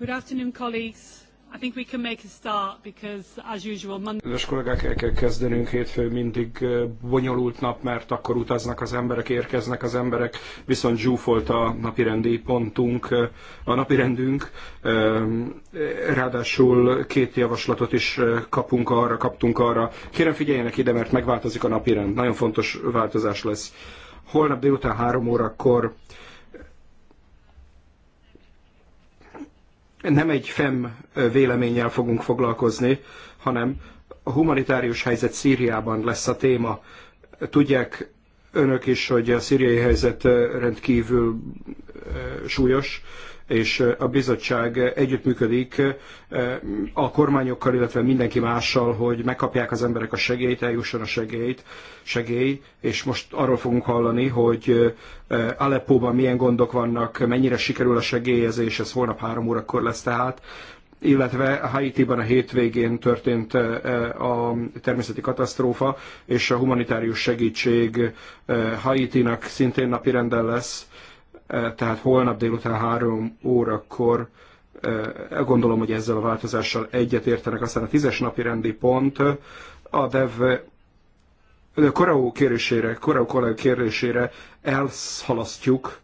Good afternoon, colleagues. I think we can make a start because, as usual, Monday... Kedves kollégák, el kell kezdenünk. Hétfő mindig bonyolult nap, mert akkor utaznak az emberek, érkeznek az emberek, viszont zsúfolt a napirendi pontunk, a napirendünk. Ráadásul két javaslatot is kapunk arra, kaptunk arra. Kérem figyeljenek ide, mert megváltozik a napirend. Nagyon fontos változás lesz. Holnap délután három órakor nem egy FEM véleménnyel fogunk foglalkozni, hanem a humanitárius helyzet Szíriában lesz a téma. Tudják önök is, hogy a szíriai helyzet rendkívül súlyos, és a bizottság együttműködik a kormányokkal, illetve mindenki mással, hogy megkapják az emberek a segélyt, eljusson a segélyt, segély, és most arról fogunk hallani, hogy Aleppóban milyen gondok vannak, mennyire sikerül a segélyezés, ez holnap három órakor lesz tehát, illetve Haiti-ban a hétvégén történt a természeti katasztrófa, és a humanitárius segítség Haiti-nak szintén napirenden lesz tehát holnap délután három órakor gondolom, hogy ezzel a változással egyetértenek. Aztán a tízes napi rendi pont a DEV korau kérésére, korau kollega kérésére elshalasztjuk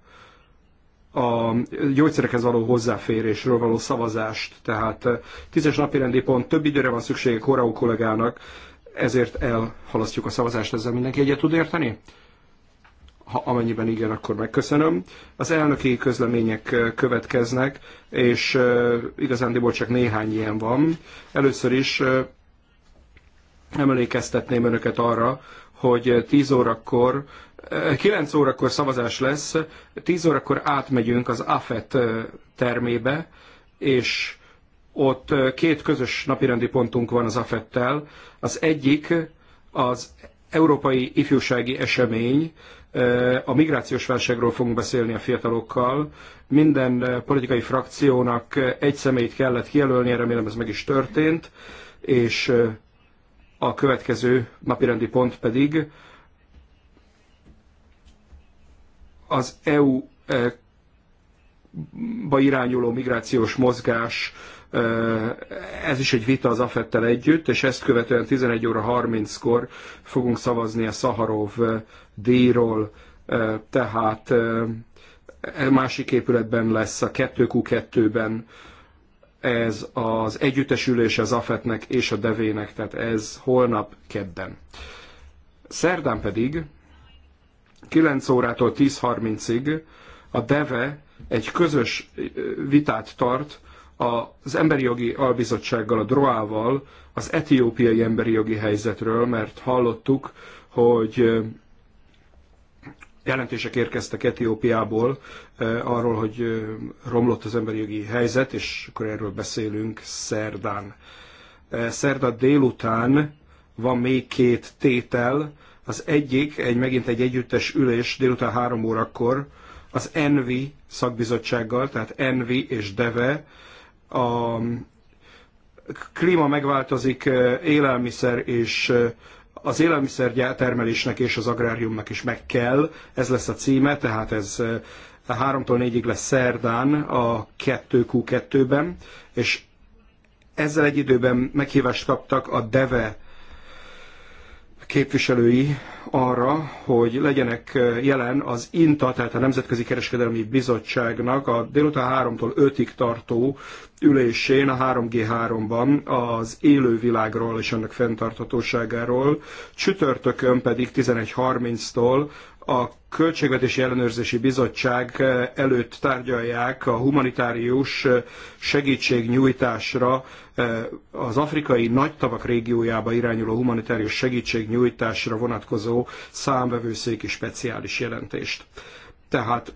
a gyógyszerekhez való hozzáférésről való szavazást. Tehát tízes napi rendi pont, több időre van szüksége korau kollégának, ezért elhalasztjuk a szavazást, ezzel mindenki egyet tud érteni? ha amennyiben igen, akkor megköszönöm. Az elnöki közlemények következnek, és igazándiból csak néhány ilyen van. Először is emlékeztetném önöket arra, hogy 10 órakor 9 órakor szavazás lesz, 10 órakor átmegyünk az AFET termébe, és ott két közös napirendi pontunk van az AFET-tel. Az egyik az európai ifjúsági esemény, a migrációs válságról fogunk beszélni a fiatalokkal. Minden politikai frakciónak egy személyt kellett kijelölni, remélem ez meg is történt, és a következő napirendi pont pedig az EU ba irányuló migrációs mozgás ez is egy vita az AFET-tel együtt, és ezt követően 11 óra 30-kor fogunk szavazni a Szaharov díjról, tehát e másik épületben lesz, a 2Q2-ben ez az együttesülés az AFET-nek és a devének, tehát ez holnap kedden. Szerdán pedig 9 órától 10.30-ig a DEVE egy közös vitát tart az Emberi Jogi Albizottsággal, a DROA-val az etiópiai emberi jogi helyzetről, mert hallottuk, hogy jelentések érkeztek Etiópiából arról, hogy romlott az emberi jogi helyzet, és akkor erről beszélünk szerdán. Szerda délután van még két tétel, az egyik, egy megint egy együttes ülés délután három órakor az Envi szakbizottsággal, tehát Envi és Deve, a klíma megváltozik, eh, élelmiszer és eh, az élelmiszer termelésnek és az agráriumnak is meg kell. Ez lesz a címe, tehát ez a 3-tól 4-ig lesz szerdán a 2Q2-ben, és ezzel egy időben meghívást kaptak a DEVE képviselői arra, hogy legyenek eh, jelen az INTA, tehát a Nemzetközi Kereskedelmi Bizottságnak a délután 3-tól 5-ig tartó ülésén, a 3G3-ban az élővilágról és annak fenntarthatóságáról, csütörtökön pedig 11.30-tól a Költségvetési Ellenőrzési Bizottság eh, előtt tárgyalják a humanitárius eh, segítségnyújtásra, eh, az afrikai nagytavak régiójába irányuló humanitárius segítségnyújtásra vonatkozó számvevőszéki speciális jelentést. Tehát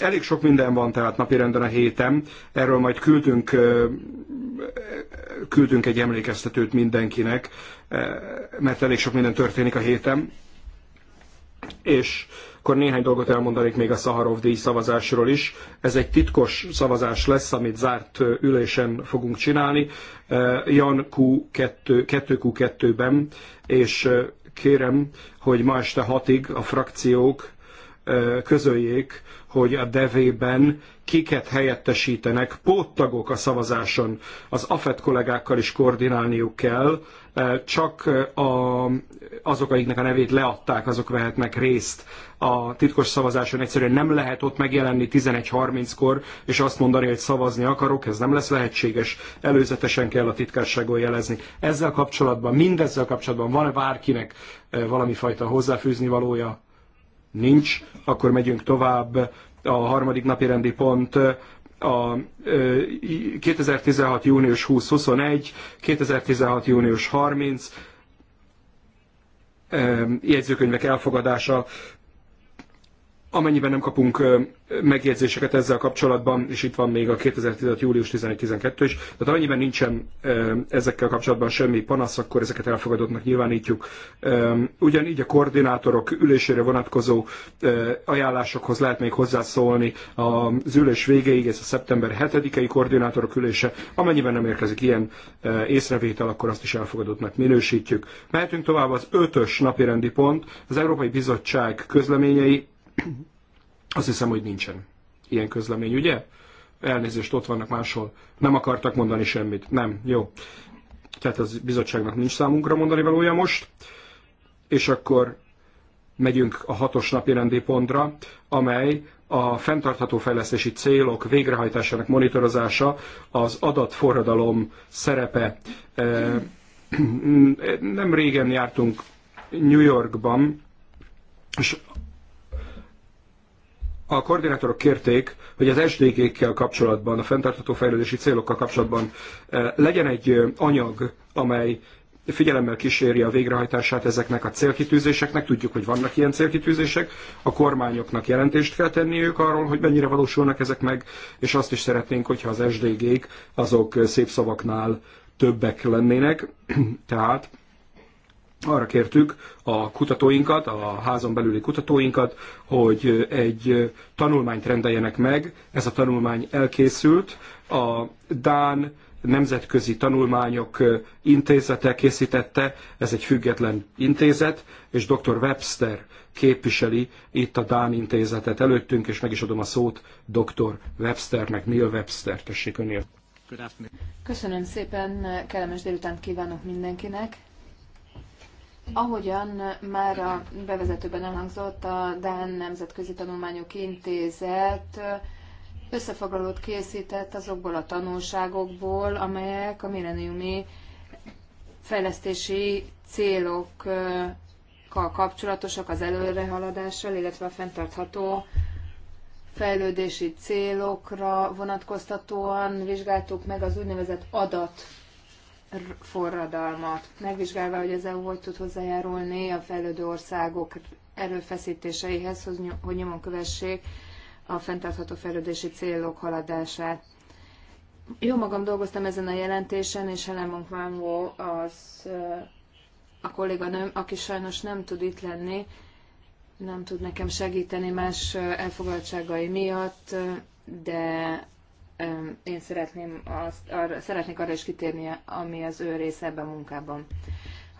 elég sok minden van tehát napirenden a héten, erről majd küldünk, küldünk egy emlékeztetőt mindenkinek, mert elég sok minden történik a héten. És akkor néhány dolgot elmondanék még a Szaharov díj szavazásról is. Ez egy titkos szavazás lesz, amit zárt ülésen fogunk csinálni. Jan Q2, 2Q2-ben, és kérem, hogy ma este hatig a frakciók közöljék, hogy a devében kiket helyettesítenek póttagok a szavazáson. Az AFET kollégákkal is koordinálniuk kell, csak a azok, akiknek a nevét leadták, azok vehetnek részt a titkos szavazáson. Egyszerűen nem lehet ott megjelenni 11.30-kor, és azt mondani, hogy szavazni akarok, ez nem lesz lehetséges. Előzetesen kell a titkárságon jelezni. Ezzel kapcsolatban, mindezzel kapcsolatban van-e bárkinek eh, valami fajta hozzáfűzni valója? Nincs. Akkor megyünk tovább. A harmadik napi rendi pont eh, a 2016. Eh, június 20-21, 2016. június 30, jegyzőkönyvek elfogadása Amennyiben nem kapunk megjegyzéseket ezzel kapcsolatban, és itt van még a 2015. július 11-12 is, tehát amennyiben nincsen ezekkel kapcsolatban semmi panasz, akkor ezeket elfogadottnak nyilvánítjuk. Ugyanígy a koordinátorok ülésére vonatkozó ajánlásokhoz lehet még hozzászólni az ülés végéig, ez a szeptember 7-i koordinátorok ülése. Amennyiben nem érkezik ilyen észrevétel, akkor azt is elfogadottnak minősítjük. Mehetünk tovább az ötös napirendi pont, az Európai Bizottság közleményei azt hiszem, hogy nincsen ilyen közlemény, ugye? Elnézést, ott vannak máshol. Nem akartak mondani semmit. Nem, jó. Tehát az bizottságnak nincs számunkra mondani valója most. És akkor megyünk a hatos napi rendi pontra, amely a fenntartható fejlesztési célok végrehajtásának monitorozása, az adatforradalom szerepe. Nem régen jártunk New Yorkban, és a koordinátorok kérték, hogy az SDG-kkel kapcsolatban, a fenntartható fejlődési célokkal kapcsolatban eh, legyen egy eh, anyag, amely figyelemmel kíséri a végrehajtását ezeknek a célkitűzéseknek. Tudjuk, hogy vannak ilyen célkitűzések, a kormányoknak jelentést kell tenniük arról, hogy mennyire valósulnak ezek meg, és azt is szeretnénk, hogyha az SDG-k azok szép szavaknál többek lennének. Tehát arra kértük a kutatóinkat, a házon belüli kutatóinkat, hogy egy tanulmányt rendeljenek meg. Ez a tanulmány elkészült. A Dán Nemzetközi Tanulmányok Intézete készítette, ez egy független intézet, és dr. Webster képviseli itt a Dán intézetet előttünk, és meg is adom a szót dr. Websternek, Neil Webster, tessék önél. Köszönöm szépen, kellemes délután kívánok mindenkinek. Ahogyan már a bevezetőben elhangzott, a Dán Nemzetközi Tanulmányok Intézet összefoglalót készített azokból a tanulságokból, amelyek a milleniumi fejlesztési célokkal kapcsolatosak az előrehaladással, illetve a fenntartható fejlődési célokra vonatkoztatóan vizsgáltuk meg az úgynevezett adat forradalmat, megvizsgálva, hogy az EU hogy tud hozzájárulni a fejlődő országok erőfeszítéseihez, hogy nyomon kövessék a fenntartható fejlődési célok haladását. Jó magam dolgoztam ezen a jelentésen, és Helen Monkvánvó az a kolléganőm, aki sajnos nem tud itt lenni, nem tud nekem segíteni más elfoglaltságai miatt, de én szeretném azt, arra, szeretnék arra is kitérni, ami az ő része ebben a munkában.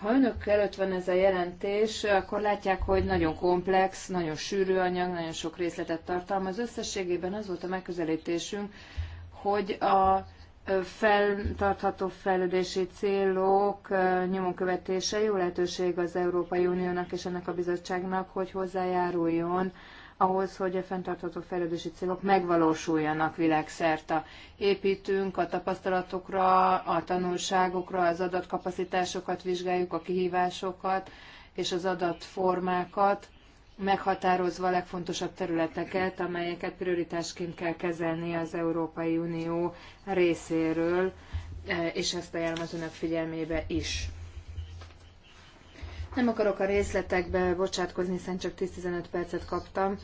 Ha önök előtt van ez a jelentés, akkor látják, hogy nagyon komplex, nagyon sűrű anyag, nagyon sok részletet tartalmaz. Összességében az volt a megközelítésünk, hogy a fenntartható fejlődési célok nyomon követése jó lehetőség az Európai Uniónak és ennek a bizottságnak, hogy hozzájáruljon ahhoz, hogy a fenntartható fejlődési célok megvalósuljanak világszerte. Építünk a tapasztalatokra, a tanulságokra, az adatkapacitásokat vizsgáljuk, a kihívásokat és az adatformákat, meghatározva a legfontosabb területeket, amelyeket prioritásként kell kezelni az Európai Unió részéről, eh, és ezt ajánlom az önök figyelmébe is. Nem akarok a részletekbe bocsátkozni, hiszen csak 10-15 percet kaptam.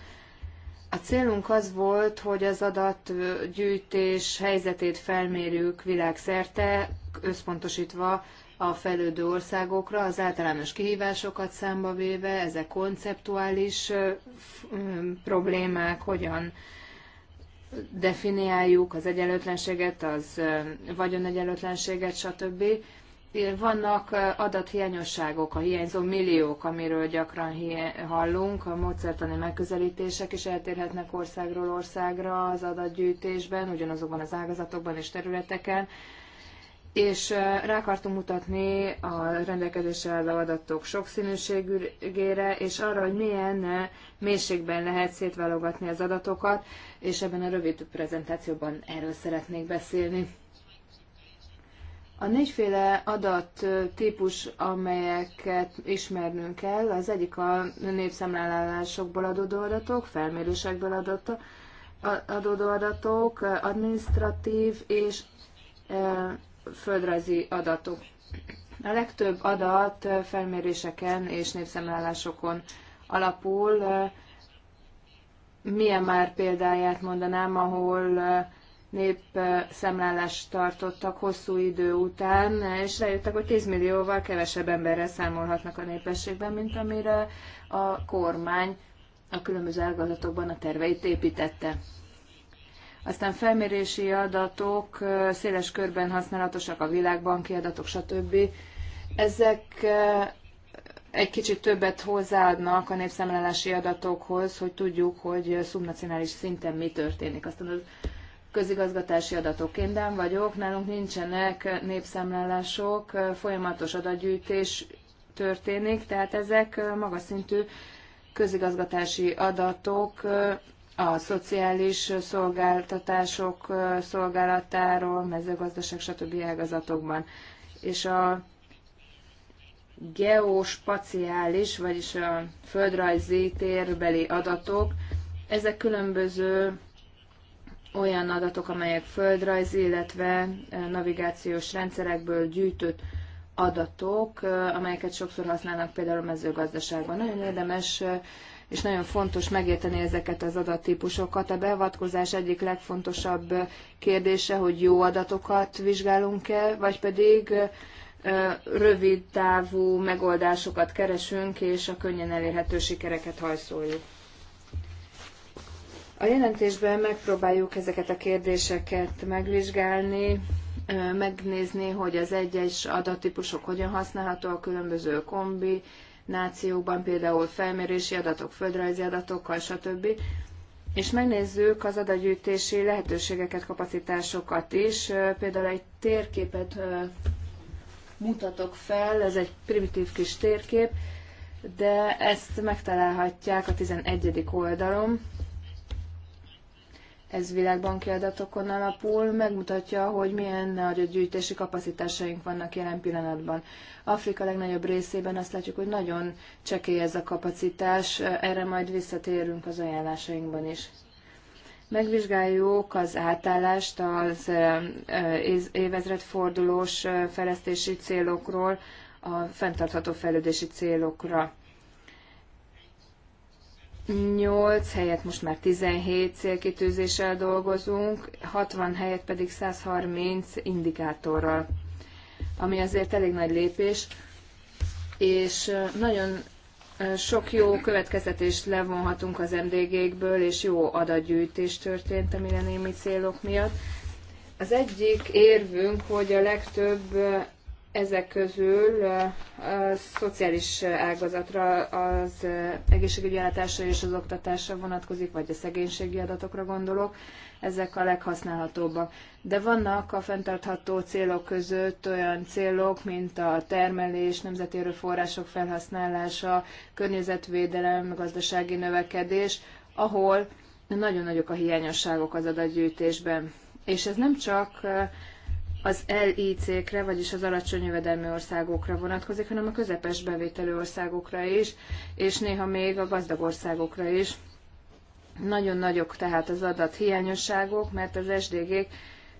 A célunk az volt, hogy az adatgyűjtés helyzetét felmérjük világszerte, összpontosítva a fejlődő országokra, az általános kihívásokat számba véve, ezek konceptuális problémák, hogyan definiáljuk az egyenlőtlenséget, az vagyonegyenlőtlenséget, stb vannak adathiányosságok, a hiányzó milliók, amiről gyakran hallunk, a módszertani megközelítések is eltérhetnek országról országra az adatgyűjtésben, ugyanazokban az ágazatokban és területeken, és rá akartunk mutatni a rendelkezésre álló adatok sokszínűségére, és arra, hogy milyen mélységben lehet szétválogatni az adatokat, és ebben a rövid prezentációban erről szeretnék beszélni. A négyféle adat típus, amelyeket ismernünk kell, az egyik a népszámlálásokból adódó adatok, felmérésekből adódó adatok, administratív és földrajzi adatok. A legtöbb adat felméréseken és népszámlálásokon alapul. Milyen már példáját mondanám, ahol népszemlálást tartottak hosszú idő után, és rájöttek, hogy 10 millióval kevesebb emberrel számolhatnak a népességben, mint amire a kormány a különböző ágazatokban a terveit építette. Aztán felmérési adatok, széles körben használatosak a világbanki adatok, stb. Ezek eh, egy kicsit többet hozzáadnak a népszámlálási adatokhoz, hogy tudjuk, hogy szubnacionális szinten mi történik. Aztán az közigazgatási adatok. Én Dán vagyok, nálunk nincsenek népszámlálások, folyamatos adatgyűjtés történik, tehát ezek magas szintű közigazgatási adatok a szociális szolgáltatások szolgálatáról, mezőgazdaság, stb. ágazatokban. És a geospaciális, vagyis a földrajzi térbeli adatok, ezek különböző olyan adatok, amelyek földrajzi, illetve navigációs rendszerekből gyűjtött adatok, amelyeket sokszor használnak például a mezőgazdaságban. Nagyon érdemes és nagyon fontos megérteni ezeket az adattípusokat. A beavatkozás egyik legfontosabb kérdése, hogy jó adatokat vizsgálunk-e, vagy pedig rövid távú megoldásokat keresünk, és a könnyen elérhető sikereket hajszoljuk. A jelentésben megpróbáljuk ezeket a kérdéseket megvizsgálni, megnézni, hogy az egyes adattípusok hogyan használhatóak különböző kombinációkban, például felmérési adatok, földrajzi adatokkal, stb. És megnézzük az adatgyűjtési lehetőségeket, kapacitásokat is. Például egy térképet mutatok fel, ez egy primitív kis térkép, de ezt megtalálhatják a 11. oldalon ez világbanki adatokon alapul, megmutatja, hogy milyen nagy gyűjtési kapacitásaink vannak jelen pillanatban. Afrika legnagyobb részében azt látjuk, hogy nagyon csekély ez a kapacitás, erre majd visszatérünk az ajánlásainkban is. Megvizsgáljuk az átállást az évezredfordulós fejlesztési célokról a fenntartható fejlődési célokra. 8 helyet most már 17 célkitűzéssel dolgozunk, 60 helyet pedig 130 indikátorral, ami azért elég nagy lépés, és nagyon sok jó következtetést levonhatunk az MDG-kből, és jó adatgyűjtés történt a milleniumi célok miatt. Az egyik érvünk, hogy a legtöbb ezek közül a szociális ágazatra, az egészségügyi ellátásra és az oktatásra vonatkozik, vagy a szegénységi adatokra gondolok, ezek a leghasználhatóbbak. De vannak a fenntartható célok között olyan célok, mint a termelés, nemzeti erőforrások felhasználása, környezetvédelem, gazdasági növekedés, ahol nagyon nagyok a hiányosságok az adatgyűjtésben. És ez nem csak az LIC-kre, vagyis az alacsony jövedelmi országokra vonatkozik, hanem a közepes bevételű országokra is, és néha még a gazdag országokra is. Nagyon nagyok tehát az adat hiányosságok, mert az SDG-k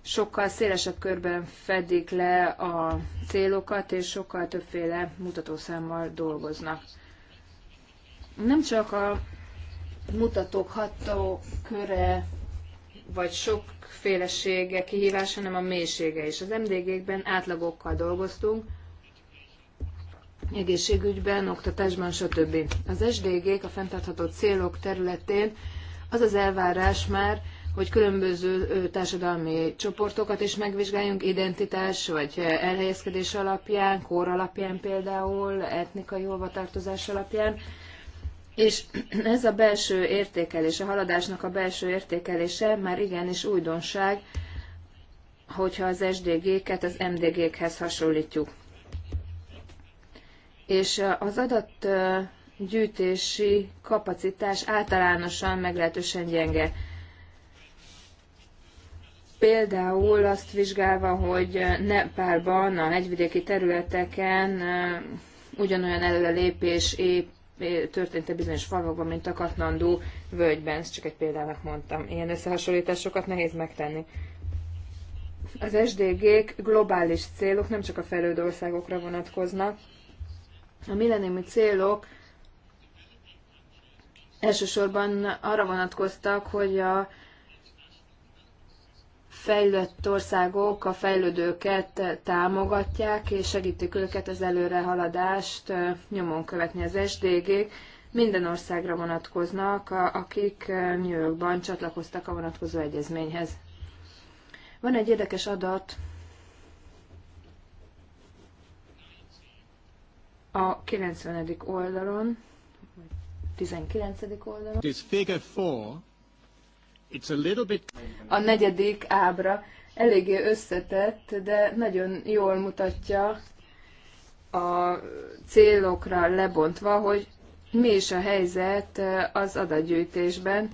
sokkal szélesebb körben fedik le a célokat, és sokkal többféle mutatószámmal dolgoznak. Nem csak a mutatók ható köre vagy sokfélesége kihívás, hanem a mélysége is. Az MDG-kben átlagokkal dolgoztunk, egészségügyben, oktatásban, stb. Az SDG-k a fenntartható célok területén az az elvárás már, hogy különböző társadalmi csoportokat is megvizsgáljunk, identitás vagy elhelyezkedés alapján, kor alapján például, etnikai hovatartozás alapján, és ez a belső értékelés, a haladásnak a belső értékelése már igenis újdonság, hogyha az SDG-ket az MDG-khez hasonlítjuk. És az adatgyűjtési kapacitás általánosan meglehetősen gyenge. Például azt vizsgálva, hogy Nepálban, a hegyvidéki területeken ugyanolyan előrelépés épp történt egy bizonyos falvakban, mint a katmandó völgyben. Ezt csak egy példának mondtam. Ilyen összehasonlításokat nehéz megtenni. Az SDG-k globális célok nem csak a fejlődő országokra vonatkoznak. A milleniumi célok elsősorban arra vonatkoztak, hogy a fejlett országok a fejlődőket támogatják, és segítik őket az előrehaladást nyomon követni az SDG-k. Minden országra vonatkoznak, akik New Yorkban csatlakoztak a vonatkozó egyezményhez. Van egy érdekes adat a 90. oldalon, 19. oldalon. It's figure 4 a negyedik ábra eléggé összetett, de nagyon jól mutatja a célokra lebontva, hogy mi is a helyzet az adatgyűjtésben,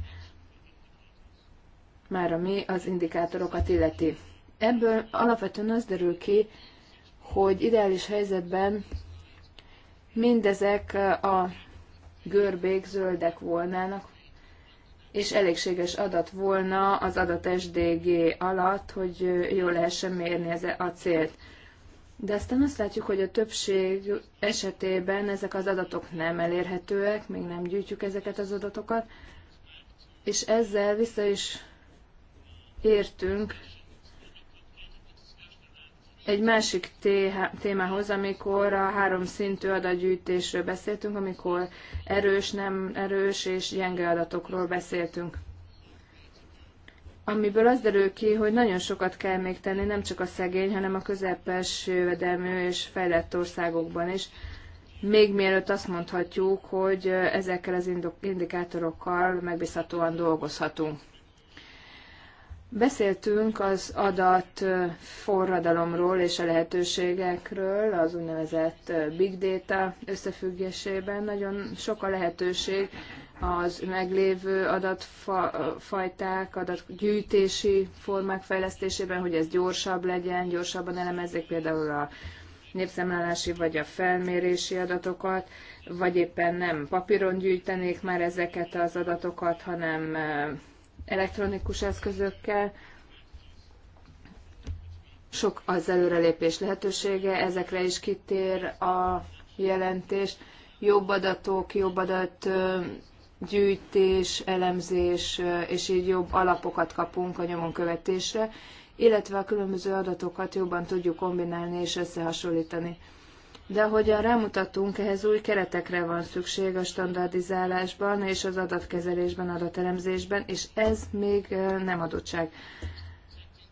már ami az indikátorokat illeti. Ebből alapvetően az derül ki, hogy ideális helyzetben mindezek a görbék zöldek volnának, és elégséges adat volna az adat SDG alatt, hogy jól lehessen mérni ez e- a célt. De aztán azt látjuk, hogy a többség esetében ezek az adatok nem elérhetőek, még nem gyűjtjük ezeket az adatokat, és ezzel vissza is értünk egy másik témához, amikor a három szintű adatgyűjtésről beszéltünk, amikor erős, nem erős és gyenge adatokról beszéltünk. Amiből az derül ki, hogy nagyon sokat kell még tenni, nem csak a szegény, hanem a közepes jövedelmű és fejlett országokban is. Még mielőtt azt mondhatjuk, hogy ezekkel az indikátorokkal megbízhatóan dolgozhatunk. Beszéltünk az adat forradalomról és a lehetőségekről, az úgynevezett big data összefüggésében. Nagyon sok a lehetőség az meglévő adatfajták, adatgyűjtési formák fejlesztésében, hogy ez gyorsabb legyen, gyorsabban elemezzék például a népszámlálási vagy a felmérési adatokat, vagy éppen nem papíron gyűjtenék már ezeket az adatokat, hanem elektronikus eszközökkel. Sok az előrelépés lehetősége, ezekre is kitér a jelentés. Jobb adatok, jobb adat gyűjtés, elemzés, és így jobb alapokat kapunk a nyomon követésre, illetve a különböző adatokat jobban tudjuk kombinálni és összehasonlítani de ahogyan rámutattunk, ehhez új keretekre van szükség a standardizálásban és az adatkezelésben, adateremzésben, és ez még nem adottság.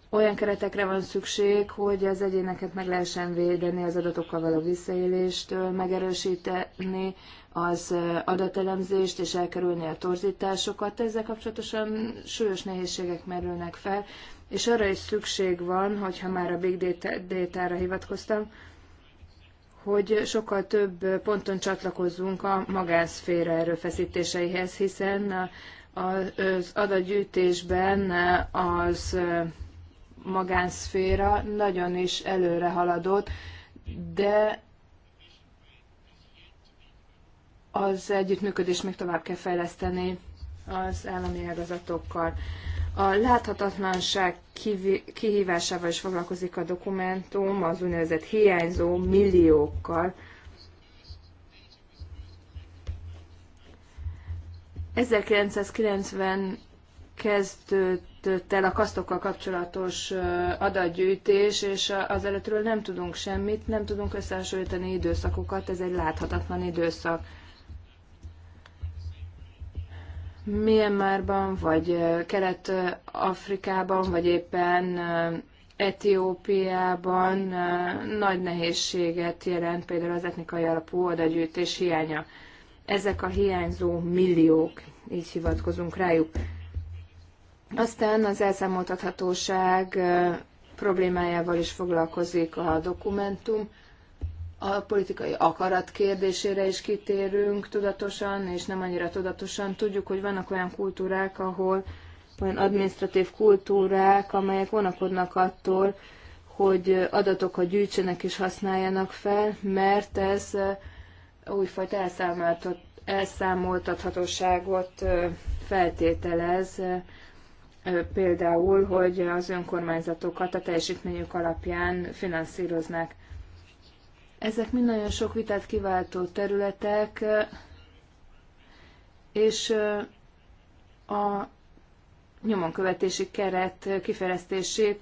Olyan keretekre van szükség, hogy az egyéneket meg lehessen védeni az adatokkal való visszaélést, megerősíteni az adatelemzést és elkerülni a torzításokat. Ezzel kapcsolatosan súlyos nehézségek merülnek fel, és arra is szükség van, hogyha már a big data-ra hivatkoztam, hogy sokkal több ponton csatlakozzunk a magánszféra erőfeszítéseihez, hiszen az adatgyűjtésben az magánszféra nagyon is előre haladott, de az együttműködést még tovább kell fejleszteni az állami ágazatokkal. A láthatatlanság kihívásával is foglalkozik a dokumentum, az úgynevezett hiányzó milliókkal. ...1990 kezdődött el a kasztokkal kapcsolatos adatgyűjtés, és az előttről nem tudunk semmit, nem tudunk összehasonlítani időszakokat, ez egy láthatatlan időszak Myanmarban, vagy Kelet-Afrikában, vagy éppen Etiópiában nagy nehézséget jelent például az etnikai alapú adagyűjtés hiánya. Ezek a hiányzó milliók, így hivatkozunk rájuk. Aztán az elszámoltathatóság problémájával is foglalkozik a dokumentum a politikai akarat kérdésére is kitérünk tudatosan, és nem annyira tudatosan. Tudjuk, hogy vannak olyan kultúrák, ahol olyan administratív kultúrák, amelyek vonakodnak attól, hogy adatokat gyűjtsenek és használjanak fel, mert ez újfajta elszámoltathatóságot feltételez, például, hogy az önkormányzatokat a teljesítményük alapján finanszíroznak. Ezek mind nagyon sok vitát kiváltó területek, és a nyomonkövetési keret kifejlesztését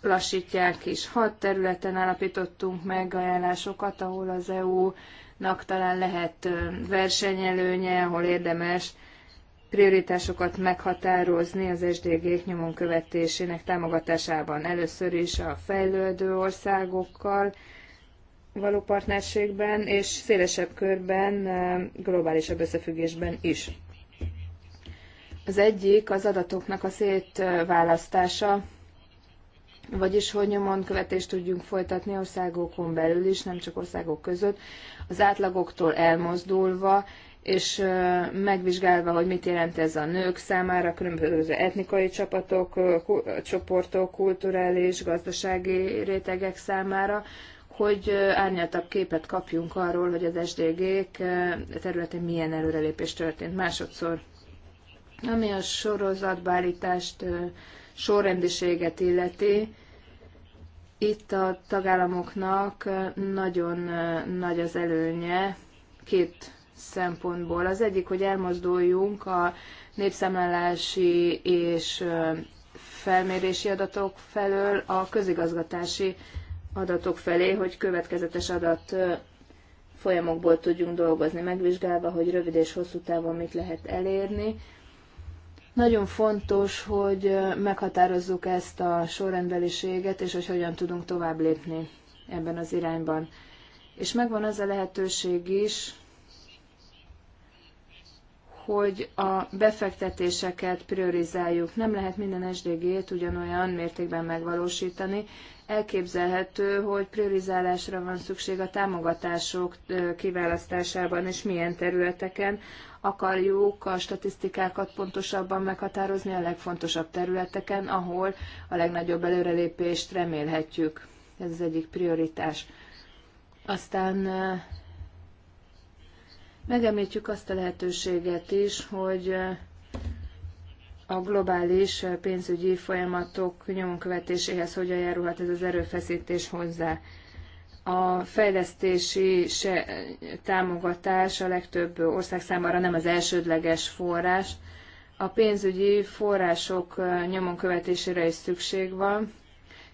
lassítják is. Hat területen állapítottunk meg ajánlásokat, ahol az EU-nak talán lehet versenyelőnye, ahol érdemes prioritásokat meghatározni az SDG-k nyomon követésének támogatásában. Először is a fejlődő országokkal való partnerségben és szélesebb körben, globálisabb összefüggésben is. Az egyik az adatoknak a szétválasztása, vagyis hogy nyomon követést tudjunk folytatni országokon belül is, nem csak országok között, az átlagoktól elmozdulva, és megvizsgálva, hogy mit jelent ez a nők számára, különböző etnikai csapatok, csoportok, kulturális, gazdasági rétegek számára, hogy árnyaltabb képet kapjunk arról, hogy az SDG-k területén milyen előrelépés történt másodszor. Ami a sorozatbálítást, sorrendiséget illeti, itt a tagállamoknak nagyon nagy az előnye két szempontból. Az egyik, hogy elmozduljunk a népszámlálási és felmérési adatok felől a közigazgatási adatok felé, hogy következetes adat folyamokból tudjunk dolgozni, megvizsgálva, hogy rövid és hosszú távon mit lehet elérni. Nagyon fontos, hogy meghatározzuk ezt a sorrendbeliséget, és hogy hogyan tudunk tovább lépni ebben az irányban. És megvan az a lehetőség is, hogy a befektetéseket priorizáljuk. Nem lehet minden SDG-t ugyanolyan mértékben megvalósítani, elképzelhető, hogy priorizálásra van szükség a támogatások kiválasztásában, és milyen területeken akarjuk a statisztikákat pontosabban meghatározni a legfontosabb területeken, ahol a legnagyobb előrelépést remélhetjük. Ez az egyik prioritás. Aztán megemlítjük azt a lehetőséget is, hogy a globális pénzügyi folyamatok nyomon követéséhez hogyan járulhat ez az erőfeszítés hozzá. A fejlesztési támogatás a legtöbb ország számára nem az elsődleges forrás. A pénzügyi források nyomon követésére is szükség van,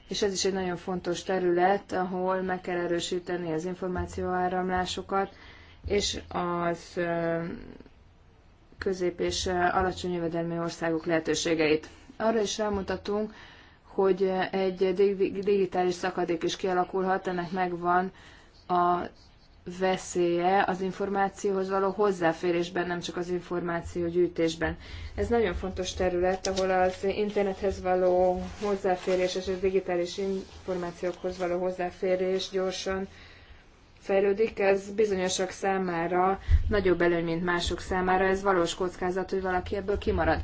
és ez is egy nagyon fontos terület, ahol meg kell erősíteni az információáramlásokat, és az közép és alacsony jövedelmi országok lehetőségeit. Arra is rámutatunk, hogy egy digitális szakadék is kialakulhat, ennek megvan a veszélye az információhoz való hozzáférésben, nem csak az információ gyűjtésben. Ez nagyon fontos terület, ahol az internethez való hozzáférés és a digitális információkhoz való hozzáférés gyorsan fejlődik, ez bizonyosak számára nagyobb előny, mint mások számára. Ez valós kockázat, hogy valaki ebből kimarad.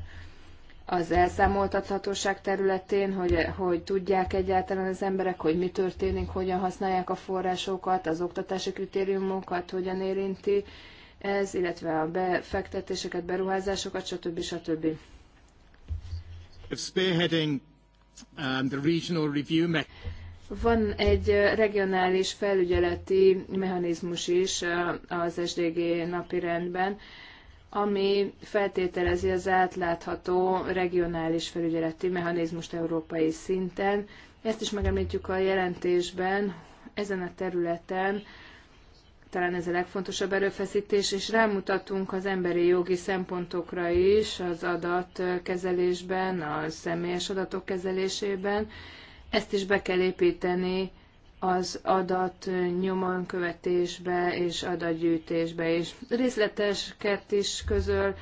Az elszámoltathatóság területén, hogy, hogy tudják egyáltalán az emberek, hogy mi történik, hogyan használják a forrásokat, az oktatási kritériumokat, hogyan érinti ez, illetve a befektetéseket, beruházásokat, stb. stb. Spearheading um, the regional review mechanism. Van egy regionális felügyeleti mechanizmus is az SDG napirendben, ami feltételezi az átlátható regionális felügyeleti mechanizmust európai szinten. Ezt is megemlítjük a jelentésben, ezen a területen talán ez a legfontosabb erőfeszítés, és rámutatunk az emberi jogi szempontokra is az adatkezelésben, a személyes adatok kezelésében, ezt is be kell építeni az adat nyomon követésbe és adatgyűjtésbe is. Részletesket is közöl,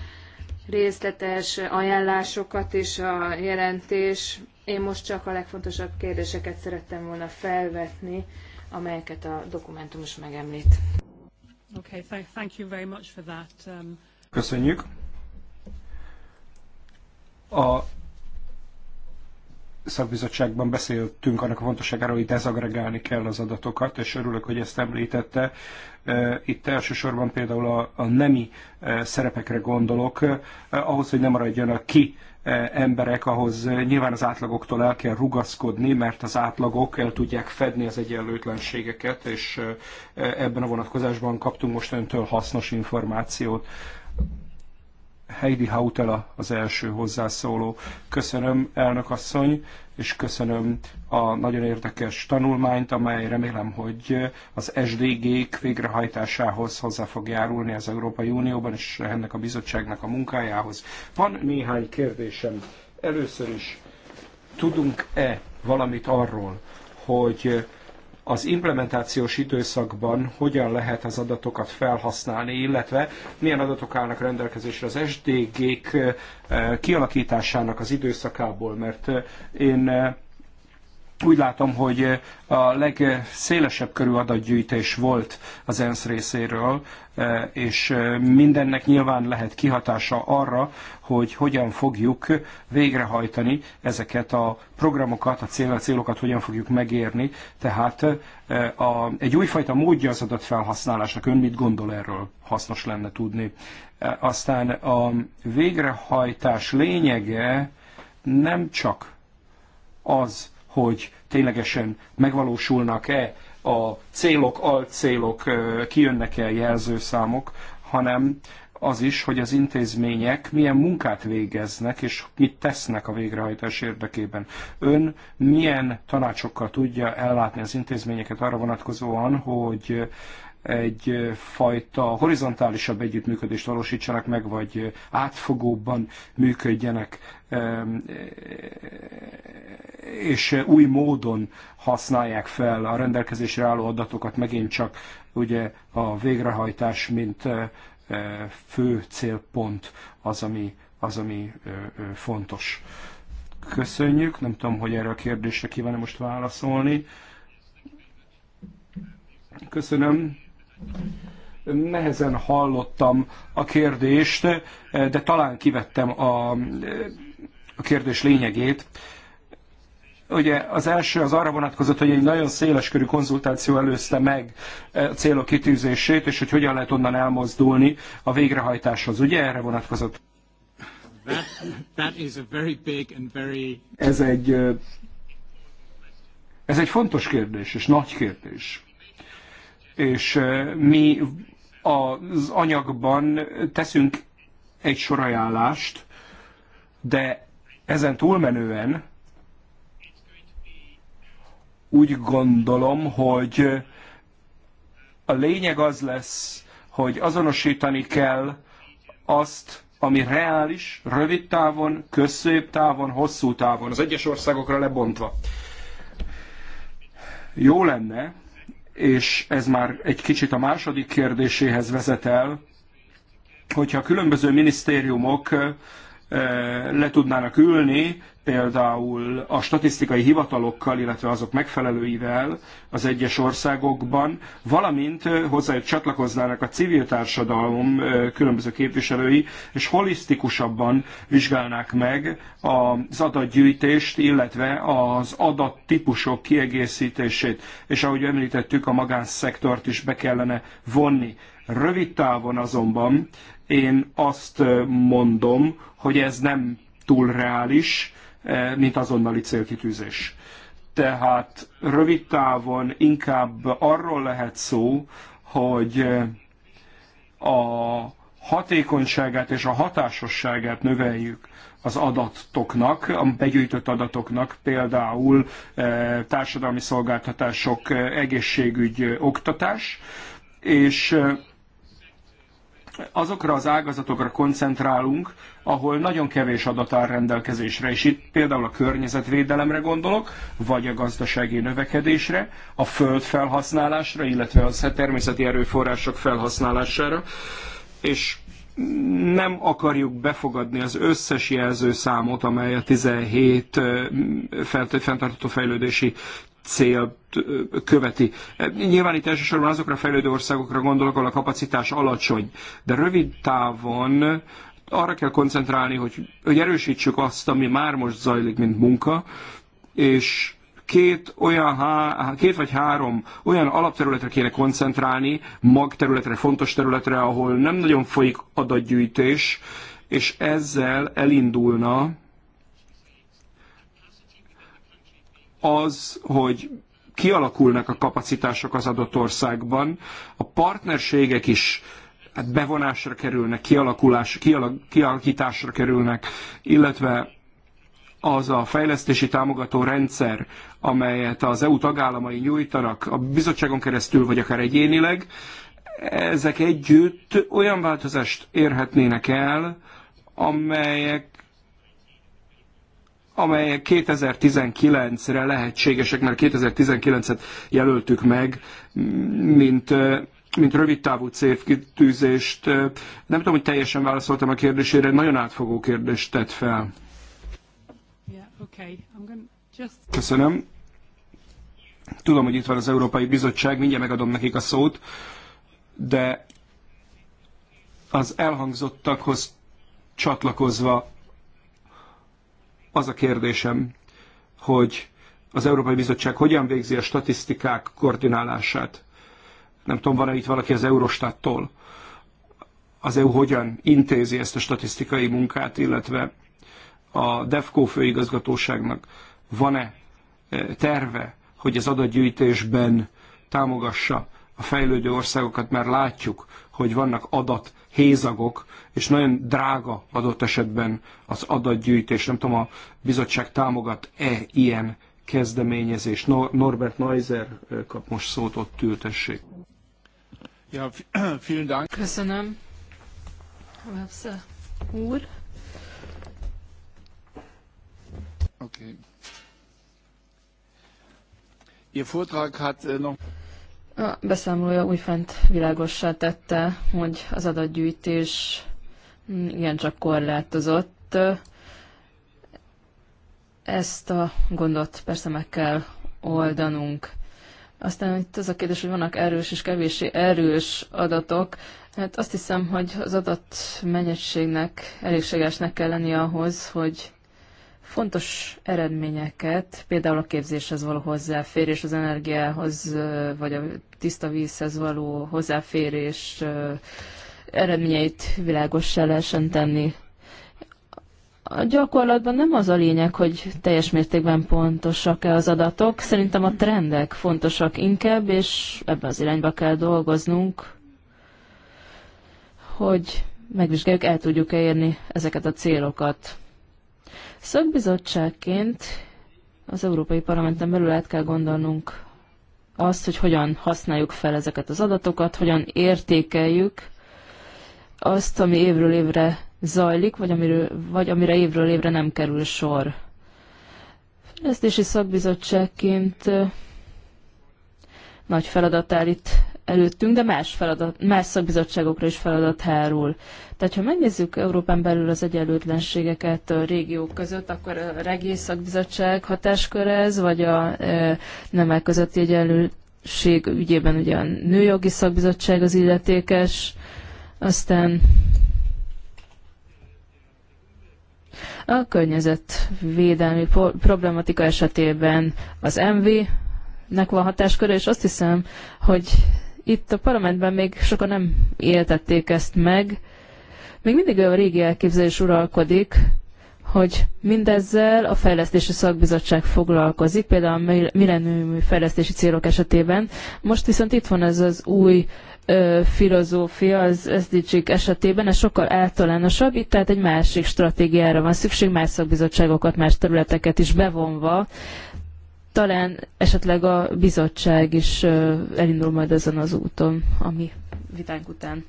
részletes ajánlásokat is a jelentés. Én most csak a legfontosabb kérdéseket szerettem volna felvetni, amelyeket a dokumentum is megemlít. Okay, thank you very much for that. Um... Köszönjük. A szakbizottságban beszéltünk annak a fontosságáról, hogy dezagregálni kell az adatokat, és örülök, hogy ezt említette. Itt elsősorban például a, a nemi szerepekre gondolok, ahhoz, hogy ne maradjanak ki emberek, ahhoz nyilván az átlagoktól el kell rugaszkodni, mert az átlagok el tudják fedni az egyenlőtlenségeket, és ebben a vonatkozásban kaptunk most öntől hasznos információt. Heidi Hautela az első hozzászóló. Köszönöm, elnök asszony, és köszönöm a nagyon érdekes tanulmányt, amely remélem, hogy az SDG-k végrehajtásához hozzá fog járulni az Európai Unióban és ennek a bizottságnak a munkájához. Van néhány kérdésem. Először is tudunk-e valamit arról, hogy az implementációs időszakban hogyan lehet az adatokat felhasználni, illetve milyen adatok állnak rendelkezésre az SDG-k eh, kialakításának az időszakából, mert eh, én eh, úgy látom, hogy eh, a legszélesebb körű adatgyűjtés volt az ENSZ részéről, eh, és eh, mindennek nyilván lehet kihatása arra, hogy hogyan fogjuk végrehajtani ezeket a programokat, a, cél, célokat hogyan fogjuk megérni. Tehát a, egy újfajta módja az adatfelhasználásnak. Ön mit gondol erről? Hasznos lenne tudni. Aztán a végrehajtás lényege nem csak az, hogy ténylegesen megvalósulnak-e a célok, alcélok, kijönnek-e jelzőszámok, hanem az is, hogy az intézmények milyen munkát végeznek, és mit tesznek a végrehajtás érdekében. Ön milyen tanácsokkal tudja ellátni az intézményeket arra vonatkozóan, hogy egyfajta horizontálisabb együttműködést valósítsanak meg, vagy átfogóbban működjenek, és új módon használják fel a rendelkezésre álló adatokat, megint csak ugye a végrehajtás, mint eh, fő célpont az, ami, az, ami fontos. Köszönjük, nem tudom, hogy erre a kérdésre kívánni most válaszolni. Köszönöm Nehezen hallottam a kérdést, de talán kivettem a, a kérdés lényegét. Ugye az első az arra vonatkozott, hogy egy nagyon széleskörű konzultáció előzte meg a célok kitűzését, és hogy hogyan lehet onnan elmozdulni a végrehajtáshoz. Ugye erre vonatkozott? That, that is a very big and very... Ez egy ez egy fontos kérdés, és nagy kérdés és mi az anyagban teszünk egy sor ajánlást, de ezen túlmenően úgy gondolom, hogy a lényeg az lesz, hogy azonosítani kell azt, ami reális, rövid távon, közszép távon, hosszú távon, az egyes országokra lebontva. Jó lenne, és ez már egy kicsit a második kérdéséhez vezet el, hogyha a különböző minisztériumok le tudnának ülni, például a statisztikai hivatalokkal, illetve azok megfelelőivel az egyes országokban, valamint hozzájuk csatlakoznának a civil társadalom különböző képviselői, és holisztikusabban vizsgálnák meg az adatgyűjtést, illetve az adattípusok kiegészítését, és ahogy említettük, a magánszektort is be kellene vonni. Rövid távon azonban én azt mondom, hogy ez nem túl reális, mint azonnali célkitűzés. Tehát rövid távon inkább arról lehet szó, hogy a hatékonyságát és a hatásosságát növeljük az adatoknak, a begyűjtött adatoknak, például társadalmi szolgáltatások, egészségügy, oktatás, és azokra az ágazatokra koncentrálunk, ahol nagyon kevés adat áll rendelkezésre, és itt például a környezetvédelemre gondolok, vagy a gazdasági növekedésre, a föld felhasználásra, illetve a hát természeti erőforrások felhasználására, és nem akarjuk befogadni az összes jelzőszámot, amely a 17 fenntartható fejlődési cél követi. E, nyilván itt elsősorban azokra a fejlődő országokra gondolok, ahol a kapacitás alacsony, de rövid távon arra kell koncentrálni, hogy, hogy erősítsük azt, ami már most zajlik, mint munka, és két, olyan há, két vagy három olyan alapterületre kéne koncentrálni, magterületre, fontos területre, ahol nem nagyon folyik adatgyűjtés, és ezzel elindulna az, hogy kialakulnak a kapacitások az adott országban, a partnerségek is hát bevonásra kerülnek, kialakulás, kialak, kialakításra kerülnek, illetve az a fejlesztési támogató rendszer, amelyet az EU tagállamai nyújtanak a bizottságon keresztül, vagy akár egyénileg, ezek együtt olyan változást érhetnének el, amelyek amelyek 2019-re lehetségesek, mert 2019-et jelöltük meg, mint mint rövidtávú célkitűzést. Nem tudom, hogy teljesen válaszoltam a kérdésére, nagyon átfogó kérdést tett fel. Köszönöm. Tudom, hogy itt van az Európai Bizottság, mindjárt megadom nekik a szót, de az elhangzottakhoz csatlakozva az a kérdésem, hogy az Európai Bizottság hogyan végzi a statisztikák koordinálását. Nem tudom, van-e itt valaki az Eurostattól? Az EU hogyan intézi ezt a statisztikai munkát, illetve a DEFCO főigazgatóságnak van-e e, terve, hogy az adatgyűjtésben támogassa a fejlődő országokat, mert látjuk, hogy vannak adat hézagok, és nagyon drága adott esetben az adatgyűjtés. Nem tudom, a bizottság támogat-e ilyen kezdeményezést. Norbert Neiser kap most szót, ott ültessék. Ja, vielen Dank. Köszönöm. Webse úr. Okay. Ihr Vortrag hat äh, noch... A beszámolója újfent világossá tette, hogy az adatgyűjtés igencsak korlátozott. Ezt a gondot persze meg kell oldanunk. Aztán itt az a kérdés, hogy vannak erős és kevési erős adatok. Hát azt hiszem, hogy az adatmennyiségnek elégségesnek kell lenni ahhoz, hogy fontos eredményeket, például a képzéshez való hozzáférés, az energiához, vagy a tiszta vízhez való hozzáférés eredményeit világossá lehessen tenni. A gyakorlatban nem az a lényeg, hogy teljes mértékben pontosak-e az adatok, szerintem a trendek fontosak inkább, és ebben az irányba kell dolgoznunk, hogy megvizsgáljuk, el tudjuk-e érni ezeket a célokat. Szakbizottságként az Európai Parlamenten belül át kell gondolnunk azt, hogy hogyan használjuk fel ezeket az adatokat, hogyan értékeljük azt, ami évről évre zajlik, vagy, amiről, vagy amire évről évre nem kerül sor. Fejlesztési szakbizottságként nagy feladat áll itt előttünk, de más, feladat, más szakbizottságokra is feladat hárul. Tehát, ha megnézzük Európán belül az egyenlőtlenségeket a régiók között, akkor a regi szakbizottság hatáskör ez, vagy a e, nemek közötti egyenlőség ügyében ugye a nőjogi szakbizottság az illetékes, aztán a környezetvédelmi problematika esetében az MV nek van hatásköre, és azt hiszem, hogy itt a parlamentben még sokan nem éltették ezt meg. Még mindig olyan régi elképzelés uralkodik, hogy mindezzel a fejlesztési szakbizottság foglalkozik, például a millenniumi fejlesztési célok esetében. Most viszont itt van ez az új ö, filozófia az sdg esetében, ez sokkal általánosabb, itt tehát egy másik stratégiára van szükség, más szakbizottságokat, más területeket is bevonva, talán esetleg a bizottság is elindul majd ezen az úton, ami vitánk után.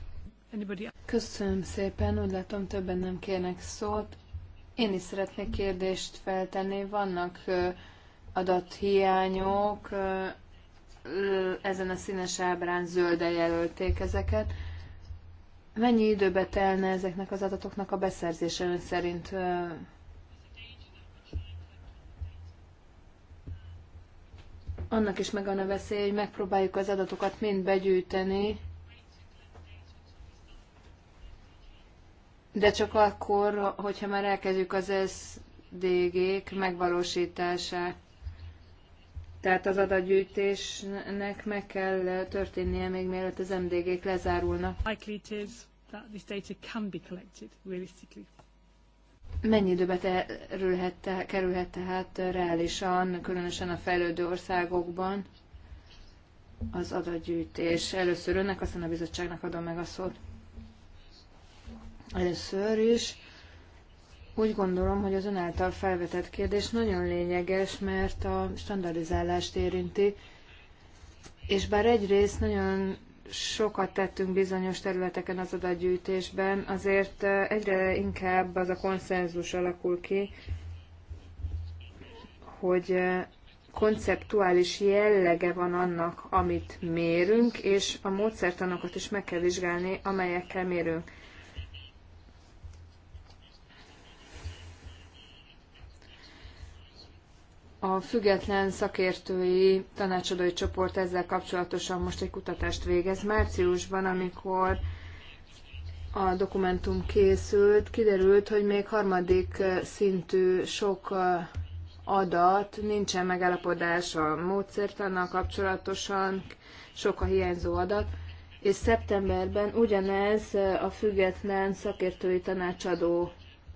Köszönöm szépen, úgy látom többen nem kérnek szót. Én is szeretnék kérdést feltenni. Vannak adathiányok, ezen a színes ábrán zölde jelölték ezeket. Mennyi időbe telne ezeknek az adatoknak a beszerzése ön szerint annak is megvan a veszély, hogy megpróbáljuk az adatokat mind begyűjteni, de csak akkor, hogyha már elkezdjük az SDG-k megvalósítását. Tehát az adatgyűjtésnek meg kell történnie még mielőtt az MDG-k lezárulnak. Likely it is that this data can be collected realistically Mennyi időbe terülhet, te, kerülhet tehát reálisan, különösen a fejlődő országokban az adatgyűjtés? Először önnek, aztán a bizottságnak adom meg a szót. Először is úgy gondolom, hogy az ön által felvetett kérdés nagyon lényeges, mert a standardizálást érinti, és bár egyrészt nagyon sokat tettünk bizonyos területeken az adatgyűjtésben, azért eh, egyre inkább az a konszenzus alakul ki, hogy eh, konceptuális jellege van annak, amit mérünk, és a módszertanokat is meg kell vizsgálni, amelyekkel mérünk. A független szakértői tanácsadói csoport ezzel kapcsolatosan most egy kutatást végez. Márciusban, amikor a dokumentum készült, kiderült, hogy még harmadik szintű sok adat, nincsen megállapodás a módszertannal kapcsolatosan, sok a hiányzó adat, és szeptemberben ugyanez a független szakértői tanácsadó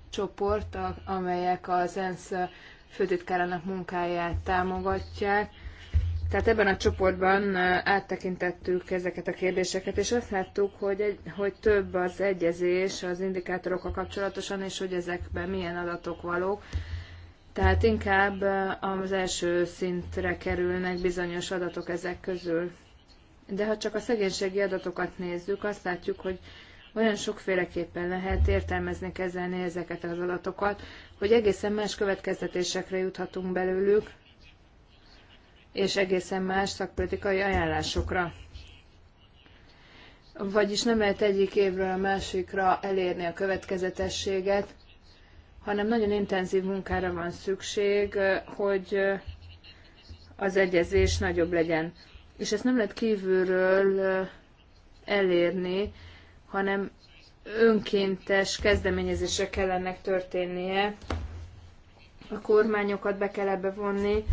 csoport, amelyek az ENSZ főtitkárának munkáját támogatják. Tehát ebben a csoportban áttekintettük ezeket a kérdéseket, és azt láttuk, hogy, egy, hogy több az egyezés az indikátorokkal kapcsolatosan, és hogy ezekben milyen adatok valók. Tehát inkább az első szintre kerülnek bizonyos adatok ezek közül. De ha csak a szegénységi adatokat nézzük, azt látjuk, hogy olyan sokféleképpen lehet értelmezni, kezelni ezeket az adatokat, hogy egészen más következtetésekre juthatunk belőlük, és egészen más szakpolitikai ajánlásokra. Vagyis nem lehet egyik évről a másikra elérni a következetességet, hanem nagyon intenzív munkára van szükség, hogy az egyezés nagyobb legyen. És ezt nem lehet kívülről elérni, hanem önkéntes kezdeményezésre kell ennek történnie. A kormányokat be kell ebbe vonni,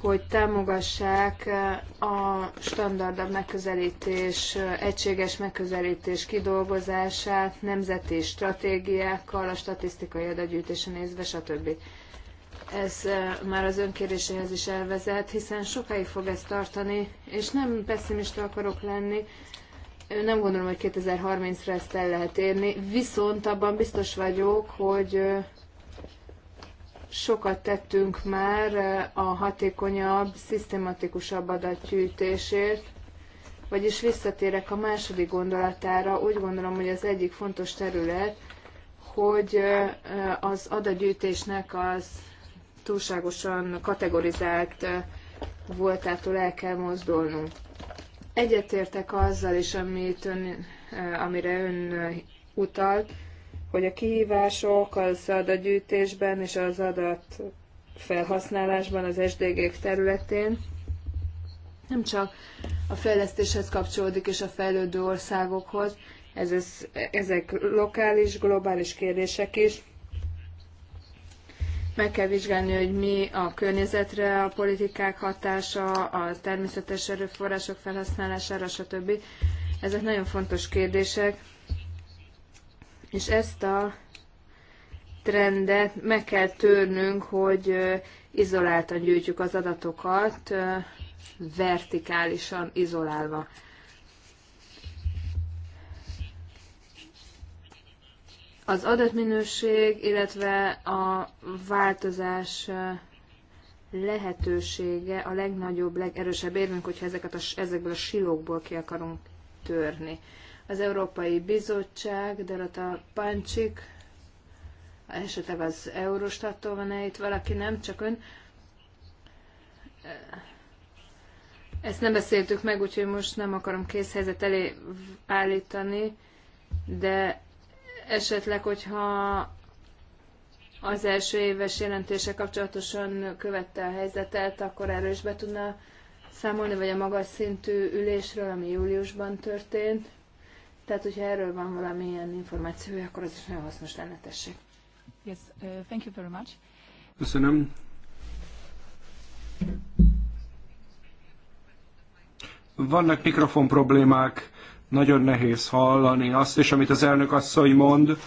hogy támogassák a standardabb megközelítés, egységes megközelítés kidolgozását, nemzeti stratégiákkal, a statisztikai adatgyűjtése nézve, stb. Ez eh, már az önkéréséhez is elvezet, hiszen sokáig fog ez tartani, és nem pessimista akarok lenni, nem gondolom, hogy 2030-ra ezt el lehet érni, viszont abban biztos vagyok, hogy sokat tettünk már a hatékonyabb, szisztematikusabb adatgyűjtésért, vagyis visszatérek a második gondolatára, úgy gondolom, hogy az egyik fontos terület, hogy az adatgyűjtésnek az túlságosan kategorizált voltától el kell mozdulnunk. Egyetértek azzal is, amit ön, amire ön utalt, hogy a kihívások az adatgyűjtésben és az adat felhasználásban az SDG területén nem csak a fejlesztéshez kapcsolódik és a fejlődő országokhoz, ez, ez, ezek lokális, globális kérdések is, meg kell vizsgálni, hogy mi a környezetre, a politikák hatása, a természetes erőforrások felhasználására, stb. Ezek nagyon fontos kérdések, és ezt a trendet meg kell törnünk, hogy izoláltan gyűjtjük az adatokat, vertikálisan izolálva. az adatminőség, illetve a változás lehetősége a legnagyobb, legerősebb érvünk, hogyha ezeket a, ezekből a silókból ki akarunk törni. Az Európai Bizottság, Delata Pancsik, esetleg az Eurostattól van-e itt valaki, nem csak ön. Ezt nem beszéltük meg, úgyhogy most nem akarom helyzet elé állítani, de Esetleg, hogyha az első éves jelentése kapcsolatosan követte a helyzetet, akkor erről is be tudna számolni, vagy a magas szintű ülésről, ami júliusban történt. Tehát, hogyha erről van valamilyen információ akkor az is nagyon hasznos lenne, tessék. Yes, uh, thank you very much. Köszönöm. Vannak mikrofon problémák, nagyon nehéz hallani azt, és amit az elnök asszony mond,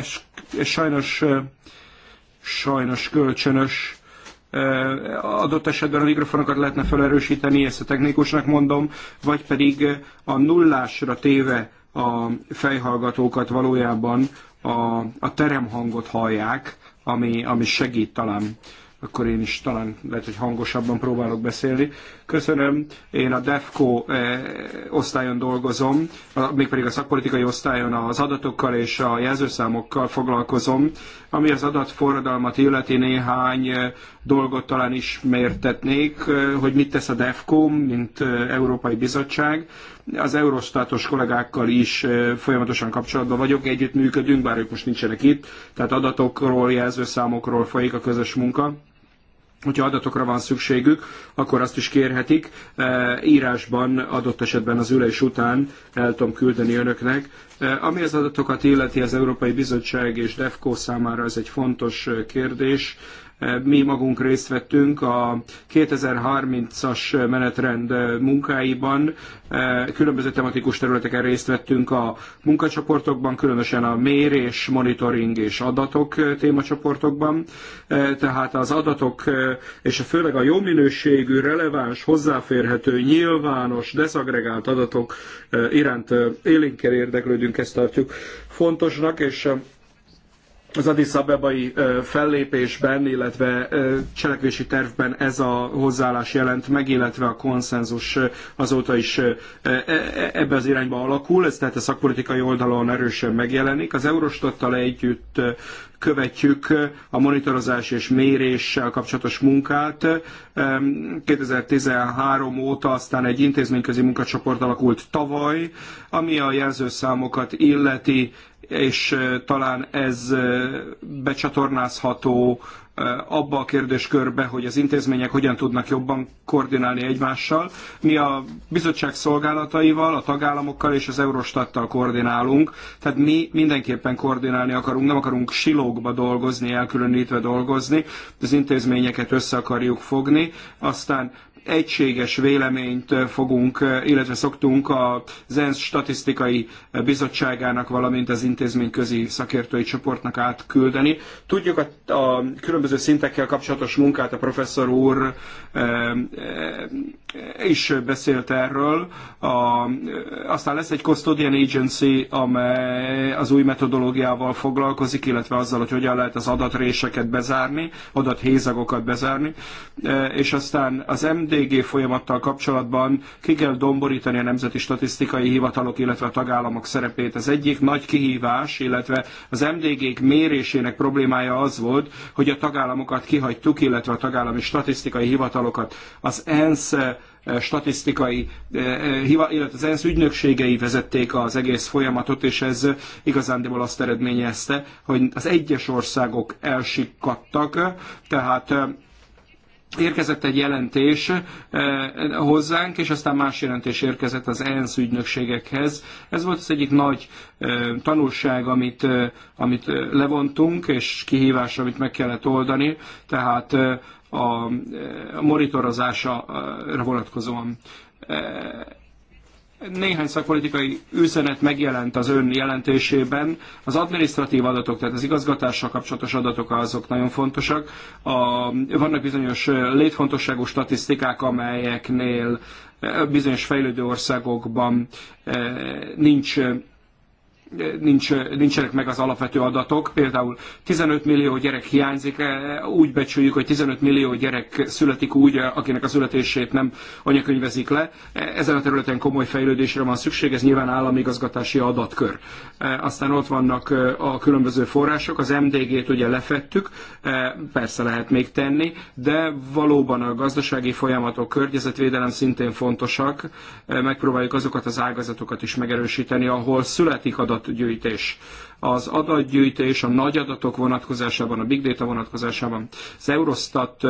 és, és sajnos, sajnos kölcsönös adott esetben a mikrofonokat lehetne felerősíteni, ezt a technikusnak mondom, vagy pedig a nullásra téve a fejhallgatókat valójában a, a teremhangot hallják, ami, ami segít talán akkor én is talán lehet, hogy hangosabban próbálok beszélni. Köszönöm, én a DEFCO eh, osztályon dolgozom, mégpedig a szakpolitikai osztályon az adatokkal és a jelzőszámokkal foglalkozom, ami az adatforradalmat illeti néhány eh, dolgot talán ismertetnék, eh, hogy mit tesz a DEFCO, mint Európai Bizottság. Az Eurostatos kollégákkal is folyamatosan kapcsolatban vagyok, együttműködünk, bár ők most nincsenek itt, tehát adatokról, jelzőszámokról folyik a közös munka Hogyha adatokra van szükségük, akkor azt is kérhetik. E, írásban adott esetben az ülés után el tudom küldeni önöknek. E, ami az adatokat illeti, az Európai Bizottság és DEFCO számára ez egy fontos kérdés. Mi magunk részt vettünk a 2030-as menetrend munkáiban, különböző tematikus területeken részt vettünk a munkacsoportokban, különösen a mérés, monitoring és adatok témacsoportokban. Tehát az adatok és főleg a jó minőségű, releváns, hozzáférhető, nyilvános, desagregált adatok iránt élénkkel érdeklődünk, ezt tartjuk fontosnak, és az Addis Abebai fellépésben, illetve cselekvési tervben ez a hozzáállás jelent meg, illetve a konszenzus azóta is e, e, e, ebbe az irányba alakul, ez tehát a szakpolitikai oldalon erősen megjelenik. Az Eurostattal együtt követjük a monitorozás és méréssel kapcsolatos munkát. 2013 óta aztán egy intézményközi munkacsoport alakult tavaly, ami a jelzőszámokat illeti és talán ez becsatornázható abba a kérdéskörbe, hogy az intézmények hogyan tudnak jobban koordinálni egymással. Mi a bizottság szolgálataival, a tagállamokkal és az Eurostattal koordinálunk, tehát mi mindenképpen koordinálni akarunk, nem akarunk silókba dolgozni, elkülönítve dolgozni, az intézményeket össze akarjuk fogni, aztán egységes véleményt fogunk, illetve szoktunk az ENSZ statisztikai bizottságának, valamint az intézményközi szakértői csoportnak átküldeni. Tudjuk a, a különböző szintekkel kapcsolatos munkát, a professzor úr e, e, is beszélt erről. A, aztán lesz egy Custodian Agency, amely az új metodológiával foglalkozik, illetve azzal, hogy hogyan lehet az adatréseket bezárni, adathézagokat bezárni, e, és aztán az MD MDG folyamattal kapcsolatban ki kell domborítani a nemzeti statisztikai hivatalok, illetve a tagállamok szerepét. Az egyik nagy kihívás, illetve az MDG-k mérésének problémája az volt, hogy a tagállamokat kihagytuk, illetve a tagállami statisztikai hivatalokat. Az ENSZ eh, statisztikai, eh, eh, illetve az ENSZ ügynökségei vezették az egész folyamatot, és ez igazándiból azt eredményezte, hogy az egyes országok elsikkadtak, tehát érkezett egy jelentés eh, hozzánk, és aztán más jelentés érkezett az ENSZ ügynökségekhez. Ez volt az egyik nagy eh, tanulság, amit, eh, amit levontunk, és kihívás, amit meg kellett oldani, tehát a monitorozásra vonatkozóan néhány szakpolitikai üzenet megjelent az ön jelentésében. Az administratív adatok, tehát az igazgatással kapcsolatos adatok azok nagyon fontosak. A, vannak bizonyos létfontosságú statisztikák, amelyeknél eh, bizonyos fejlődő országokban eh, nincs nincs, nincsenek meg az alapvető adatok. Például 15 millió gyerek hiányzik, e, úgy becsüljük, hogy 15 millió gyerek születik úgy, e, akinek a születését nem anyakönyvezik le. E, ezen a területen komoly fejlődésre van szükség, ez nyilván államigazgatási adatkör. Aztán ott vannak a különböző források, az MDG-t ugye lefettük, persze lehet még tenni, de valóban a gazdasági folyamatok, környezetvédelem szintén fontosak, megpróbáljuk azokat az ágazatokat is megerősíteni, ahol születik adat adatgyűjtés. Az adatgyűjtés a nagy adatok vonatkozásában, a big data vonatkozásában. Az Eurostat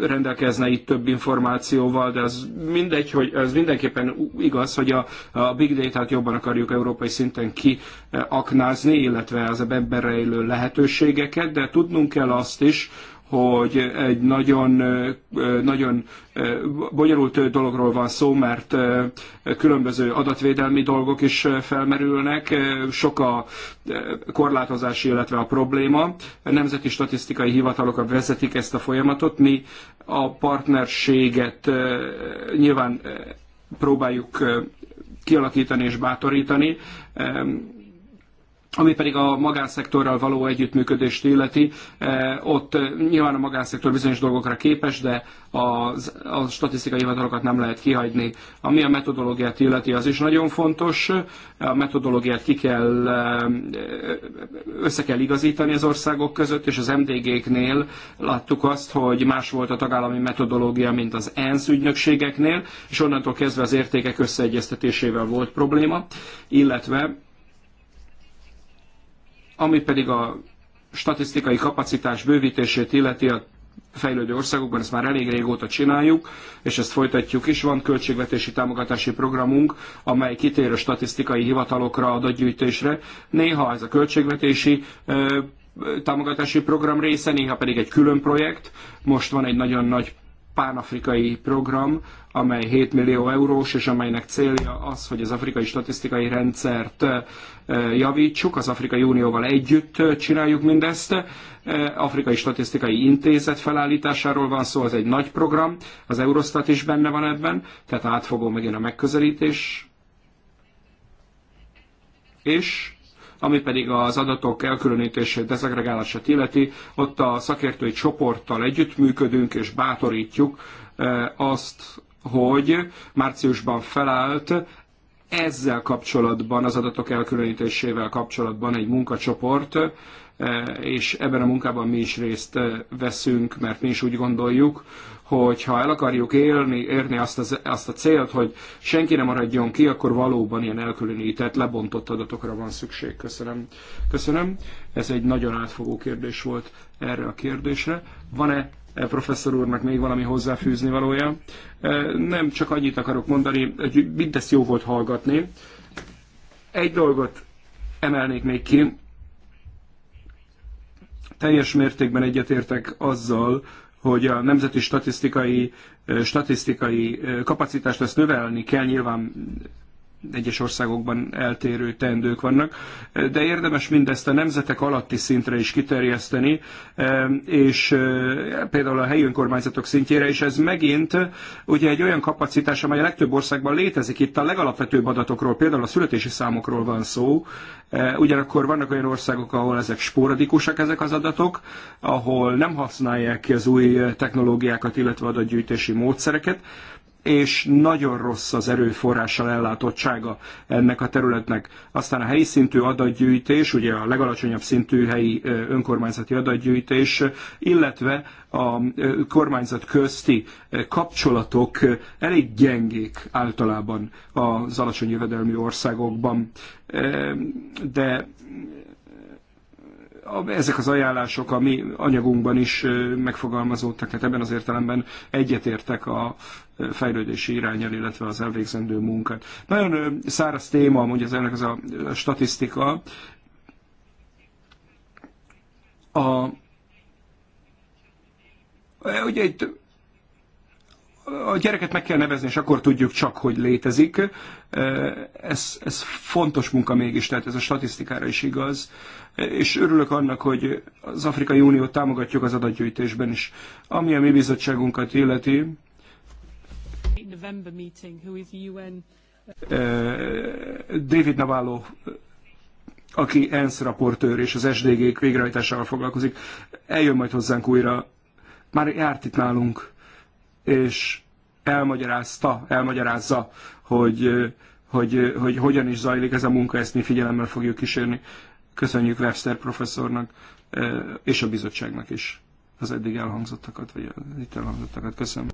rendelkezne itt több információval, de az, mindegy, hogy, az mindenképpen igaz, hogy a, a big data-t jobban akarjuk európai szinten kiaknázni, illetve az ebben rejlő lehetőségeket, de tudnunk kell azt is, hogy egy nagyon, nagyon bonyolult dologról van szó, mert különböző adatvédelmi dolgok is felmerülnek, sok a korlátozás, illetve a probléma. A nemzeti statisztikai hivatalok vezetik ezt a folyamatot. Mi a partnerséget nyilván próbáljuk kialakítani és bátorítani ami pedig a magánszektorral való együttműködést illeti, eh, ott eh, nyilván a magánszektor bizonyos dolgokra képes, de a statisztikai hivatalokat nem lehet kihagyni. Ami a metodológiát illeti, az is nagyon fontos. A metodológiát ki kell, eh, össze kell igazítani az országok között, és az MDG-knél láttuk azt, hogy más volt a tagállami metodológia, mint az ENSZ ügynökségeknél, és onnantól kezdve az értékek összeegyeztetésével volt probléma, illetve ami pedig a statisztikai kapacitás bővítését illeti a fejlődő országokban, ezt már elég régóta csináljuk, és ezt folytatjuk is. Van költségvetési támogatási programunk, amely kitér a statisztikai hivatalokra, adatgyűjtésre. Néha ez a költségvetési támogatási program része, néha pedig egy külön projekt. Most van egy nagyon nagy pánafrikai program, amely 7 millió eurós, és amelynek célja az, hogy az afrikai statisztikai rendszert javítsuk, az Afrikai Unióval együtt csináljuk mindezt. Afrikai Statisztikai Intézet felállításáról van szó, az egy nagy program, az Eurostat is benne van ebben, tehát átfogó megint a megközelítés. És ami pedig az adatok elkülönítését, dezagregálását illeti, ott a szakértői csoporttal együttműködünk és bátorítjuk azt, hogy márciusban felállt ezzel kapcsolatban, az adatok elkülönítésével kapcsolatban egy munkacsoport, eh, és ebben a munkában mi is részt eh, veszünk, mert mi is úgy gondoljuk, hogy ha el akarjuk élni, érni azt, az, azt a célt, hogy senki nem maradjon ki, akkor valóban ilyen elkülönített, lebontott adatokra van szükség. Köszönöm. Köszönöm. Ez egy nagyon átfogó kérdés volt erre a kérdésre. Van-e professzor úrnak még valami hozzáfűzni valója. Nem csak annyit akarok mondani, hogy mindezt jó volt hallgatni. Egy dolgot emelnék még ki. Teljes mértékben egyetértek azzal, hogy a nemzeti statisztikai, statisztikai kapacitást ezt növelni kell, nyilván egyes országokban eltérő teendők vannak, de érdemes mindezt a nemzetek alatti szintre is kiterjeszteni, eh, és eh, például a helyi önkormányzatok szintjére, és ez megint eh, ugye egy olyan kapacitás, amely a legtöbb országban létezik, itt a legalapvetőbb adatokról, például a születési számokról van szó, ugyanakkor vannak olyan országok, ahol ezek sporadikusak ezek az adatok, ahol nem használják ki az új technológiákat, illetve adatgyűjtési módszereket, és nagyon rossz az erőforrással ellátottsága ennek a területnek. Aztán a helyi szintű adatgyűjtés, ugye a legalacsonyabb szintű helyi önkormányzati adatgyűjtés, illetve a kormányzat közti kapcsolatok elég gyengék általában az alacsony jövedelmű országokban. De ezek az ajánlások a mi anyagunkban is megfogalmazódtak, tehát ebben az értelemben egyetértek a fejlődési irányel, illetve az elvégzendő munkát. Nagyon száraz téma, mondja az ennek az a statisztika. A, ugye itt a gyereket meg kell nevezni, és akkor tudjuk csak, hogy létezik. Ez, ez fontos munka mégis, tehát ez a statisztikára is igaz. És örülök annak, hogy az Afrikai Uniót támogatjuk az adatgyűjtésben is. Ami a mi bizottságunkat illeti, David Navallo, aki ENSZ raportőr és az SDG-k végrehajtásával foglalkozik, eljön majd hozzánk újra. Már járt itt nálunk és elmagyarázta, elmagyarázza, hogy, hogy, hogy hogyan is zajlik ez a munka, ezt mi figyelemmel fogjuk kísérni. Köszönjük Webster professzornak eh, és a bizottságnak is az eddig elhangzottakat, vagy az itt elhangzottakat. Köszönöm.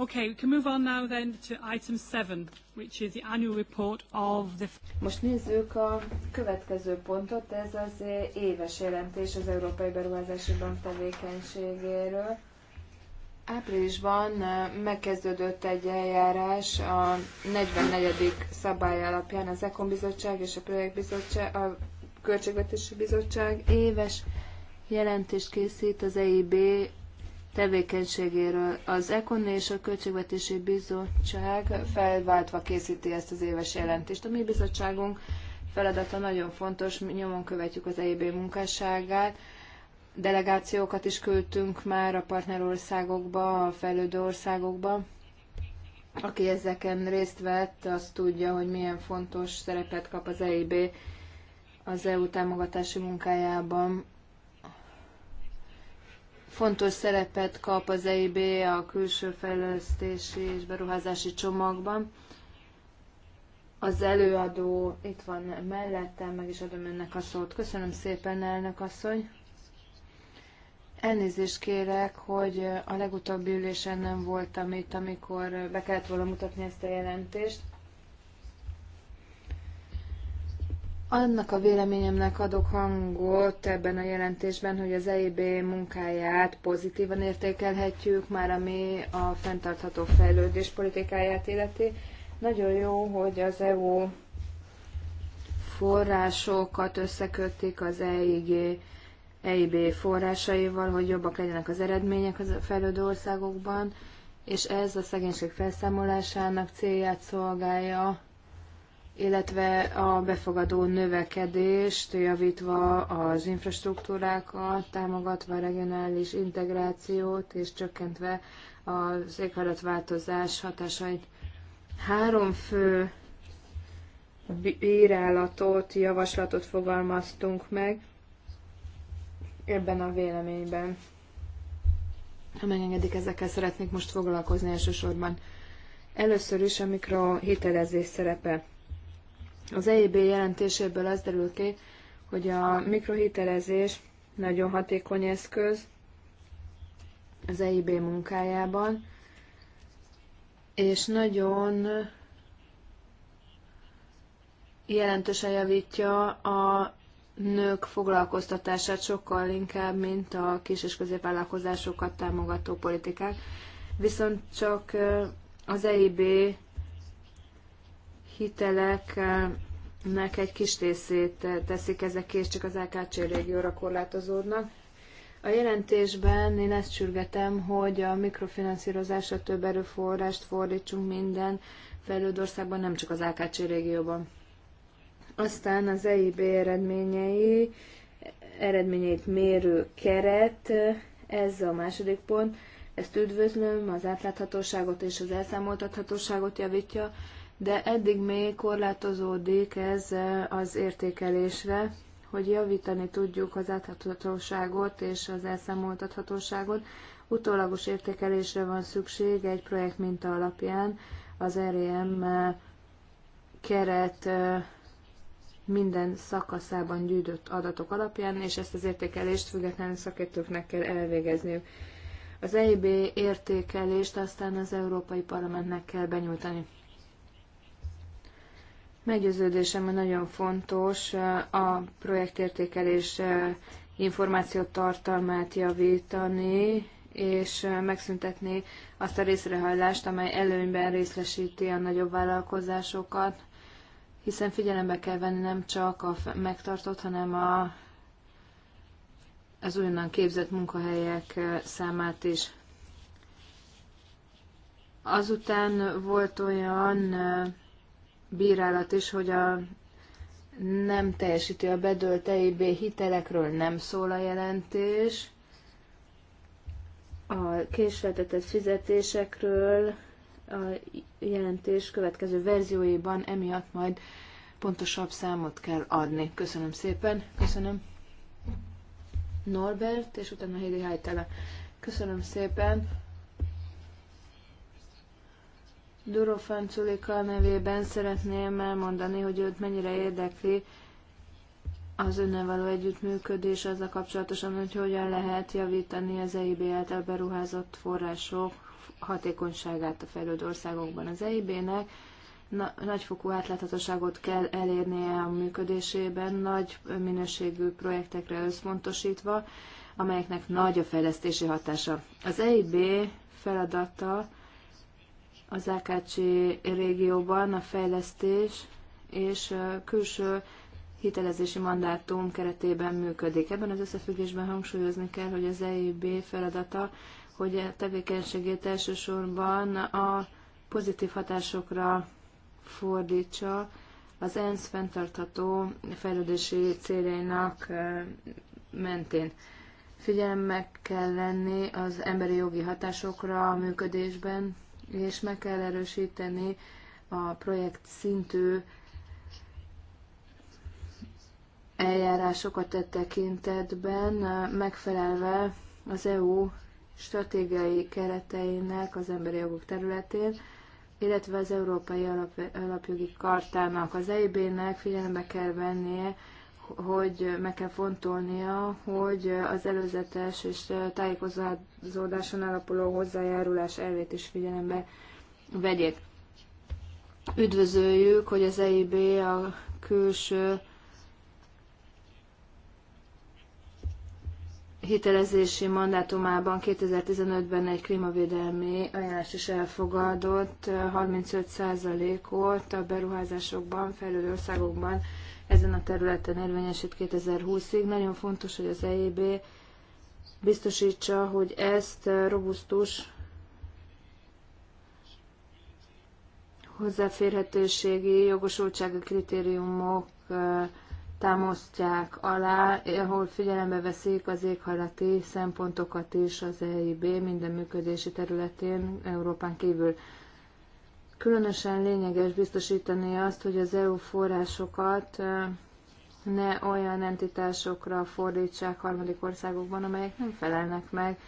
Okay, we can move on now then to item seven, which is the annual report of the... Most nézzük a következő pontot, ez az éves jelentés az Európai Beruházási Bank tevékenységéről. Áprilisban megkezdődött egy eljárás a 44. szabály alapján az Ekon Bizottság és a Projektbizottság, a Költségvetési Bizottság éves jelentést készít az EIB tevékenységéről. Az ECON és a Költségvetési Bizottság felváltva készíti ezt az éves jelentést. A mi bizottságunk feladata nagyon fontos, mi nyomon követjük az EIB munkásságát, delegációkat is küldtünk már a partnerországokba, a fejlődő országokba. Aki ezeken részt vett, az tudja, hogy milyen fontos szerepet kap az EIB az EU támogatási munkájában fontos szerepet kap az EIB a külső fejlesztési és beruházási csomagban. Az előadó itt van mellettem, meg is adom önnek a szót. Köszönöm szépen, elnök asszony. Elnézést kérek, hogy a legutóbbi ülésen nem voltam itt, amikor be kellett volna mutatni ezt a jelentést. Annak a véleményemnek adok hangot ebben a jelentésben, hogy az EIB munkáját pozitívan értékelhetjük, már ami a fenntartható fejlődés politikáját illeti. Nagyon jó, hogy az EU forrásokat összekötik az EIG, EIB forrásaival, hogy jobbak legyenek az eredmények az fejlődő országokban, és ez a szegénység felszámolásának célját szolgálja, illetve a befogadó növekedést, javítva az infrastruktúrákat, támogatva a regionális integrációt és csökkentve az éghajlatváltozás hatásait. Három fő bírálatot, javaslatot fogalmaztunk meg ebben a véleményben. Ha megengedik, ezekkel szeretnék most foglalkozni elsősorban. Először is a mikrohitelezés szerepe. Az EIB jelentéséből az derül ki, hogy a mikrohitelezés nagyon hatékony eszköz az EIB munkájában, és nagyon jelentősen javítja a nők foglalkoztatását sokkal inkább, mint a kis- és középvállalkozásokat támogató politikák. Viszont csak az EIB hiteleknek egy kis részét teszik ezek, és csak az LKC régióra korlátozódnak. A jelentésben én ezt sürgetem, hogy a mikrofinanszírozásra több erőforrást fordítsunk minden fejlődő országban, nem csak az LKC régióban. Aztán az EIB eredményei, eredményeit mérő keret, ez a második pont. Ezt üdvözlöm, az átláthatóságot és az elszámoltathatóságot javítja, de eddig még korlátozódik ez az értékelésre, hogy javítani tudjuk az áthatóságot és az elszámoltathatóságot. Utólagos értékelésre van szükség egy projekt minta alapján az REM keret minden szakaszában gyűjtött adatok alapján, és ezt az értékelést független szakértőknek kell elvégezniük. Az EIB értékelést aztán az Európai Parlamentnek kell benyújtani. Meggyőződésem, hogy nagyon fontos a projektértékelés információt tartalmát javítani, és megszüntetni azt a részrehajlást, amely előnyben részlesíti a nagyobb vállalkozásokat, hiszen figyelembe kell venni nem csak a megtartott, hanem a, az újonnan képzett munkahelyek számát is. Azután volt olyan bírálat is, hogy a nem teljesíti a bedölt EIB hitelekről nem szól a jelentés, a késletetett fizetésekről a jelentés következő verzióiban emiatt majd pontosabb számot kell adni. Köszönöm szépen, köszönöm Norbert, és utána Hédi Hájtele. Köszönöm szépen. Duro Franculika nevében szeretném elmondani, hogy őt mennyire érdekli az önnel való együttműködés a kapcsolatosan, hogy hogyan lehet javítani az EIB által beruházott források hatékonyságát a fejlődő országokban. Az EIB-nek na- nagyfokú átláthatóságot kell elérnie a működésében, nagy minőségű projektekre összpontosítva, amelyeknek nagy a fejlesztési hatása. Az EIB feladata az Ákácsi régióban a fejlesztés és külső hitelezési mandátum keretében működik. Ebben az összefüggésben hangsúlyozni kell, hogy az EIB feladata, hogy a tevékenységét elsősorban a pozitív hatásokra fordítsa, az ENSZ fenntartható fejlődési céljainak mentén. Figyelemmel kell lenni az emberi jogi hatásokra a működésben, és meg kell erősíteni a projekt szintű eljárásokat e tekintetben, megfelelve az EU stratégiai kereteinek az emberi jogok területén, illetve az Európai Alapjogi Kartának, az EIB-nek figyelembe kell vennie hogy meg kell fontolnia, hogy az előzetes és tájékozódáson alapuló hozzájárulás elvét is figyelembe vegyék. Üdvözöljük, hogy az EIB a külső hitelezési mandátumában 2015-ben egy klímavédelmi ajánlást is elfogadott, 35%-ot a beruházásokban, fejlődő országokban ezen a területen érvényesít 2020-ig. Nagyon fontos, hogy az EIB biztosítsa, hogy ezt eh, robusztus hozzáférhetőségi jogosultsági kritériumok eh, támasztják alá, ahol figyelembe veszik az éghajlati szempontokat is az EIB minden működési területén Európán kívül. Különösen lényeges biztosítani azt, hogy az EU forrásokat ne olyan entitásokra fordítsák harmadik országokban, amelyek nem felelnek meg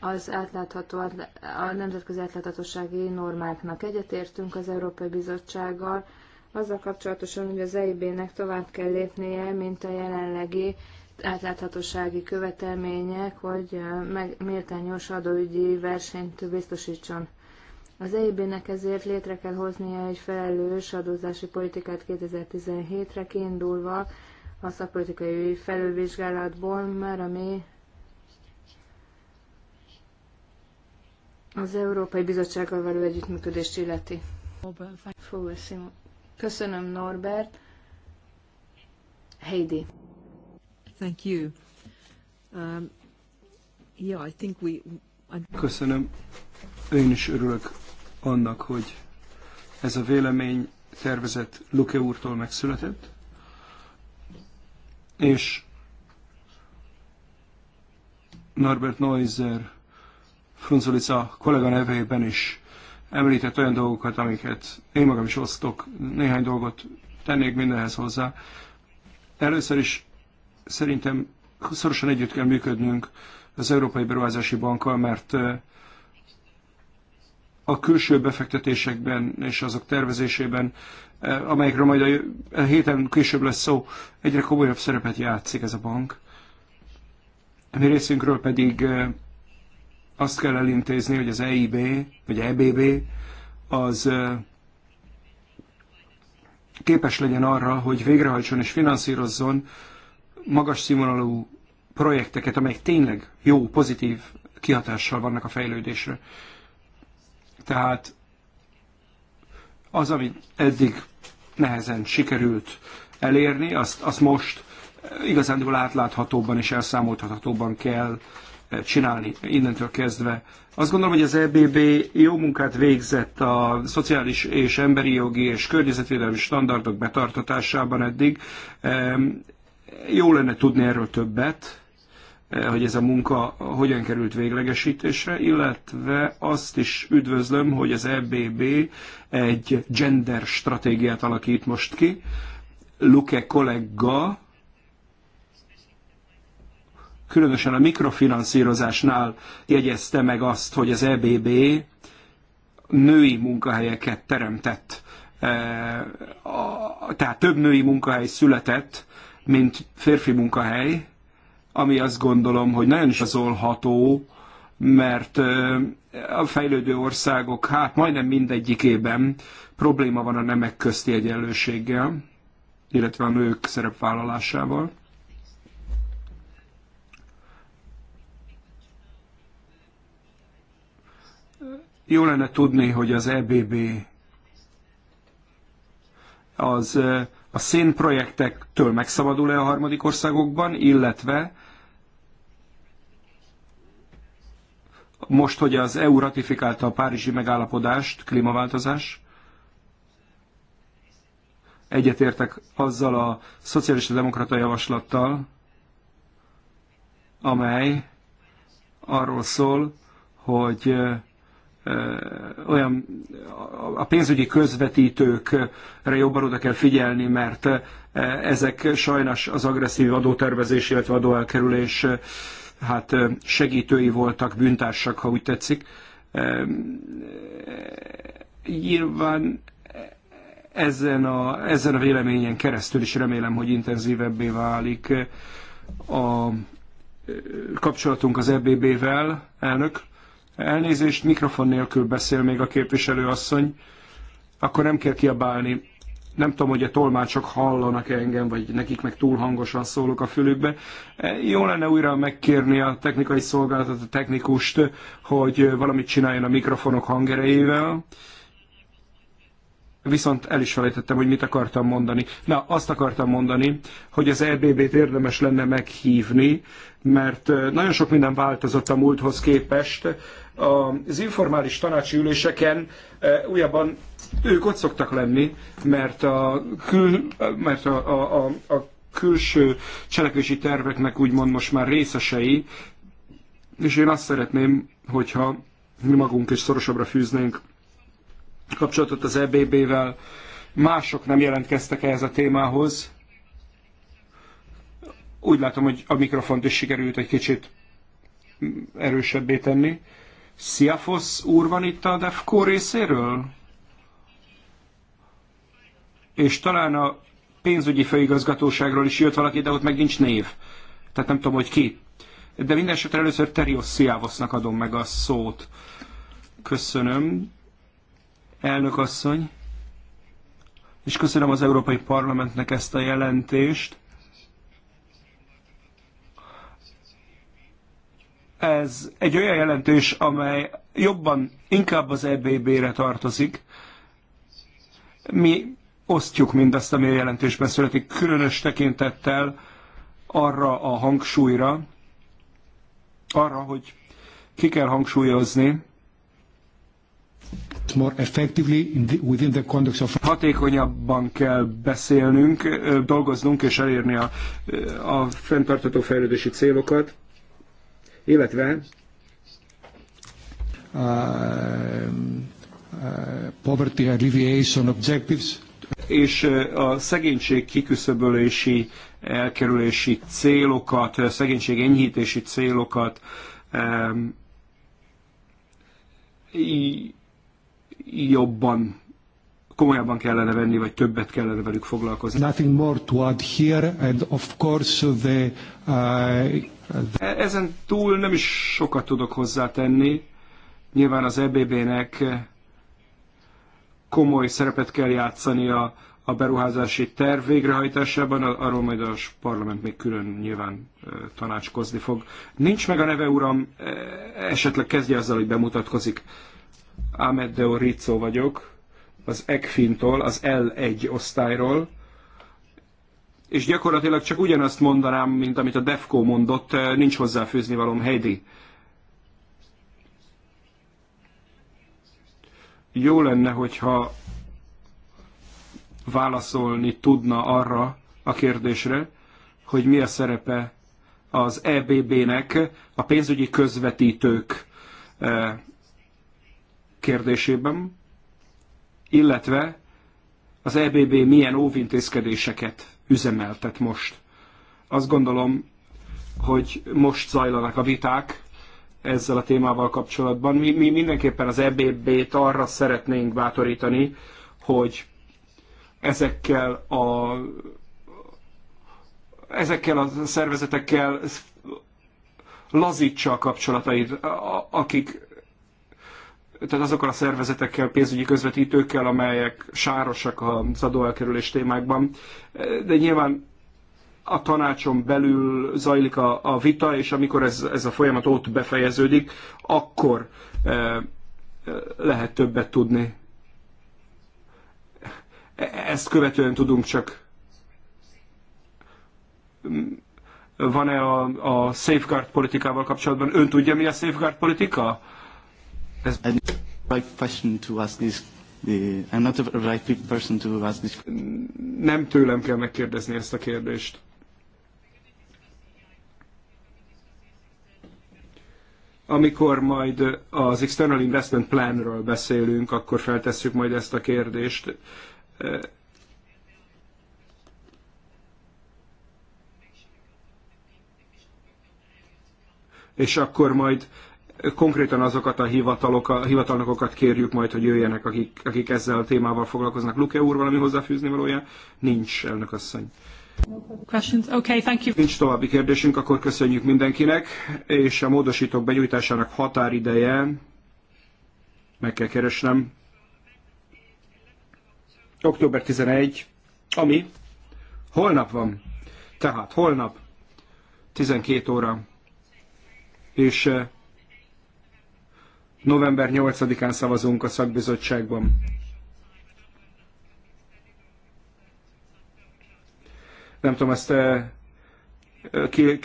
az átlátható, a nemzetközi átláthatósági normáknak. Egyetértünk az Európai Bizottsággal azzal kapcsolatosan, hogy az EIB-nek tovább kell lépnie, mint a jelenlegi átláthatósági követelmények, hogy méltányos adóügyi versenyt biztosítson. Az EIB-nek ezért létre kell hoznia egy felelős adózási politikát 2017-re kiindulva a szakpolitikai felülvizsgálatból, mert ami az Európai Bizottsággal való együttműködést illeti. Köszönöm Norbert. Heidi. Thank you. Um, yeah, I think we... Köszönöm. Én is örülök annak, hogy ez a vélemény tervezett Luke úrtól megszületett, és Norbert Neuser Frunzulica kollega nevében is említett olyan dolgokat, amiket én magam is osztok, néhány dolgot tennék mindenhez hozzá. Először is szerintem szorosan együtt kell működnünk az Európai Beruházási Bankkal, mert a külső befektetésekben és azok tervezésében, eh, amelyekről majd a héten később lesz szó, egyre komolyabb szerepet játszik ez a bank. A mi részünkről pedig eh, azt kell elintézni, hogy az EIB, vagy EBB az eh, képes legyen arra, hogy végrehajtson és finanszírozzon magas színvonalú projekteket, amelyek tényleg jó, pozitív kihatással vannak a fejlődésre. Tehát az, amit eddig nehezen sikerült elérni, azt, azt most eh, igazándiból átláthatóban és elszámoltathatóban kell eh, csinálni innentől kezdve. Azt gondolom, hogy az EBB jó munkát végzett a szociális és emberi jogi és környezetvédelmi standardok betartatásában eddig. Jó lenne tudni erről többet, hogy ez a munka hogyan került véglegesítésre, illetve azt is üdvözlöm, hogy az EBB egy gender stratégiát alakít most ki. Luke kollega különösen a mikrofinanszírozásnál jegyezte meg azt, hogy az EBB női munkahelyeket teremtett. E, tehát több női munkahely született, mint férfi munkahely, ami azt gondolom, hogy nagyon is azolható, mert a fejlődő országok, hát majdnem mindegyikében probléma van a nemek közti egyenlőséggel, illetve a nők szerepvállalásával. Jó lenne tudni, hogy az EBB az a szénprojektektől megszabadul-e a harmadik országokban, illetve Most, hogy az EU ratifikálta a Párizsi megállapodást, klímaváltozás, egyetértek azzal a szocialista demokrata javaslattal, amely arról szól, hogy olyan a pénzügyi közvetítőkre jobban oda kell figyelni, mert ezek sajnos az agresszív adótervezés, illetve adóelkerülés hát segítői voltak, bűntársak, ha úgy tetszik. Nyilván ezen a, ezen a véleményen keresztül is remélem, hogy intenzívebbé válik a kapcsolatunk az EBB-vel, elnök. Elnézést, mikrofon nélkül beszél még a képviselőasszony, akkor nem kell kiabálni nem tudom, hogy a tolmácsok hallanak -e engem, vagy nekik meg túl hangosan szólok a fülükbe. E, jó lenne újra megkérni a technikai szolgálatot, a technikust, hogy valamit csináljon a mikrofonok hangerejével. Viszont el is felejtettem, hogy mit akartam mondani. Na, azt akartam mondani, hogy az EBB-t érdemes lenne meghívni, mert e, nagyon sok minden változott a múlthoz képest az informális tanácsi üléseken eh, újabban ők ott szoktak lenni, mert a, kül, mert a, a, a, a külső cselekvési terveknek úgymond most már részesei, és én azt szeretném, hogyha mi magunk is szorosabbra fűznénk kapcsolatot az EBB-vel, mások nem jelentkeztek ehhez a témához. Úgy látom, hogy a mikrofont is sikerült egy kicsit erősebbé tenni. Sziafosz úr van itt a DEFCO részéről? És talán a pénzügyi főigazgatóságról is jött valaki, de ott meg nincs név. Tehát nem tudom, hogy ki. De minden esetre először Terios Sziavosznak adom meg a szót. Köszönöm, elnök asszony, és köszönöm az Európai Parlamentnek ezt a jelentést. Ez egy olyan jelentés, amely jobban inkább az EBB-re tartozik. Mi osztjuk mindazt, ami a jelentésben születik, különös tekintettel arra a hangsúlyra, arra, hogy ki kell hangsúlyozni, Hatékonyabban kell beszélnünk, dolgoznunk és elérni a, a fenntartható fejlődési célokat illetve uh, uh, poverty alleviation objectives. És uh, a szegénység kiküszöbölési, elkerülési célokat, uh, szegénység enyhítési célokat um, jobban komolyabban kellene venni, vagy többet kellene velük foglalkozni. Nothing more to add here, and of course the, uh, e-, Ezen túl nem is sokat tudok hozzátenni. Nyilván az EBB-nek komoly szerepet kell játszani a beruházási terv végrehajtásában, arról majd a parlament még külön nyilván tanácskozni fog. Nincs meg a neve, uram, e-, esetleg kezdje azzal, hogy bemutatkozik. Ahmed Deoricó vagyok az ECFIN-tól, az L1 osztályról, és gyakorlatilag csak ugyanazt mondanám, mint amit a DEFCO mondott, eh, nincs hozzáfűzni valom Heidi. Jó lenne, hogyha válaszolni tudna arra a kérdésre, hogy mi a szerepe az EBB-nek a pénzügyi közvetítők eh, kérdésében, illetve az EBB milyen óvintézkedéseket üzemeltet most. Azt gondolom, hogy most zajlanak a viták ezzel a témával kapcsolatban. Mi, mi mindenképpen az EBB-t arra szeretnénk bátorítani, hogy ezekkel a ezekkel a szervezetekkel lazítsa a kapcsolatait, akik tehát azokkal a szervezetekkel, pénzügyi közvetítőkkel, amelyek sárosak az adóelkerülés témákban. De nyilván a tanácson belül zajlik a, a vita, és amikor ez, ez a folyamat ott befejeződik, akkor e, lehet többet tudni. E, ezt követően tudunk csak mm, van-e a, a safeguard politikával kapcsolatban? Ön tudja, mi a safeguard politika? Nem tőlem kell megkérdezni ezt a kérdést. amikor majd az External Investment Planről beszélünk, akkor feltesszük majd ezt a kérdést. És akkor majd Konkrétan azokat a, hivatalok, a hivatalnokokat kérjük majd, hogy jöjjenek, akik, akik ezzel a témával foglalkoznak. Luke úr, valami hozzáfűzni valója? Nincs, elnök asszony. Okay, thank you. Nincs további kérdésünk, akkor köszönjük mindenkinek, és a módosítók benyújtásának határideje, meg kell keresnem, október 11, ami holnap van. Tehát holnap 12 óra. És eh, November 8-án szavazunk a szakbizottságban. Nem tudom, ezt eh, ki,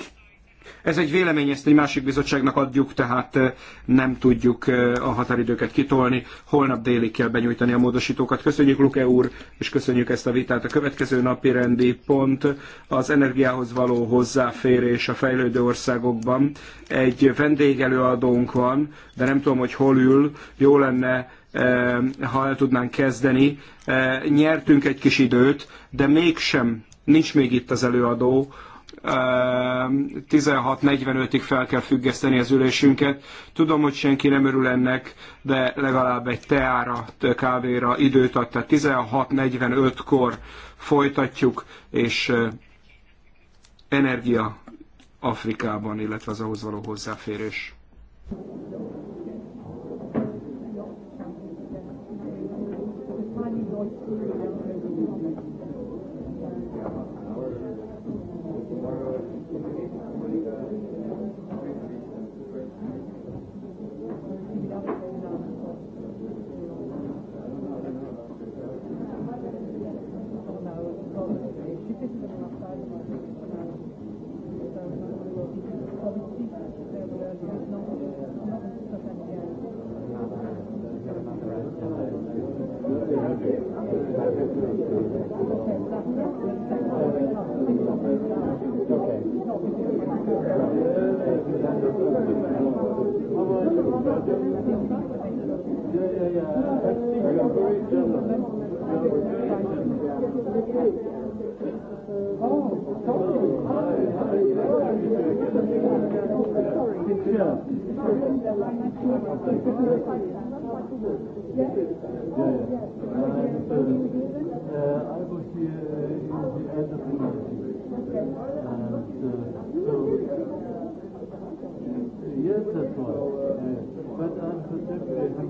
ez egy vélemény, ezt egy másik bizottságnak adjuk, tehát nem tudjuk a határidőket kitolni. Holnap délig kell benyújtani a módosítókat. Köszönjük, Luke úr, és köszönjük ezt a vitát. A következő napi rendi pont az energiához való hozzáférés a fejlődő országokban. Egy vendégelőadónk van, de nem tudom, hogy hol ül. Jó lenne ha el tudnánk kezdeni. Nyertünk egy kis időt, de mégsem nincs még itt az előadó, 16.45-ig fel kell függeszteni az ülésünket. Tudom, hogy senki nem örül ennek, de legalább egy teára, kávéra időt ad. Tehát 16.45-kor folytatjuk, és energia Afrikában, illetve az ahhoz való hozzáférés.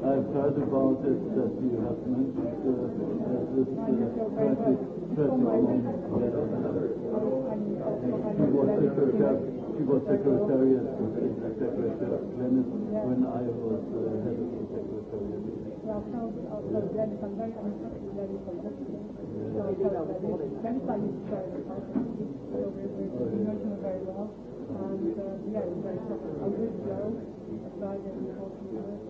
I've heard about it that you have mentioned uh, that this uh, tragic problem that uh, she was secretary, she was secretariat secretary of Venice when I was uh, head of the secretariat. Yeah. Yeah. Yeah.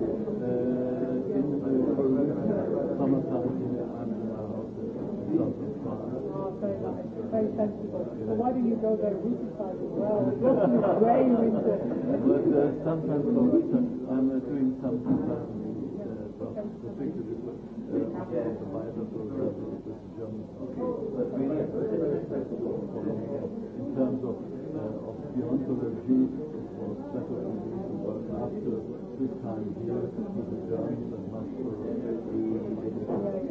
very nice, very sensible. But why do you go there rootified as well? Grey winter. But uh, sometimes I'm uh, doing some in terms of, uh, of deontology, it was better for me to work after this time here with the Germans and much for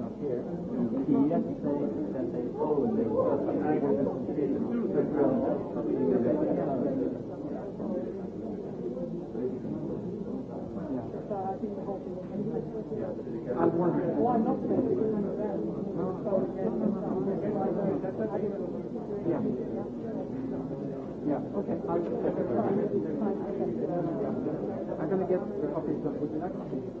I wonder. Oh, I'm Yeah. Yeah. Okay. I'm going to get the copies of the next.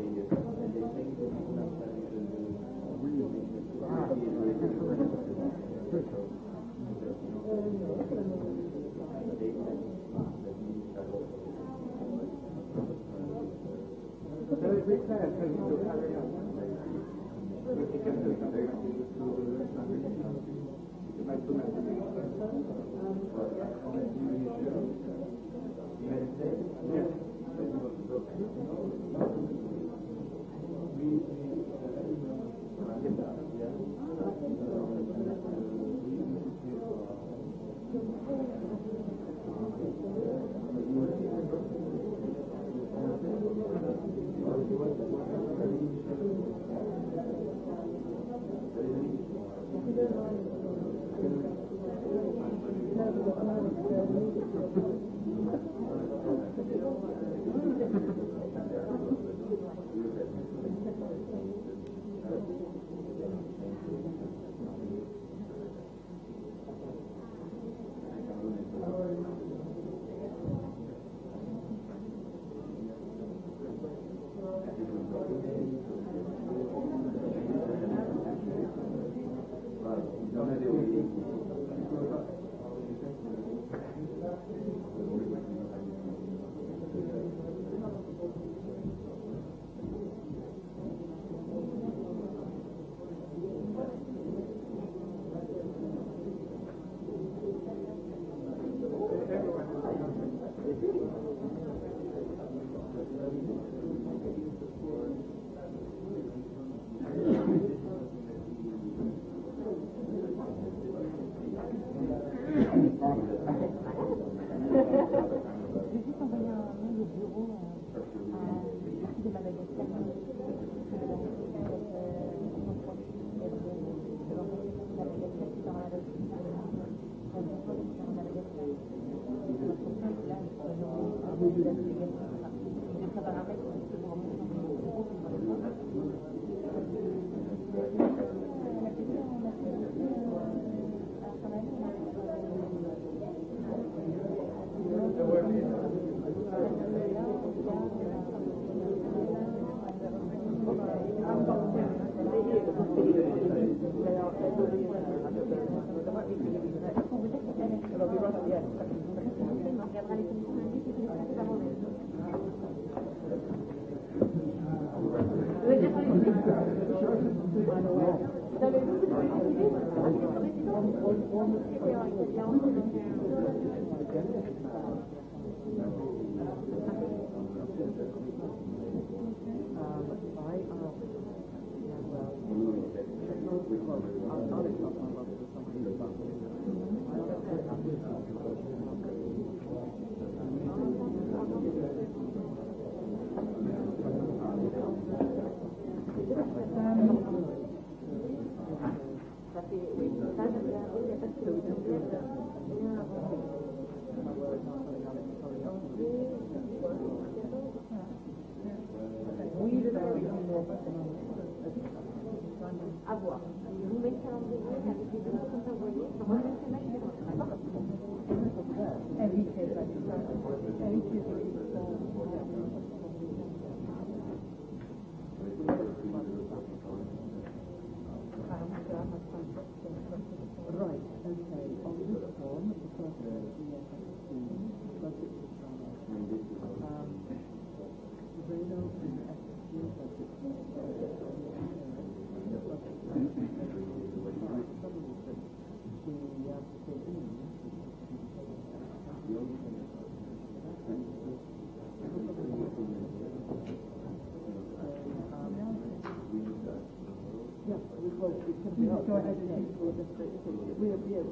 Thank you. Miért, miért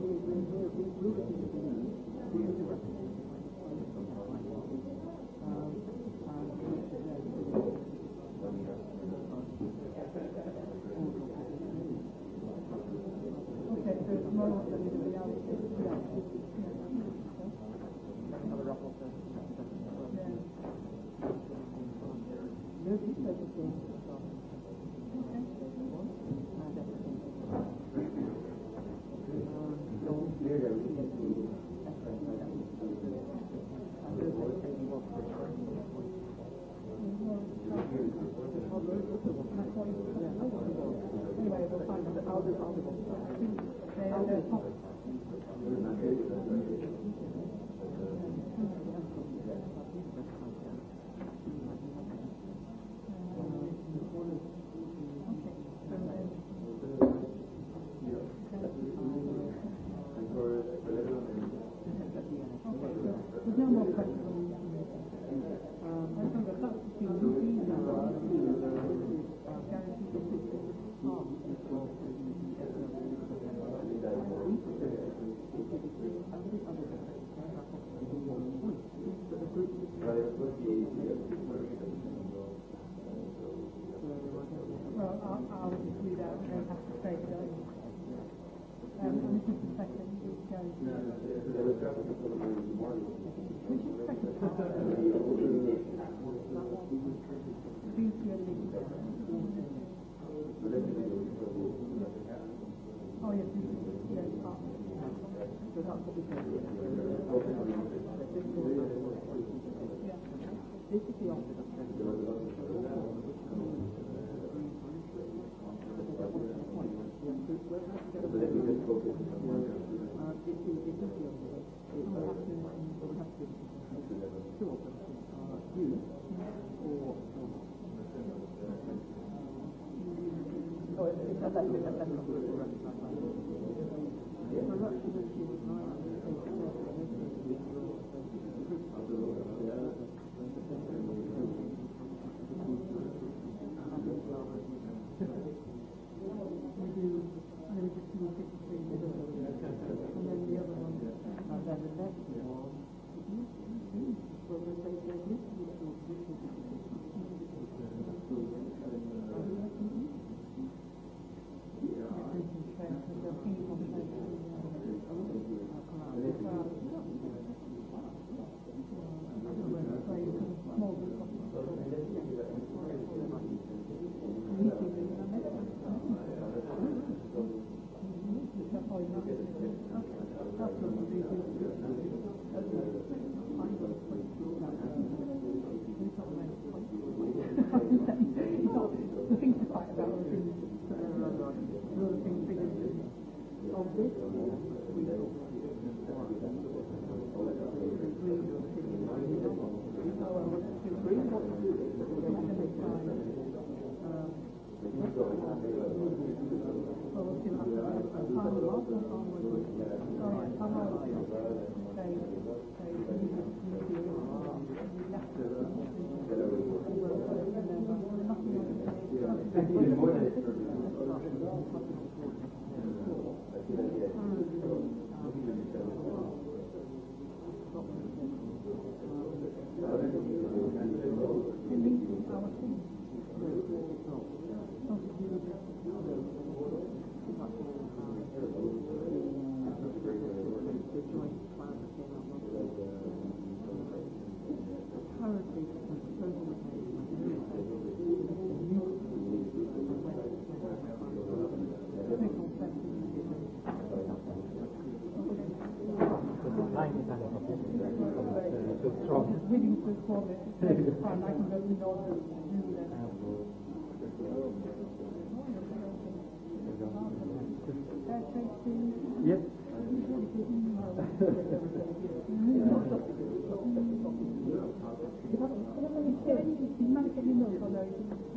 call it next time. I can let you know that you and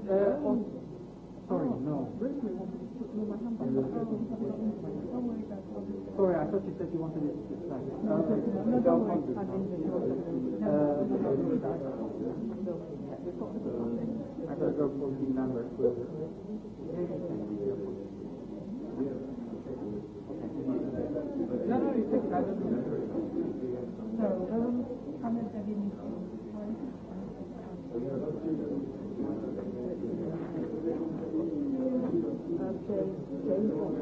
Yes. uh, on, sorry, no. I thought you said you wanted it to stay. No, no, I've got to go number. No, no, you take it. So, um, I'm going you Okay, James.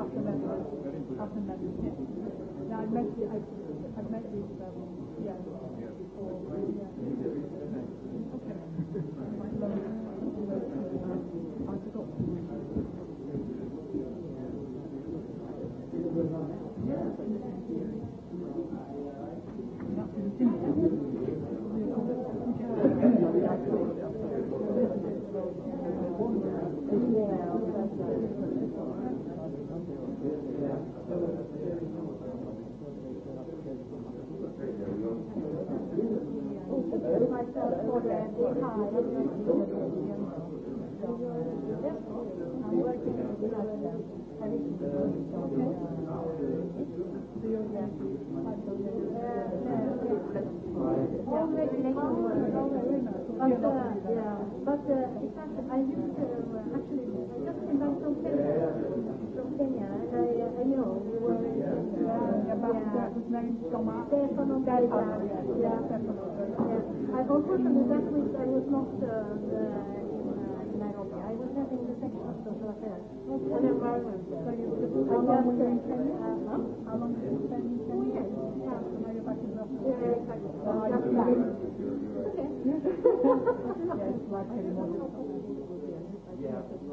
After members. After members. Uh, Stefano Gaetano. Uh, uh, yeah, Stefano. I unfortunately that week I was not uh, uh, in, uh, in Nairobi. I was having the section of social affairs okay. and environment. So you would have How long were you in Kenya? Uh, huh? How long did you spend in Kenya? Two years. Yeah, so now you're back in Brussels. Yeah, exactly. So oh, just back. Okay. yes, like I remember. Yeah.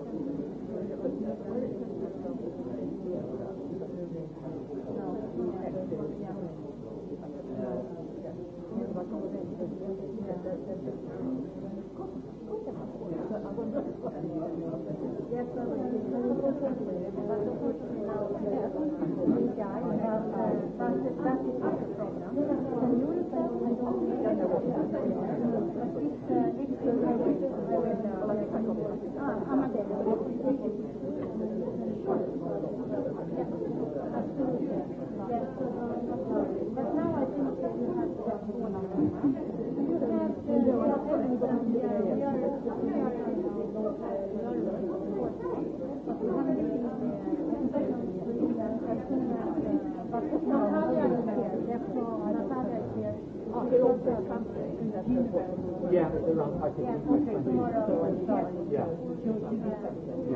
Yes, I was. around five fifteen to twenty. Yeah. Yeah.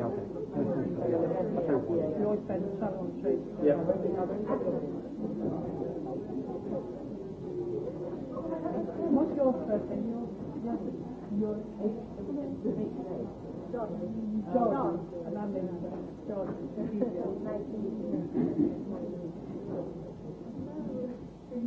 Okay. Yeah. Okay. We always spend some on trade. Yeah. What's your first name? Your your John. John. And I'm John. Nice to meet you.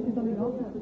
Köszönöm, hogy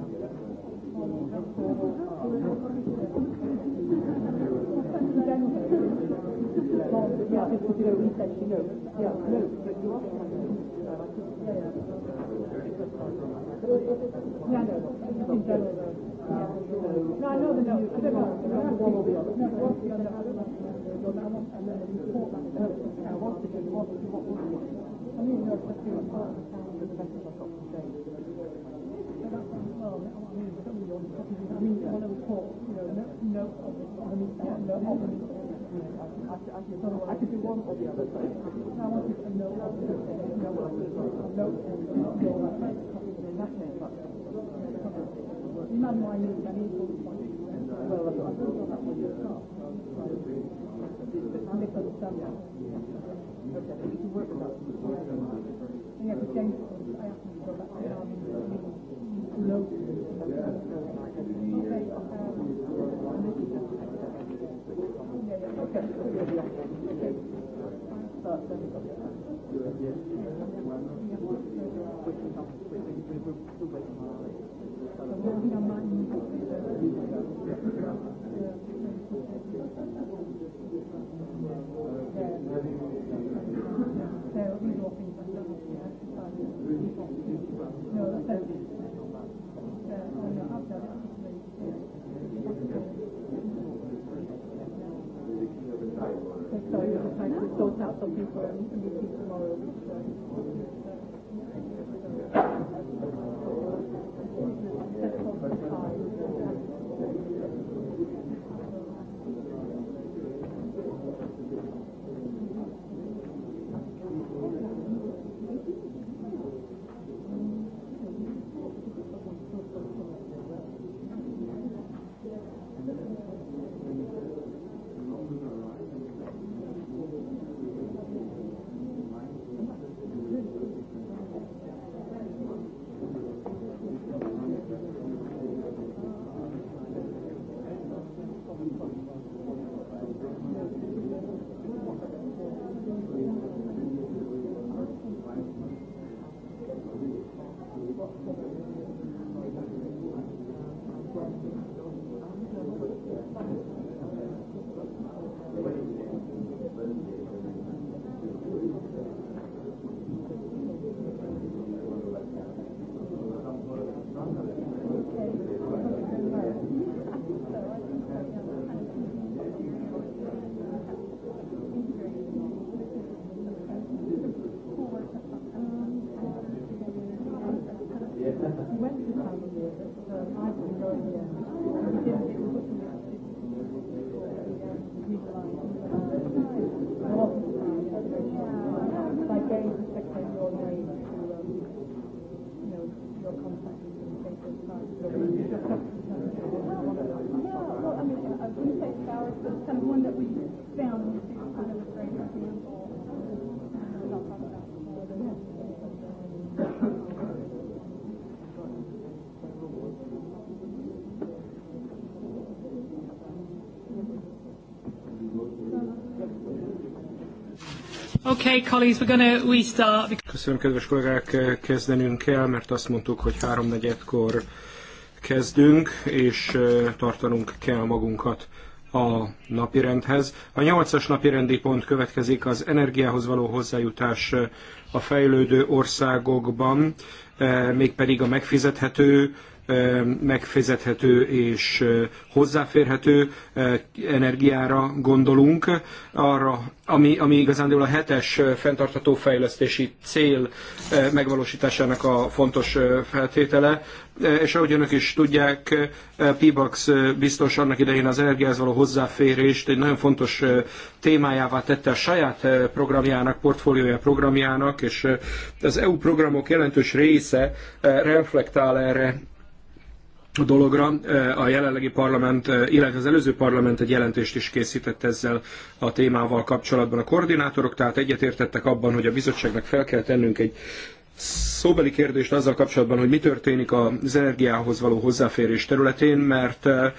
you know, he said, you know, yeah, no, but you are yeah, no, in general, no, I know the no, I don't know. One or the other. No, what's the other? You're now on, and then you thought that was over. Now, what's the good? What do you want? I mean, no, it's too much. You're the best I've got to say. So that's well, I mean, I mean, I mean, on a report, you know, no, no, I mean, no, obviously. I could do one or the other thing. I wanted to know what I was doing. Know what I was doing. Know what I was doing. Nothing. None why you can equal the point. Well, I thought that was your car. I misunderstand that. Okay, we can work with that. We have to change it. So you're trying to sort out something for a meeting tomorrow. Okay, colleagues, we're restart. Köszönöm, kedves kollégák, kezdenünk kell, mert azt mondtuk, hogy háromnegyedkor kezdünk, és tartanunk kell magunkat a napirendhez. A nyolcas napirendi pont következik az energiához való hozzájutás a fejlődő országokban, mégpedig a megfizethető megfizethető és hozzáférhető energiára gondolunk, arra, ami, ami igazán a hetes fenntartható fejlesztési cél megvalósításának a fontos feltétele, és ahogy önök is tudják, Pibax biztos annak idején az energiához való hozzáférést egy nagyon fontos témájává tette a saját programjának, portfóliója programjának, és az EU programok jelentős része reflektál erre a dologra. A jelenlegi parlament, illetve az előző parlament egy jelentést is készített ezzel a témával kapcsolatban a koordinátorok, tehát egyetértettek abban, hogy a bizottságnak fel kell tennünk egy szóbeli kérdést azzal kapcsolatban, hogy mi történik az energiához való hozzáférés területén, mert eh,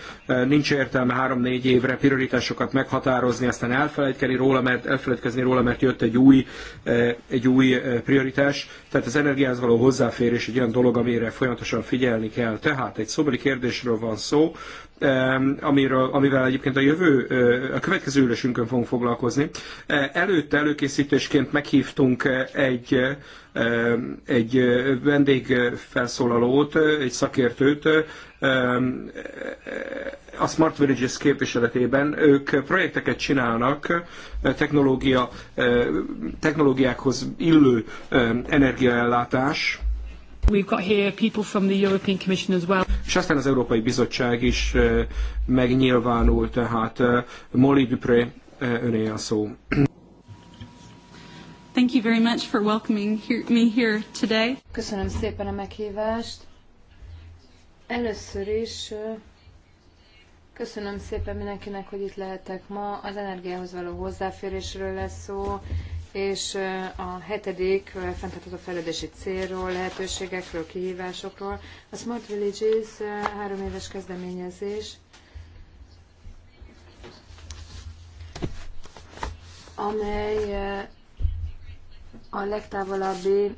nincs értelme három-négy évre prioritásokat meghatározni, aztán elfelejtkezni róla, mert, elfelejtkezni róla, mert jött egy új, eh, egy új eh, prioritás. Tehát az energiához való hozzáférés egy olyan dolog, amire folyamatosan figyelni kell. Tehát egy szóbeli kérdésről van szó, amiről, amivel egyébként a jövő, a következő ülésünkön fogunk foglalkozni. Előtte előkészítésként meghívtunk egy, egy vendégfelszólalót, egy szakértőt, a Smart Villages képviseletében. Ők projekteket csinálnak technológia, technológiákhoz illő energiaellátás We've got here people from the European Commission as well. És aztán az Európai Bizottság is megnyilvánul, tehát Molly Dupré, öné a szó. Thank you very much for welcoming me here today. Köszönöm szépen a meghívást. Először is köszönöm szépen mindenkinek, hogy itt lehetek ma. Az energiához való hozzáférésről lesz szó, és a hetedik fenntartható fejlődési célról, lehetőségekről, kihívásokról. A Smart Villages három éves kezdeményezés, amely a legtávolabbi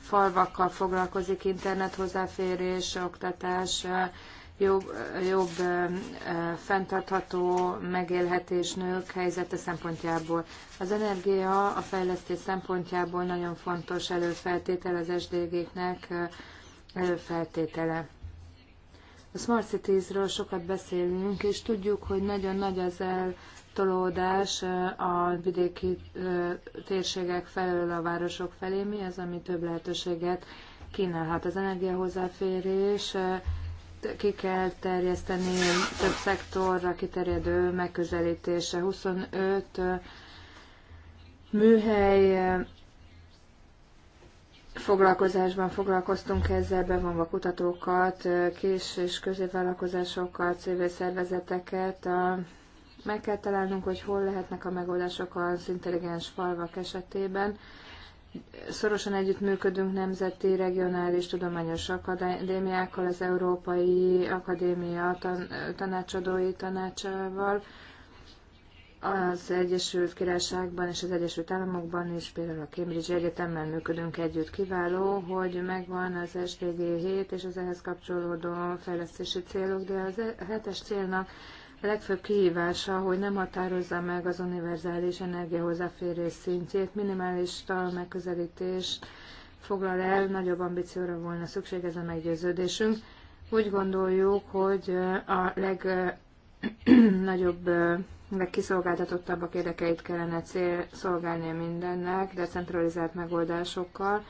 falvakkal foglalkozik, internet hozzáférés, oktatás, jobb, jobb fenntartható megélhetés nők helyzete szempontjából. Az energia a fejlesztés szempontjából nagyon fontos előfeltétel az SDG-knek előfeltétele. A Smart Cities-ről sokat beszélünk, és tudjuk, hogy nagyon nagy az eltolódás a vidéki térségek felől a városok felé. Mi az, ami több lehetőséget kínálhat? Az energiahozzáférés ki kell terjeszteni több szektorra kiterjedő megközelítése. 25 műhely foglalkozásban foglalkoztunk ezzel, bevonva kutatókat, kis- és középvállalkozásokat, civil szervezeteket. meg kell találnunk, hogy hol lehetnek a megoldások az intelligens falvak esetében. Szorosan együttműködünk nemzeti, regionális tudományos akadémiákkal, az Európai Akadémia tan- tanácsadói tanácsával, az Egyesült Királyságban és az Egyesült Államokban is, például a Cambridge Egyetemmel működünk együtt. Kiváló, hogy megvan az SDG 7 és az ehhez kapcsolódó fejlesztési célok, de az 7-es e- célnak a legfőbb kihívása, hogy nem határozza meg az univerzális energiahozzáférés szintjét, minimalista megközelítés foglal el, nagyobb ambícióra volna szükség, ez a meggyőződésünk. Úgy gondoljuk, hogy a legnagyobb legkiszolgáltatottabbak érdekeit kellene cél, szolgálnia mindennek, decentralizált megoldásokkal,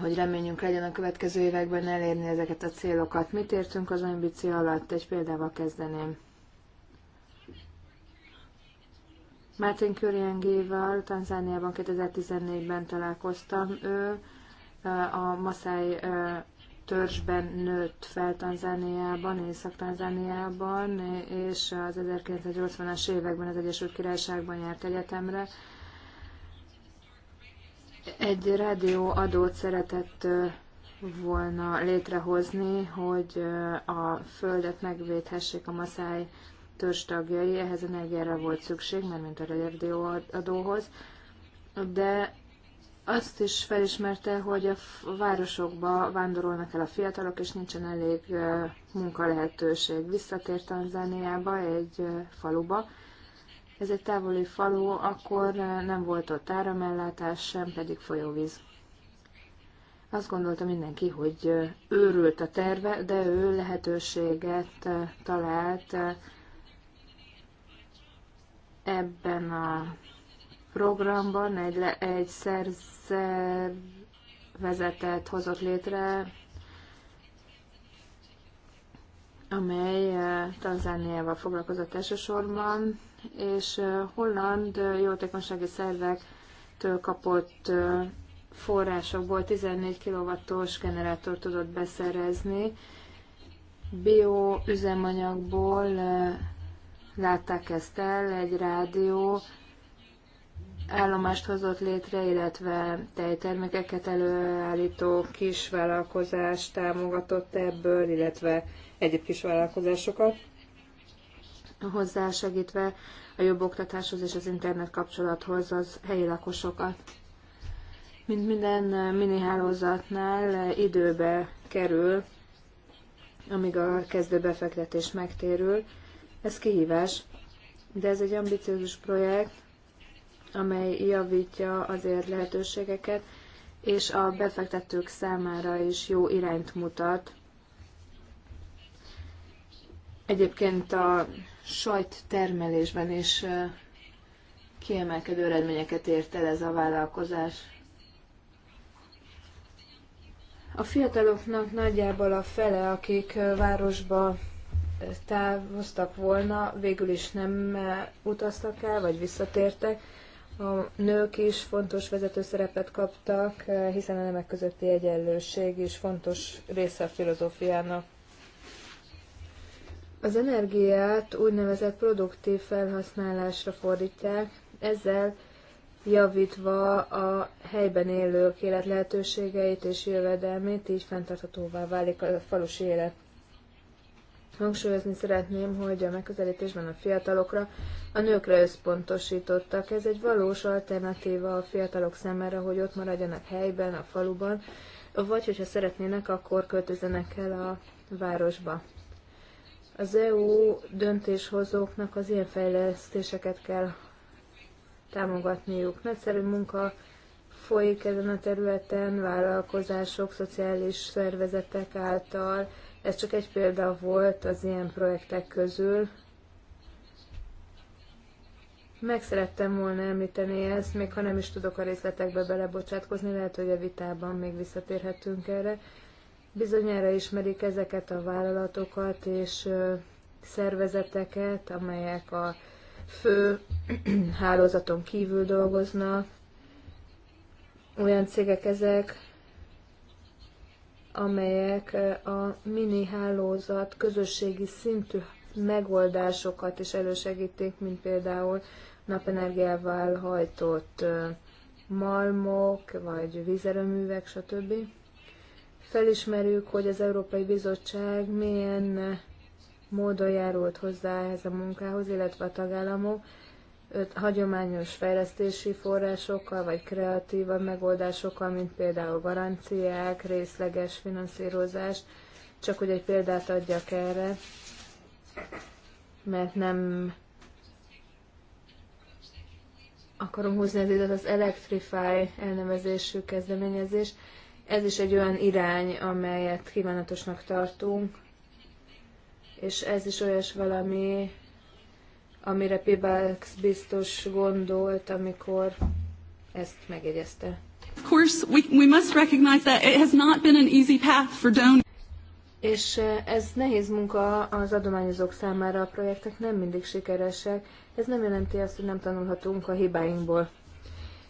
hogy reményünk legyen a következő években elérni ezeket a célokat. Mit értünk az ambíció alatt? Egy példával kezdeném. Martin Gével Tanzániában 2014-ben találkoztam. Ő a Maszáj törzsben nőtt fel Tanzániában, Észak-Tanzániában, és az 1980-as években az Egyesült Királyságban járt egyetemre egy rádióadót szeretett volna létrehozni, hogy a földet megvédhessék a maszáj törstagjai, ehhez energiára volt szükség, mert mint a rádióadóhoz, de azt is felismerte, hogy a városokba vándorolnak el a fiatalok, és nincsen elég munkalehetőség. Visszatért Tanzániába, egy faluba, ez egy távoli falu, akkor nem volt ott áramellátás, sem pedig folyóvíz. Azt gondolta mindenki, hogy őrült a terve, de ő lehetőséget talált ebben a programban egy, le, egy szervezetet hozott létre, amely Tanzániával foglalkozott elsősorban, és holland jótékonysági szervektől kapott forrásokból 14 kW-os generátort tudott beszerezni. Bioüzemanyagból látták ezt el, egy rádió állomást hozott létre, illetve tejtermékeket előállító kisvállalkozást támogatott ebből, illetve egyéb kisvállalkozásokat hozzásegítve a jobb oktatáshoz és az internet kapcsolathoz az helyi lakosokat. Mint minden mini hálózatnál időbe kerül, amíg a kezdő befektetés megtérül. Ez kihívás, de ez egy ambiciózus projekt, amely javítja azért lehetőségeket, és a befektetők számára is jó irányt mutat. Egyébként a sajt termelésben is kiemelkedő eredményeket ért el ez a vállalkozás. A fiataloknak nagyjából a fele, akik városba távoztak volna, végül is nem utaztak el, vagy visszatértek. A nők is fontos vezető szerepet kaptak, hiszen a nemek közötti egyenlőség is fontos része a filozófiának. Az energiát úgynevezett produktív felhasználásra fordítják, ezzel javítva a helyben élők élet lehetőségeit és jövedelmét, így fenntarthatóvá válik a falusi élet. Hangsúlyozni szeretném, hogy a megközelítésben a fiatalokra, a nőkre összpontosítottak. Ez egy valós alternatíva a fiatalok számára, hogy ott maradjanak helyben, a faluban, vagy hogyha szeretnének, akkor költözenek el a városba. Az EU döntéshozóknak az ilyen fejlesztéseket kell támogatniuk. Nagyszerű munka folyik ezen a területen, vállalkozások, szociális szervezetek által. Ez csak egy példa volt az ilyen projektek közül. Meg szerettem volna említeni ezt, még ha nem is tudok a részletekbe belebocsátkozni, lehet, hogy a vitában még visszatérhetünk erre. Bizonyára ismerik ezeket a vállalatokat és szervezeteket, amelyek a fő hálózaton kívül dolgoznak. Olyan cégek ezek, amelyek a mini hálózat közösségi szintű megoldásokat is elősegítik, mint például napenergiával hajtott malmok, vagy vízerőművek, stb felismerjük, hogy az Európai Bizottság milyen módon járult hozzá ehhez a munkához, illetve a tagállamok öt, hagyományos fejlesztési forrásokkal, vagy kreatívabb megoldásokkal, mint például garanciák, részleges finanszírozás, csak hogy egy példát adjak erre, mert nem akarom húzni az időt, az Electrify elnevezésű kezdeményezés ez is egy olyan irány, amelyet kívánatosnak tartunk, és ez is olyas valami, amire Pibax biztos gondolt, amikor ezt megjegyezte. Of course, we, we must recognize that it has not been an easy path for donors. És eh, ez nehéz munka az adományozók számára, a projektek nem mindig sikeresek. Ez nem jelenti azt, hogy nem tanulhatunk a hibáinkból.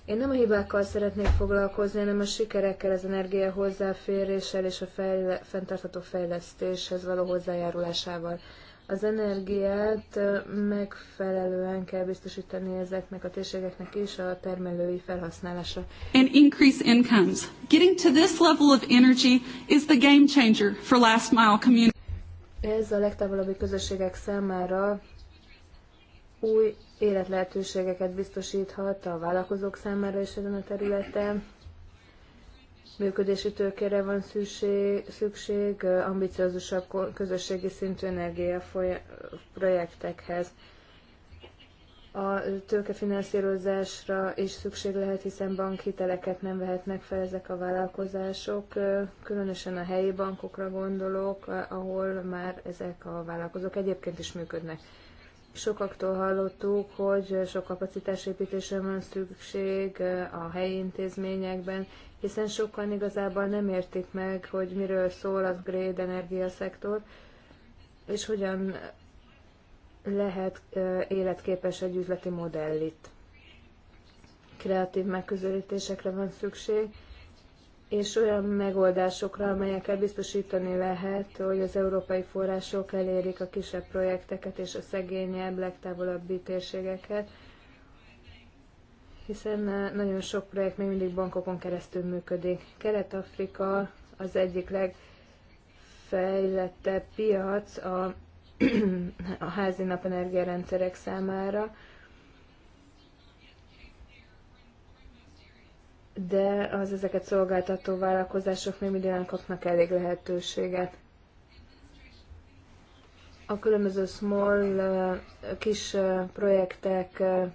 Én nem a hibákkal szeretnék foglalkozni, hanem a sikerekkel, az energia hozzáféréssel és a fejle- fenntartható fejlesztéshez való hozzájárulásával. Az energiát megfelelően kell biztosítani ezeknek a térségeknek is a termelői felhasználásra. And increase incomes. Getting to this level of energy is the game changer for last mile community. Ez a legtávolabbi közösségek számára új életlehetőségeket biztosíthat a vállalkozók számára is ezen a területen. Működési tőkére van szükség, szükség ambiciózusabb közösségi szintű energia projektekhez. A tőkefinanszírozásra is szükség lehet, hiszen bankhiteleket nem vehetnek fel ezek a vállalkozások, különösen a helyi bankokra gondolok, ahol már ezek a vállalkozók egyébként is működnek. Sokaktól hallottuk, hogy sok kapacitásépítésre van szükség a helyi intézményekben, hiszen sokan igazából nem értik meg, hogy miről szól az energia szektor, és hogyan lehet életképes egy üzleti modell itt. Kreatív megközelítésekre van szükség, és olyan megoldásokra, amelyekkel biztosítani lehet, hogy az európai források elérik a kisebb projekteket és a szegényebb, legtávolabbi térségeket, hiszen eh, nagyon sok projekt még mindig bankokon keresztül működik. Kelet-Afrika az egyik legfejlettebb piac a, a házi napenergiarendszerek számára, de az ezeket szolgáltató vállalkozások még mindig nem kapnak elég lehetőséget. A különböző small, eh, kis eh, projektek eh,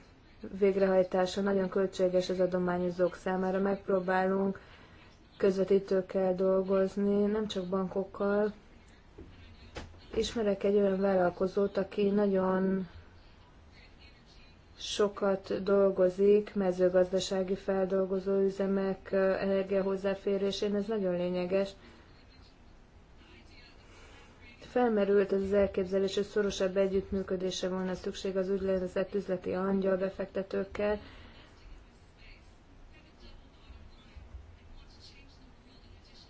végrehajtása nagyon költséges az adományozók számára. Megpróbálunk közvetítőkkel dolgozni, nem csak bankokkal. Ismerek egy olyan vállalkozót, aki nagyon sokat dolgozik mezőgazdasági feldolgozó üzemek energiahozzáférésén, ez nagyon lényeges. Felmerült az elképzelés, hogy szorosabb együttműködése volna szükség az úgynevezett üzleti angyal befektetőkkel,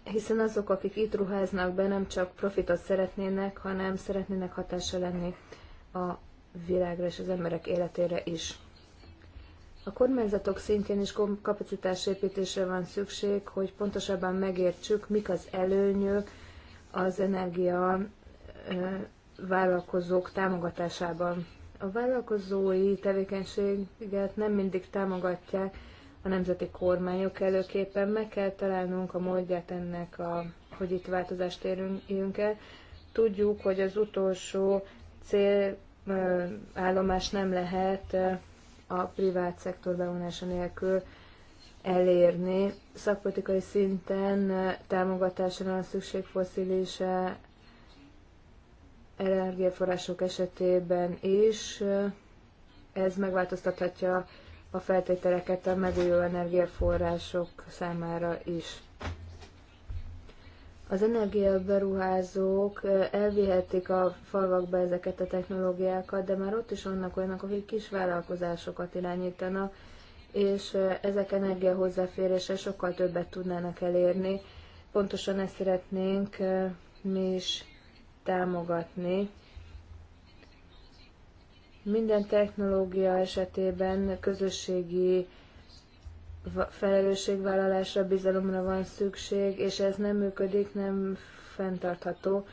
hiszen azok, akik itt ruháznak be, nem csak profitot szeretnének, hanem szeretnének hatása lenni a világra és az emberek életére is. A kormányzatok szintjén is kapacitásépítésre van szükség, hogy pontosabban megértsük, mik az előnyök az energia vállalkozók támogatásában. A vállalkozói tevékenységet nem mindig támogatják a nemzeti kormányok előképpen. Meg kell találnunk a módját ennek, a, hogy itt változást érünk el. Tudjuk, hogy az utolsó cél állomás nem lehet a privát szektor bevonása nélkül elérni. Szakpolitikai szinten támogatásra van szükség foszilése energiaforrások esetében is. Ez megváltoztathatja a feltételeket a megújuló energiaforrások számára is. Az energiaberuházók elvihetik a falvakba ezeket a technológiákat, de már ott is vannak olyanok, akik kis vállalkozásokat irányítanak, és ezek energia hozzáférése sokkal többet tudnának elérni. Pontosan ezt szeretnénk mi is támogatni. Minden technológia esetében közösségi felelősségvállalásra, bizalomra van szükség, és ez nem működik, nem fenntartható,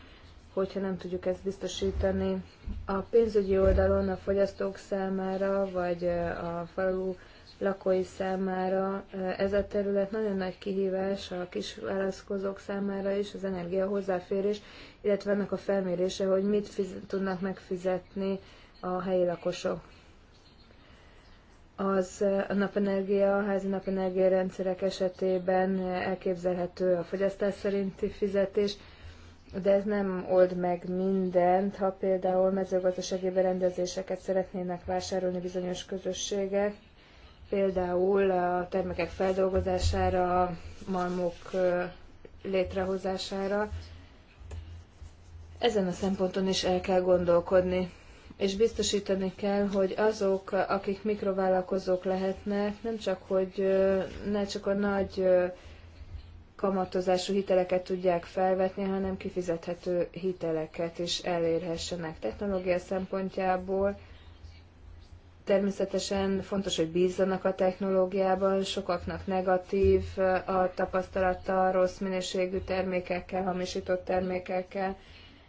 hogyha nem tudjuk ezt biztosítani. A pénzügyi oldalon a fogyasztók számára, vagy a falu lakói számára ez a terület nagyon nagy kihívás a kisvállalkozók számára is, az energia hozzáférés, illetve annak a felmérése, hogy mit fiz- tudnak megfizetni a helyi lakosok az a napenergia, a házi napenergia rendszerek esetében elképzelhető a fogyasztás szerinti fizetés, de ez nem old meg mindent, ha például mezőgazdasági berendezéseket szeretnének vásárolni bizonyos közösségek, például a termékek feldolgozására, malmok létrehozására. Ezen a szemponton is el kell gondolkodni és biztosítani kell, hogy azok, akik mikrovállalkozók lehetnek, nem csak, hogy ne csak a nagy kamatozású hiteleket tudják felvetni, hanem kifizethető hiteleket is elérhessenek. Technológia szempontjából természetesen fontos, hogy bízzanak a technológiában, sokaknak negatív a tapasztalata rossz minőségű termékekkel, hamisított termékekkel,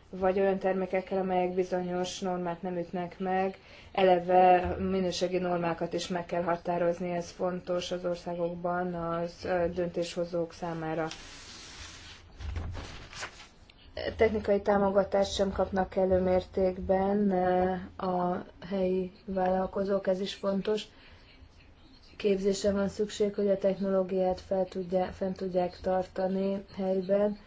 vagy olyan termékekkel, amelyek bizonyos normát nem ütnek meg, eleve minőségi normákat is meg kell határozni, ez fontos az országokban az döntéshozók számára. Technikai támogatást sem kapnak mértékben a helyi vállalkozók, ez is fontos. Képzésre van szükség, hogy a technológiát fel tudják, fent tudják tartani helyben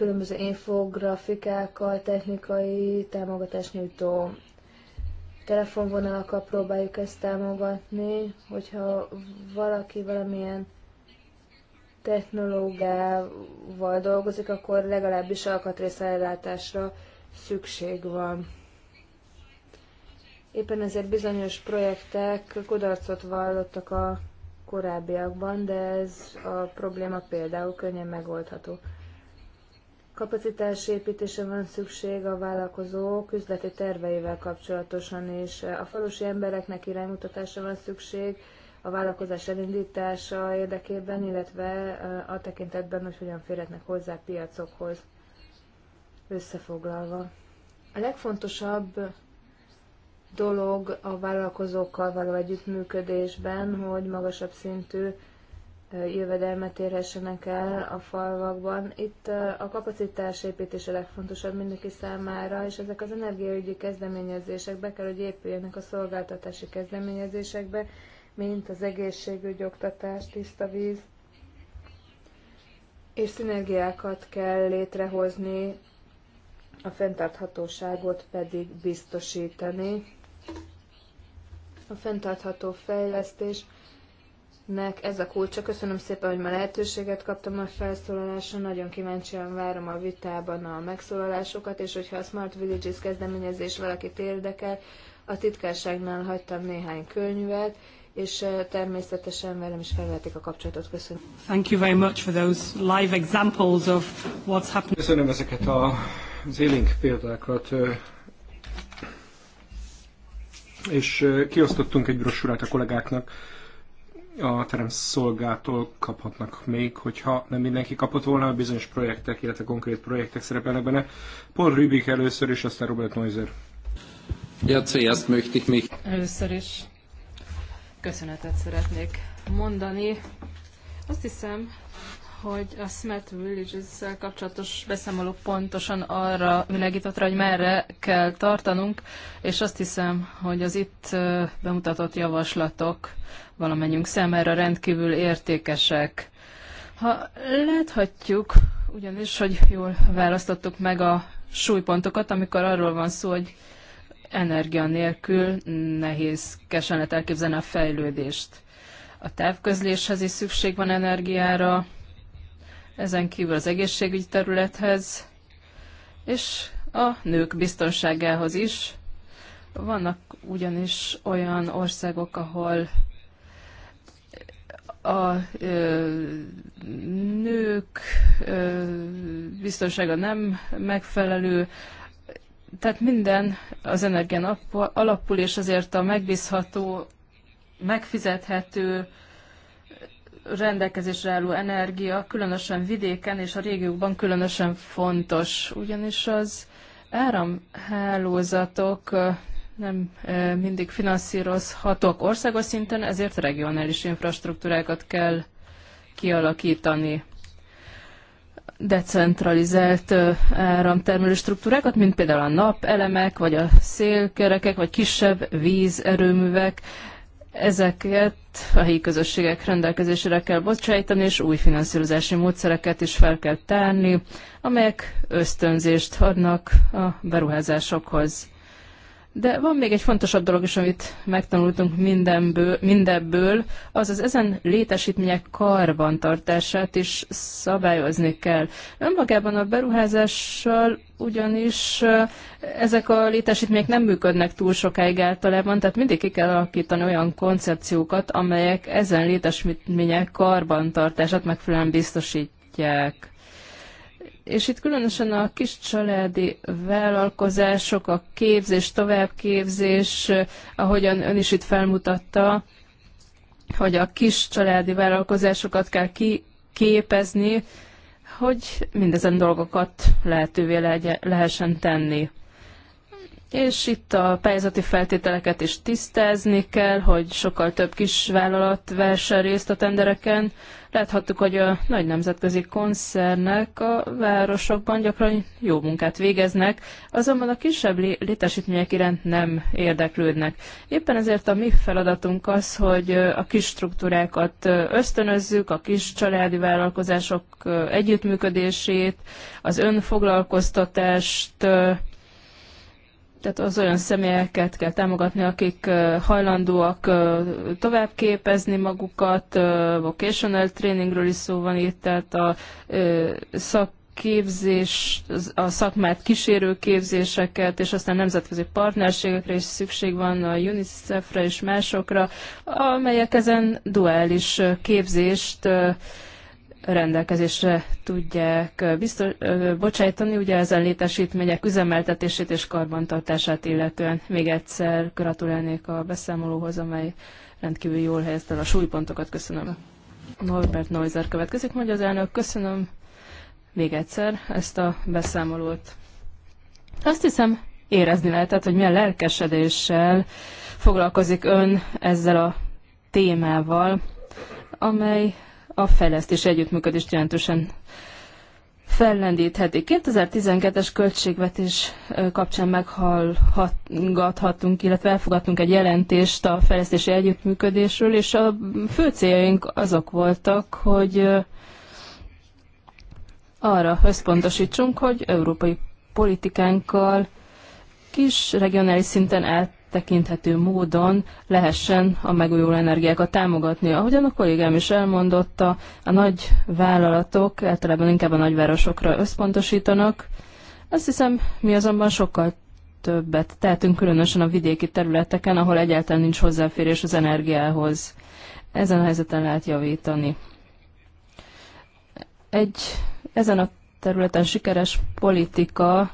különböző infografikákkal, technikai támogatást nyújtó telefonvonalakkal próbáljuk ezt támogatni, hogyha valaki valamilyen technológiával dolgozik, akkor legalábbis alkatrészellátásra szükség van. Éppen ezért bizonyos projektek kudarcot vallottak a korábbiakban, de ez a probléma például könnyen megoldható. Kapacitásépítése van szükség a vállalkozók üzleti terveivel kapcsolatosan is. A falusi embereknek iránymutatása van szükség a vállalkozás elindítása érdekében, illetve a tekintetben, hogy hogyan férhetnek hozzá piacokhoz összefoglalva. A legfontosabb dolog a vállalkozókkal való együttműködésben, hogy magasabb szintű jövedelmet érhessenek el a falvakban. Itt a kapacitás építés a legfontosabb mindenki számára, és ezek az energiaügyi kezdeményezések be kell, hogy épüljenek a szolgáltatási kezdeményezésekbe, mint az egészségügy, oktatás, tiszta víz, és szinergiákat kell létrehozni, a fenntarthatóságot pedig biztosítani. A fenntartható fejlesztés nek ez a kulcsa. Köszönöm szépen, hogy ma lehetőséget kaptam a felszólalásra. Nagyon kíváncsian várom a vitában a megszólalásokat, és hogyha a Smart Villages kezdeményezés valakit érdekel, a titkárságnál hagytam néhány könyvet, és természetesen velem is felvehetik a kapcsolatot. Köszönöm. Thank you very much for those live examples of what's happening. Köszönöm ezeket a, az példákat. És kiosztottunk egy brosúrát a kollégáknak, a teremszolgától kaphatnak még, hogyha nem mindenki kapott volna, a bizonyos projektek, illetve konkrét projektek szerepelnek benne. Paul Rübik először, és aztán Robert Neuser. Ja, zuerst möchte ich mich... Először is köszönetet szeretnék mondani. Azt hiszem, hogy a Smart Villages-szel kapcsolatos beszámoló pontosan arra világított hogy merre kell tartanunk, és azt hiszem, hogy az itt bemutatott javaslatok valamennyünk számára rendkívül értékesek. Ha láthatjuk, ugyanis, hogy jól választottuk meg a súlypontokat, amikor arról van szó, hogy energia nélkül nehéz kesen elképzelni a fejlődést. A távközléshez is szükség van energiára, ezen kívül az egészségügy területhez, és a nők biztonságához is. Vannak ugyanis olyan országok, ahol a ö, nők ö, biztonsága nem megfelelő, tehát minden az energián alapul, és azért a megbízható, megfizethető rendelkezésre álló energia, különösen vidéken és a régiókban különösen fontos, ugyanis az áramhálózatok nem mindig finanszírozhatók országos szinten, ezért regionális infrastruktúrákat kell kialakítani decentralizált áramtermelő struktúrákat, mint például a napelemek, vagy a szélkerekek, vagy kisebb vízerőművek, ezeket a helyi közösségek rendelkezésére kell bocsájtani, és új finanszírozási módszereket is fel kell tárni, amelyek ösztönzést adnak a beruházásokhoz. De van még egy fontosabb dolog is, amit megtanultunk mindenből, mindebből, az ezen létesítmények karbantartását is szabályozni kell. Önmagában a beruházással ugyanis ezek a létesítmények nem működnek túl sokáig általában, tehát mindig ki kell alakítani olyan koncepciókat, amelyek ezen létesítmények karbantartását megfelelően biztosítják. És itt különösen a kis családi vállalkozások, a képzés, továbbképzés, ahogyan ön is itt felmutatta, hogy a kis családi vállalkozásokat kell kiképezni, hogy mindezen dolgokat lehetővé lehessen tenni. És itt a pályázati feltételeket is tisztázni kell, hogy sokkal több kisvállalat versen részt a tendereken. Láthattuk, hogy a nagy nemzetközi koncernek a városokban gyakran jó munkát végeznek, azonban a kisebb létesítmények iránt nem érdeklődnek. Éppen ezért a mi feladatunk az, hogy a kis struktúrákat ösztönözzük, a kis családi vállalkozások együttműködését, az önfoglalkoztatást, tehát az olyan személyeket kell támogatni, akik hajlandóak továbbképezni magukat, vocational trainingről is szó van itt, tehát a szak képzés, a szakmát kísérő képzéseket, és aztán nemzetközi partnerségekre is szükség van, a UNICEF-re és másokra, amelyek ezen duális képzést rendelkezésre tudják biztos, bocsájtani, ugye ezen létesítmények üzemeltetését és karbantartását illetően. Még egyszer gratulálnék a beszámolóhoz, amely rendkívül jól helyezte a súlypontokat. Köszönöm. Norbert Neuser következik, mondja az elnök. Köszönöm még egyszer ezt a beszámolót. Azt hiszem, érezni lehetett, hogy milyen lelkesedéssel foglalkozik ön ezzel a témával, amely a fejlesztés együttműködést jelentősen fellendítheti. 2012-es költségvetés kapcsán meghallgathattunk, illetve elfogadtunk egy jelentést a fejlesztési együttműködésről, és a fő céljaink azok voltak, hogy arra összpontosítsunk, hogy európai politikánkkal kis regionális szinten át tekinthető módon lehessen a megújuló energiákat támogatni. Ahogyan a kollégám is elmondotta, a nagy vállalatok általában inkább a nagyvárosokra összpontosítanak. Azt hiszem, mi azonban sokkal többet tehetünk, különösen a vidéki területeken, ahol egyáltalán nincs hozzáférés az energiához. Ezen a helyzeten lehet javítani. Egy ezen a területen sikeres politika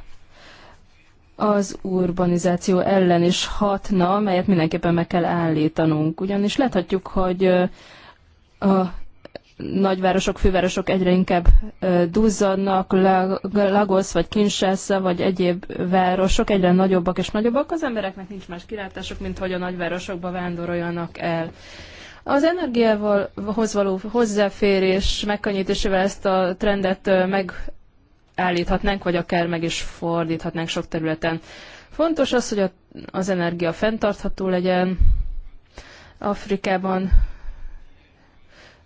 az urbanizáció ellen is hatna, amelyet mindenképpen meg kell állítanunk. Ugyanis láthatjuk, hogy a nagyvárosok, fővárosok egyre inkább duzzadnak, Lagos vagy Kinshasa vagy egyéb városok egyre nagyobbak és nagyobbak. Az embereknek nincs más kilátásuk, mint hogy a nagyvárosokba vándoroljanak el. Az energiával való hozzáférés megkönnyítésével ezt a trendet meg állíthatnánk, vagy akár meg is fordíthatnánk sok területen. Fontos az, hogy az energia fenntartható legyen. Afrikában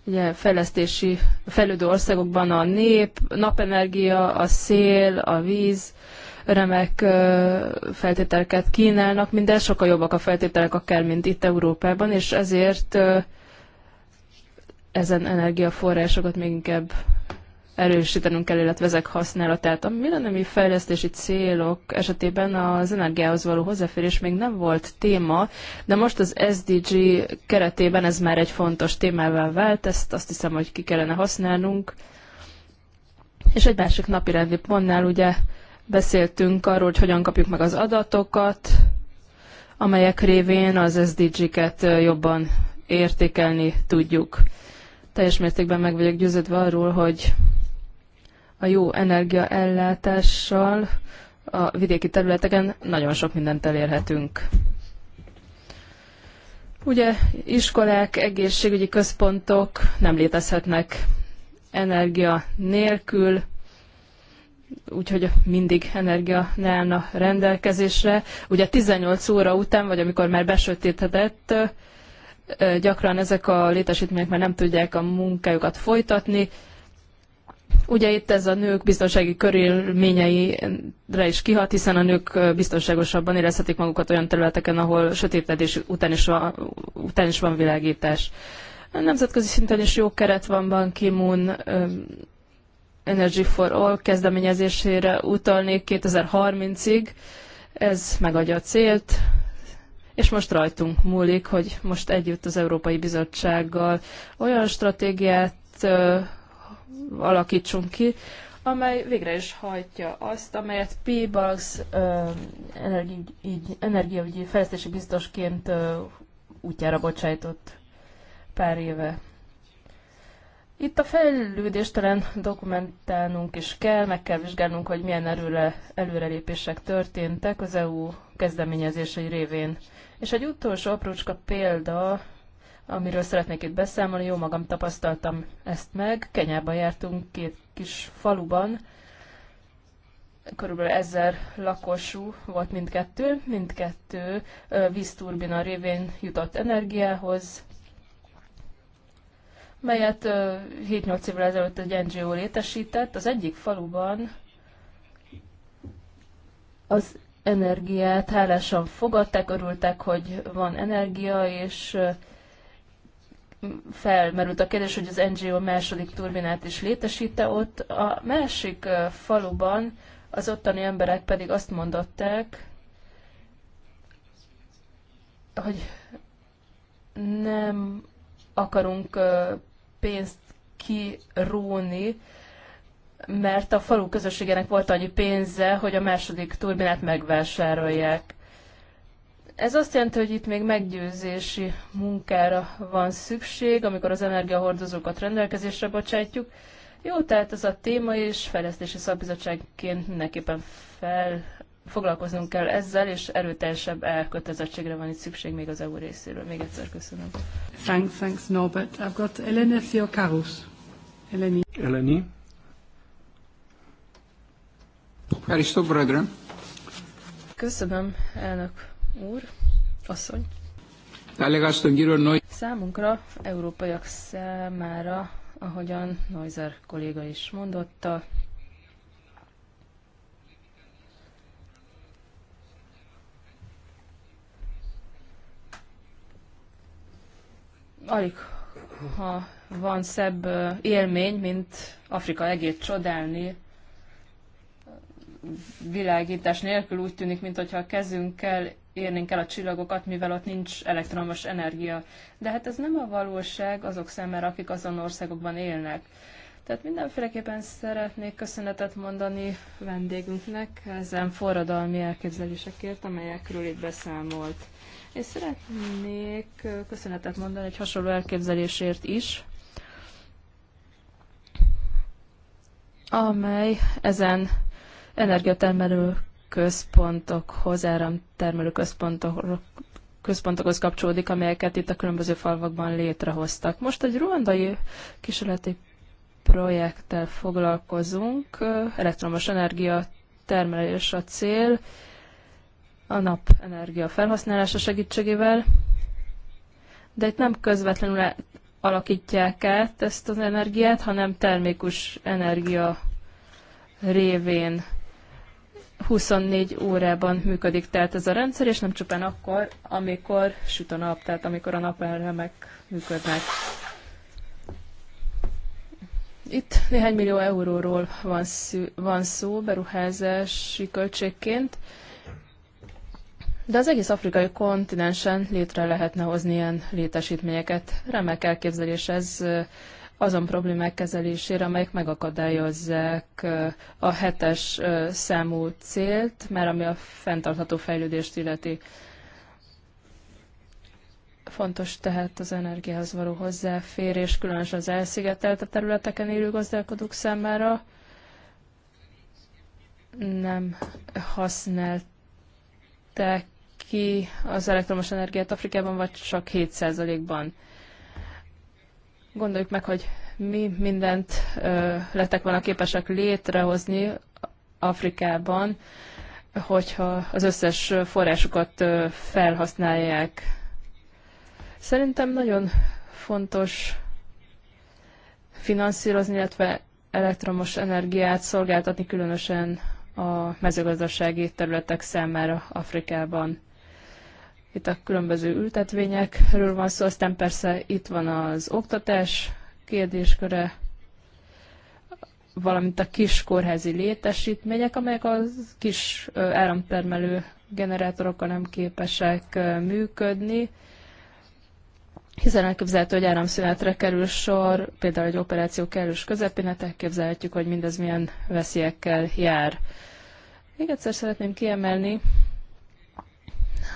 ugye fejlesztési, fejlődő országokban a nép, napenergia, a szél, a víz, remek feltételeket kínálnak, minden sokkal jobbak a feltételek akár, mint itt Európában, és ezért ezen energiaforrásokat még inkább erősítenünk kell, illetve ezek használatát. A millenniumi fejlesztési célok esetében az energiához való hozzáférés még nem volt téma, de most az SDG keretében ez már egy fontos témává vált, ezt azt hiszem, hogy ki kellene használnunk. És egy másik napi rendi pontnál ugye beszéltünk arról, hogy hogyan kapjuk meg az adatokat, amelyek révén az SDG-ket jobban értékelni tudjuk. Teljes mértékben meg vagyok győződve arról, hogy a jó energiaellátással a vidéki területeken nagyon sok mindent elérhetünk. Ugye iskolák, egészségügyi központok nem létezhetnek energia nélkül, úgyhogy mindig energia ne állna rendelkezésre. Ugye 18 óra után, vagy amikor már besötétedett, gyakran ezek a létesítmények már nem tudják a munkájukat folytatni, Ugye itt ez a nők biztonsági körülményeire is kihat, hiszen a nők biztonságosabban érezhetik magukat olyan területeken, ahol sötétedés után is van, után is van világítás. A nemzetközi szinten is jó keret van Ban Ki-moon Energy for All kezdeményezésére utalnék 2030-ig. Ez megadja a célt, és most rajtunk múlik, hogy most együtt az Európai Bizottsággal olyan stratégiát alakítsunk ki, amely végre is hajtja azt, amelyet P-Bugs energiaügyi, energiaügyi fejlesztési biztosként ö, útjára bocsájtott pár éve. Itt a fejlődéstelen dokumentálnunk is kell, meg kell vizsgálnunk, hogy milyen erőle, előrelépések történtek az EU kezdeményezései révén. És egy utolsó aprócska példa amiről szeretnék itt beszámolni. Jó magam tapasztaltam ezt meg. Kenyában jártunk két kis faluban, körülbelül ezer lakosú volt mindkettő, mindkettő vízturbina révén jutott energiához, melyet 7-8 évvel ezelőtt egy NGO létesített. Az egyik faluban az energiát hálásan fogadták, örültek, hogy van energia, és felmerült a kérdés, hogy az NGO második turbinát is létesíte ott. A másik faluban az ottani emberek pedig azt mondották, hogy nem akarunk pénzt kirúni, mert a falu közösségének volt annyi pénze, hogy a második turbinát megvásárolják. Ez azt jelenti, hogy itt még meggyőzési munkára van szükség, amikor az energiahordozókat rendelkezésre bocsátjuk. Jó, tehát ez a téma, és fejlesztési szakbizottságként mindenképpen fel, foglalkoznunk kell ezzel, és erőteljesebb elkötelezettségre van itt szükség még az EU részéről. Még egyszer köszönöm. Thanks, thanks Norbert. I've got Elena Theocarus. Eleni. Eleni. Köszönöm, elnök úr, asszony. Számunkra, európaiak számára, ahogyan Neuser kolléga is mondotta, alig ha van szebb élmény, mint Afrika egét csodálni világítás nélkül úgy tűnik, mintha a kezünkkel érnénk el a csillagokat, mivel ott nincs elektromos energia. De hát ez nem a valóság azok számára, akik azon országokban élnek. Tehát mindenféleképpen szeretnék köszönetet mondani vendégünknek ezen forradalmi elképzelésekért, amelyekről itt beszámolt. És szeretnék köszönetet mondani egy hasonló elképzelésért is, amely ezen energiatermelők központokhoz, áramtermelő központokhoz, központokhoz kapcsolódik, amelyeket itt a különböző falvakban létrehoztak. Most egy ruandai kísérleti projekttel foglalkozunk, elektromos energia termelés a cél, a napenergia felhasználása segítségével, de itt nem közvetlenül e- alakítják át ezt az energiát, hanem termékus energia révén 24 órában működik tehát ez a rendszer, és nem csupán akkor, amikor süt a nap, tehát amikor a napelemek működnek. Itt néhány millió euróról van szó, van szó beruházási költségként, de az egész afrikai kontinensen létre lehetne hozni ilyen létesítményeket. Remek elképzelés ez azon problémák kezelésére, amelyek megakadályozzák a hetes számú célt, mert ami a fenntartható fejlődést illeti. Fontos tehát az energiához való hozzáférés, különösen az elszigetelt a területeken élő gazdálkodók számára. Nem használták ki az elektromos energiát Afrikában, vagy csak 7%-ban. Gondoljuk meg, hogy mi mindent ö, lettek volna képesek létrehozni Afrikában, hogyha az összes forrásukat felhasználják. Szerintem nagyon fontos finanszírozni, illetve elektromos energiát szolgáltatni, különösen a mezőgazdasági területek számára Afrikában. Itt a különböző ültetvényekről van szó, aztán persze itt van az oktatás kérdésköre, valamint a kis kórházi létesítmények, amelyek a kis áramtermelő generátorokkal nem képesek működni, hiszen elképzelhető, hogy áramszünetre kerül sor, például egy operáció kerülős közepén, hát elképzelhetjük, hogy mindez milyen veszélyekkel jár. Még egyszer szeretném kiemelni,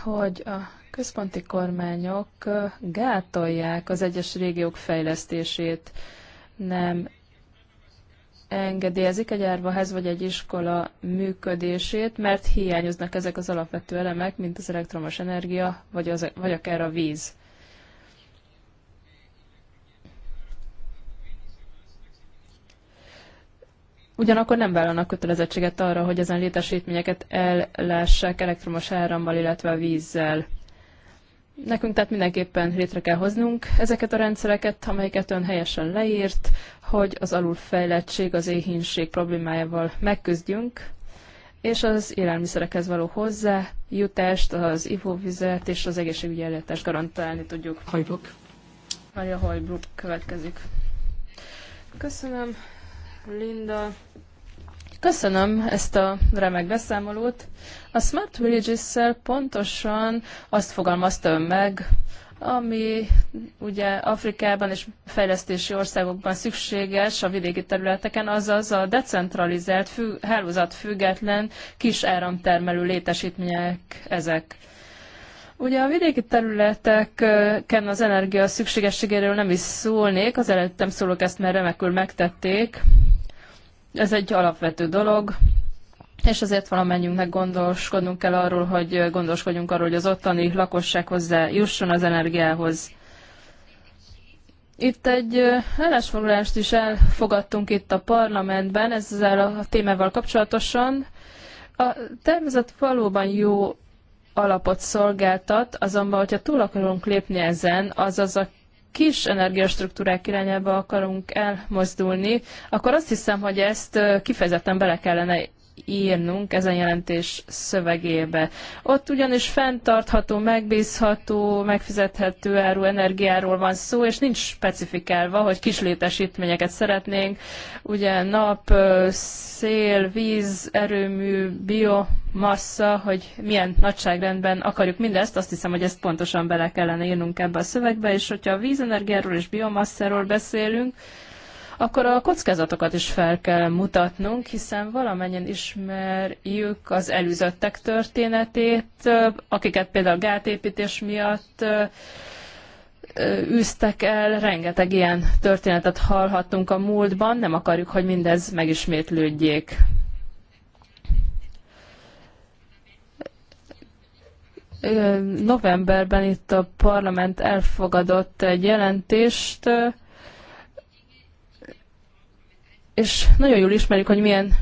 hogy a központi kormányok gátolják az egyes régiók fejlesztését, nem engedélyezik egy árvaház vagy egy iskola működését, mert hiányoznak ezek az alapvető elemek, mint az elektromos energia, vagy, az, vagy akár a víz. Ugyanakkor nem vállalnak kötelezettséget arra, hogy ezen létesítményeket ellássák elektromos árammal, illetve a vízzel. Nekünk tehát mindenképpen létre kell hoznunk ezeket a rendszereket, amelyeket ön helyesen leírt, hogy az alulfejlettség, az éhínség problémájával megküzdjünk, és az élelmiszerekhez való hozzájutást, az ivóvizet és az egészségügyi ellátást garantálni tudjuk. Hajbruk. Maria Hajbruk következik. Köszönöm, Linda. Köszönöm ezt a remek beszámolót. A Smart Villages-szel pontosan azt fogalmazta ön meg, ami ugye Afrikában és fejlesztési országokban szükséges a vidéki területeken, azaz a decentralizált, fü- független kis áramtermelő létesítmények ezek. Ugye a vidéki területeken az energia szükségességéről nem is szólnék, az előttem szólók ezt már remekül megtették, ez egy alapvető dolog, és azért valamennyiünknek gondoskodnunk kell arról, hogy gondoskodjunk arról, hogy az ottani lakosság hozzá jusson az energiához. Itt egy állásfoglalást is elfogadtunk itt a parlamentben ezzel a témával kapcsolatosan. A tervezet valóban jó alapot szolgáltat, azonban, hogyha túl akarunk lépni ezen, azaz a kis energiastruktúrák irányába akarunk elmozdulni, akkor azt hiszem, hogy ezt kifejezetten bele kellene írnunk ezen jelentés szövegébe. Ott ugyanis fenntartható, megbízható, megfizethető áru energiáról van szó, és nincs specifikálva, hogy kis létesítményeket szeretnénk. Ugye nap, szél, víz, erőmű, biomassa, hogy milyen nagyságrendben akarjuk mindezt, azt hiszem, hogy ezt pontosan bele kellene írnunk ebbe a szövegbe, és hogyha a vízenergiáról és biomasszáról beszélünk, akkor a kockázatokat is fel kell mutatnunk, hiszen valamennyien ismerjük az előzöttek történetét, akiket például gátépítés miatt üztek el, rengeteg ilyen történetet hallhattunk a múltban, nem akarjuk, hogy mindez megismétlődjék. Novemberben itt a parlament elfogadott egy jelentést, és nagyon jól ismerjük, hogy milyen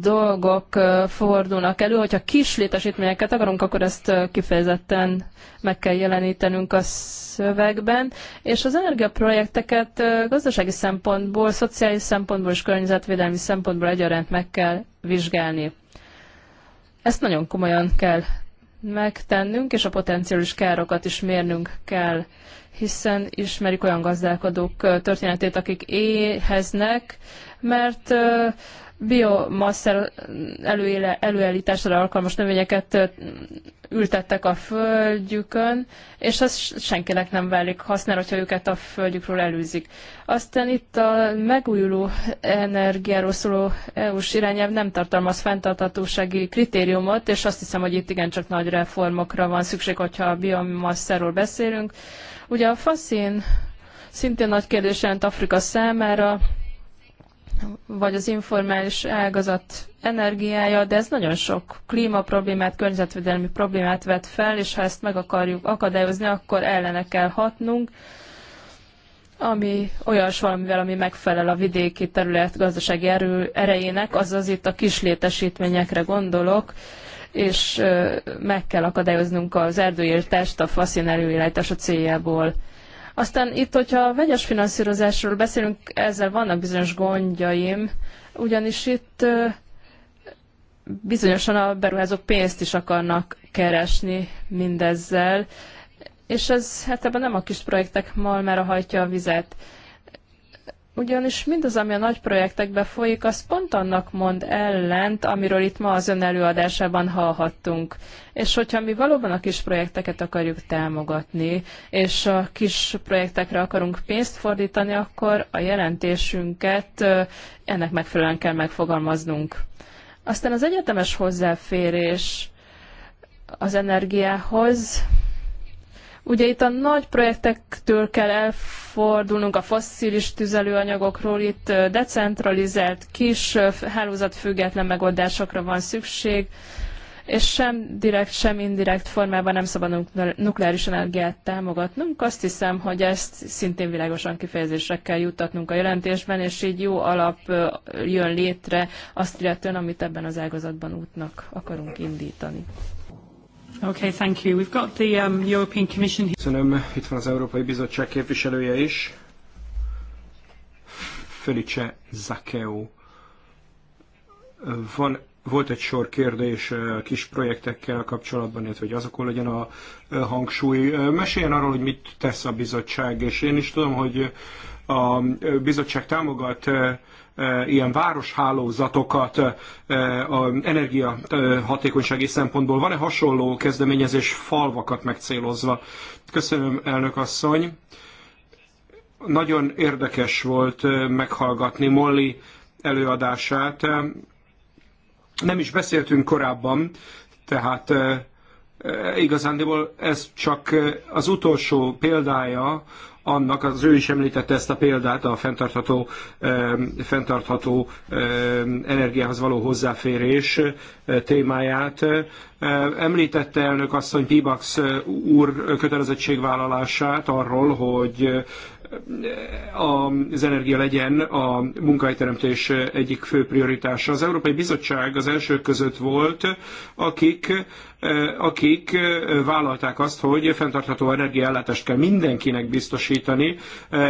dolgok fordulnak elő. Hogyha kis létesítményeket akarunk, akkor ezt kifejezetten meg kell jelenítenünk a szövegben. És az energiaprojekteket gazdasági szempontból, szociális szempontból és környezetvédelmi szempontból egyaránt meg kell vizsgálni. Ezt nagyon komolyan kell megtennünk, és a potenciális károkat is mérnünk kell, hiszen ismerik olyan gazdálkodók történetét, akik éheznek, mert biomasszer előállításra alkalmas növényeket ültettek a földjükön, és az senkinek nem válik használ, hogyha őket a földjükről előzik. Aztán itt a megújuló energiáról szóló EU-s irányelv nem tartalmaz fenntarthatósági kritériumot, és azt hiszem, hogy itt igencsak nagy reformokra van szükség, hogyha a biomasszerről beszélünk. Ugye a faszin szintén nagy kérdés jelent Afrika számára, vagy az informális ágazat energiája, de ez nagyon sok klímaproblémát, környezetvédelmi problémát vet fel, és ha ezt meg akarjuk akadályozni, akkor ellene kell hatnunk, ami olyas valamivel, ami megfelel a vidéki terület gazdasági erő, erejének, azaz itt a kislétesítményekre gondolok, és meg kell akadályoznunk az erdőírtást a faszin a céljából. Aztán itt, hogyha a vegyes finanszírozásról beszélünk, ezzel vannak bizonyos gondjaim, ugyanis itt bizonyosan a beruházók pénzt is akarnak keresni mindezzel, és ez hát ebben nem a kis projektek malmára hajtja a vizet. Ugyanis mindaz, ami a nagy projektekbe folyik, az pont annak mond ellent, amiről itt ma az ön előadásában hallhattunk. És hogyha mi valóban a kis projekteket akarjuk támogatni, és a kis projektekre akarunk pénzt fordítani, akkor a jelentésünket ennek megfelelően kell megfogalmaznunk. Aztán az egyetemes hozzáférés az energiához, Ugye itt a nagy projektektől kell elfordulnunk a fosszilis tüzelőanyagokról, itt decentralizált kis hálózatfüggetlen megoldásokra van szükség, és sem direkt, sem indirekt formában nem szabad nukleáris energiát támogatnunk. Azt hiszem, hogy ezt szintén világosan kifejezésre kell juttatnunk a jelentésben, és így jó alap jön létre azt illetően, amit ebben az ágazatban útnak akarunk indítani. Okay, thank you. We've got the um, European Commission here. Köszönöm, itt van az Európai Bizottság képviselője is. Felice Zakeo. Van, volt egy sor kérdés kis projektekkel kapcsolatban, illetve hogy azokon legyen a hangsúly. Meséljen arról, hogy mit tesz a bizottság, és én is tudom, hogy a bizottság támogat ilyen városhálózatokat a energiahatékonysági szempontból. Van-e hasonló kezdeményezés falvakat megcélozva? Köszönöm, elnök asszony. Nagyon érdekes volt meghallgatni Molly előadását. Nem is beszéltünk korábban, tehát igazándiból ez csak az utolsó példája annak, az ő is említette ezt a példát a fenntartható, fenntartható energiához való hozzáférés eh, témáját. Eh, említette elnök asszony Pibax eh, úr kötelezettségvállalását arról, hogy az energia legyen a munkahelyteremtés egyik fő prioritása. Az Európai Bizottság az elsők között volt, akik, akik vállalták azt, hogy fenntartható energiállátást kell mindenkinek biztosítani, biztosítani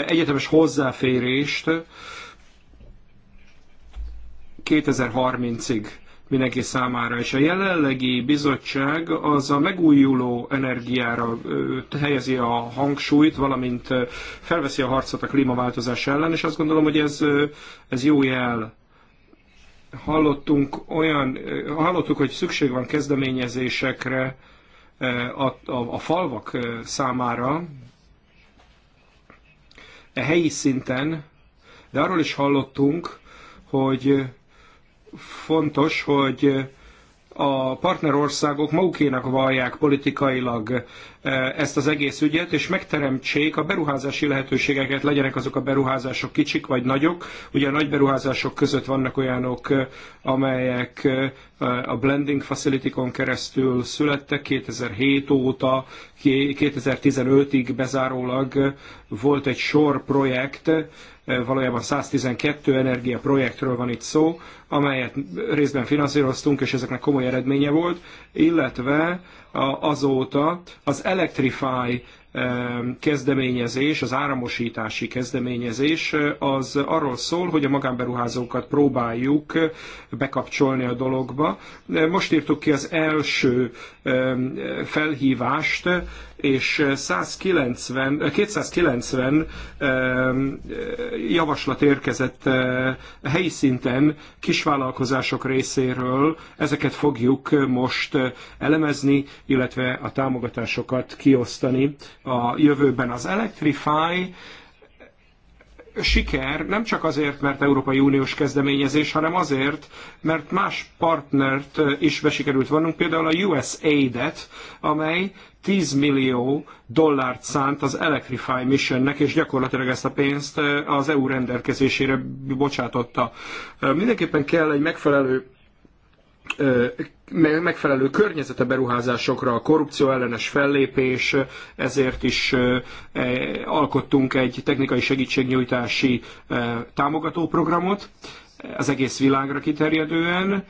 egyetemes hozzáférést 2030-ig mindenki számára. És a jelenlegi bizottság az a megújuló energiára helyezi a hangsúlyt, valamint felveszi a harcot a klímaváltozás ellen, és azt gondolom, hogy ez, ez jó jel. Hallottunk olyan, hallottuk, hogy szükség van kezdeményezésekre a, a, a falvak számára, helyi szinten, de arról is hallottunk, hogy fontos, hogy a partnerországok magukénak vallják politikailag e, ezt az egész ügyet, és megteremtsék a beruházási lehetőségeket, legyenek azok a beruházások kicsik vagy nagyok. Ugye a nagy beruházások között vannak olyanok, e, amelyek e, a blending facility-kon keresztül születtek 2007 óta, 2015-ig bezárólag volt egy sor projekt, valójában 112 energiaprojektről van itt szó, amelyet részben finanszíroztunk, és ezeknek komoly eredménye volt, illetve azóta az Electrify kezdeményezés, az áramosítási kezdeményezés, az arról szól, hogy a magánberuházókat próbáljuk bekapcsolni a dologba. Most írtuk ki az első felhívást, és 190, 290 javaslat érkezett helyi szinten kisvállalkozások részéről. Ezeket fogjuk most elemezni, illetve a támogatásokat kiosztani a jövőben. Az Electrify siker nem csak azért, mert Európai Uniós kezdeményezés, hanem azért, mert más partnert is besikerült vannunk, például a USAID-et, amely 10 millió dollárt szánt az Electrify Missionnek, és gyakorlatilag ezt a pénzt az EU rendelkezésére bocsátotta. Mindenképpen kell egy megfelelő megfelelő környezete beruházásokra, a korrupció ellenes fellépés, ezért is e, alkottunk egy technikai segítségnyújtási támogatóprogramot az egész világra kiterjedően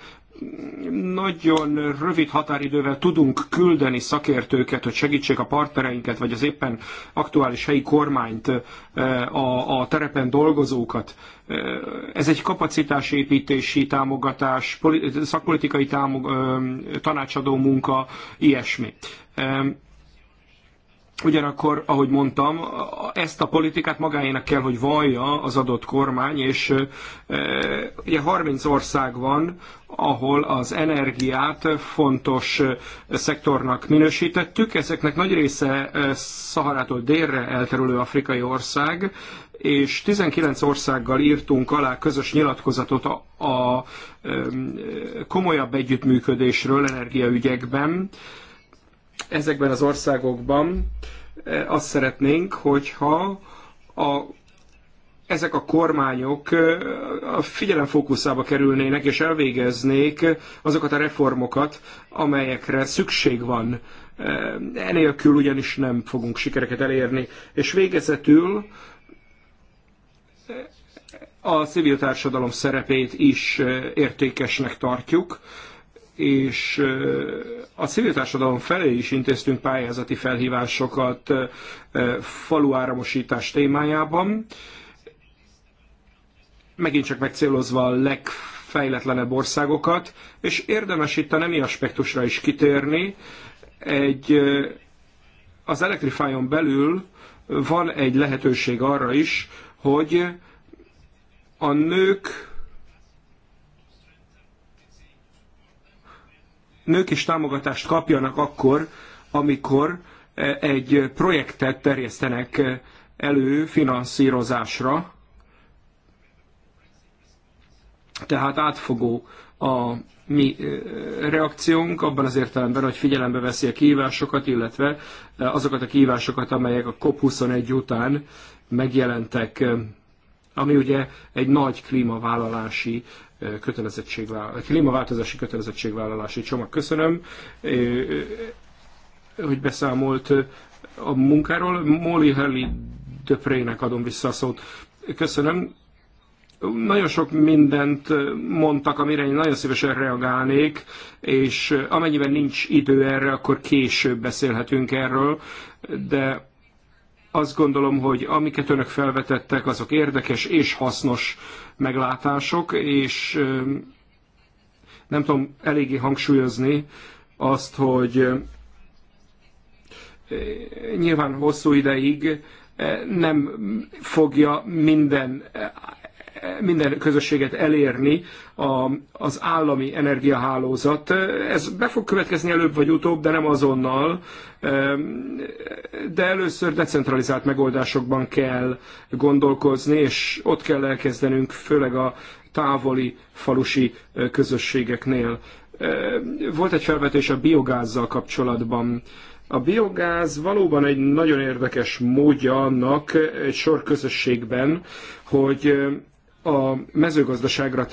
nagyon rövid határidővel tudunk küldeni szakértőket, hogy segítsék a partnereinket, vagy az éppen aktuális helyi kormányt, a, a terepen dolgozókat. Ez egy kapacitásépítési támogatás, szakpolitikai támog, tanácsadó munka, ilyesmi. Ugyanakkor, ahogy mondtam, ezt a politikát magáénak kell, hogy vallja az adott kormány, és ugye 30 ország van, ahol az energiát fontos szektornak minősítettük. Ezeknek nagy része Szaharától délre elterülő afrikai ország, és 19 országgal írtunk alá közös nyilatkozatot a, a komolyabb együttműködésről energiaügyekben ezekben az országokban e, azt szeretnénk, hogyha a, ezek a kormányok e, a figyelem fókuszába kerülnének és elvégeznék azokat a reformokat, amelyekre szükség van. E, enélkül ugyanis nem fogunk sikereket elérni. És végezetül a civil társadalom szerepét is értékesnek tartjuk és a civil társadalom felé is intéztünk pályázati felhívásokat faluáramosítás témájában, megint csak megcélozva a legfejletlenebb országokat, és érdemes itt a nemi aspektusra is kitérni. Egy, az Electrifyon belül van egy lehetőség arra is, hogy a nők nők is támogatást kapjanak akkor, amikor e, egy projektet terjesztenek e, elő finanszírozásra, tehát átfogó a mi e, reakciónk abban az értelemben, hogy figyelembe veszi a kihívásokat, illetve azokat a kihívásokat, amelyek a COP21 után megjelentek, ami ugye egy nagy klímavállalási kötelezettségvállalási, klímaváltozási kötelezettségvállalási csomag. Köszönöm, hogy beszámolt a munkáról. Molly Hurley Deprének adom vissza a szót. Köszönöm. Nagyon sok mindent mondtak, amire én nagyon szívesen reagálnék, és amennyiben nincs idő erre, akkor később beszélhetünk erről, de azt gondolom, hogy amiket önök felvetettek, azok érdekes és hasznos meglátások, és nem tudom eléggé hangsúlyozni azt, hogy nyilván hosszú ideig nem fogja minden minden közösséget elérni a, az állami energiahálózat. Ez be fog következni előbb vagy utóbb, de nem azonnal. Ehm, de először decentralizált megoldásokban kell gondolkozni, és ott kell elkezdenünk, főleg a távoli falusi közösségeknél. Ehm, volt egy felvetés a biogázzal kapcsolatban. A biogáz valóban egy nagyon érdekes módja annak egy sor közösségben, hogy a mezőgazdaságra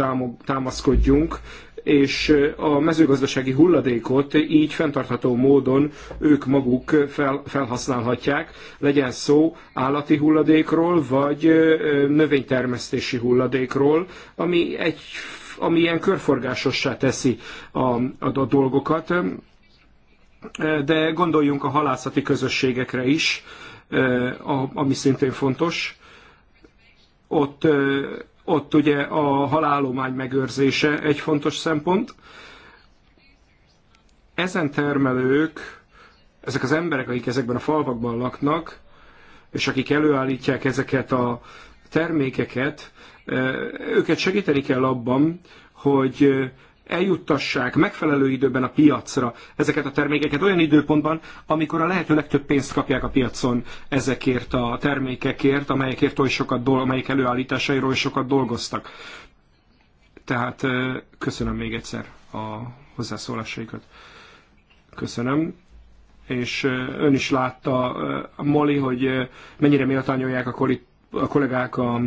támaszkodjunk, és a mezőgazdasági hulladékot így fenntartható módon ők maguk fel, felhasználhatják, legyen szó állati hulladékról, vagy növénytermesztési hulladékról, ami, egy, ami ilyen körforgásossá teszi a, a, a dolgokat. De gondoljunk a halászati közösségekre is, ami szintén fontos. Ott ott ugye a halálomány megőrzése egy fontos szempont. Ezen termelők, ezek az emberek, akik ezekben a falvakban laknak, és akik előállítják ezeket a termékeket, eh, őket segíteni kell abban, hogy eh, eljuttassák megfelelő időben a piacra ezeket a termékeket olyan időpontban, amikor a lehető legtöbb pénzt kapják a piacon ezekért a termékekért, amelyekért oly sokat, amelyek előállításairól sokat dolgoztak. Tehát köszönöm még egyszer a hozzászólásaikat. Köszönöm. És ön is látta, Moli, hogy mennyire méltányolják a a kollégák a,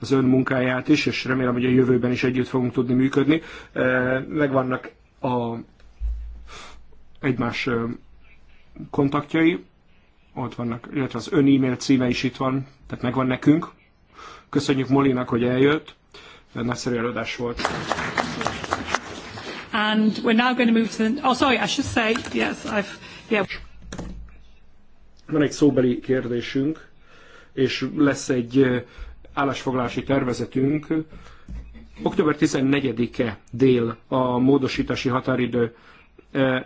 az ön munkáját is, és remélem, hogy a jövőben is együtt fogunk tudni működni. E, megvannak a egymás e, kontaktjai, ott vannak, illetve az ön e-mail címe is itt van, tehát megvan nekünk. Köszönjük Molinak, hogy eljött. E, nagyszerű előadás volt. And we're now going to move to the... Oh, sorry, I should say, yes, I've... Yeah. Van egy szóbeli kérdésünk és lesz egy állásfoglalási tervezetünk. Október 14-e dél a módosítási határidő.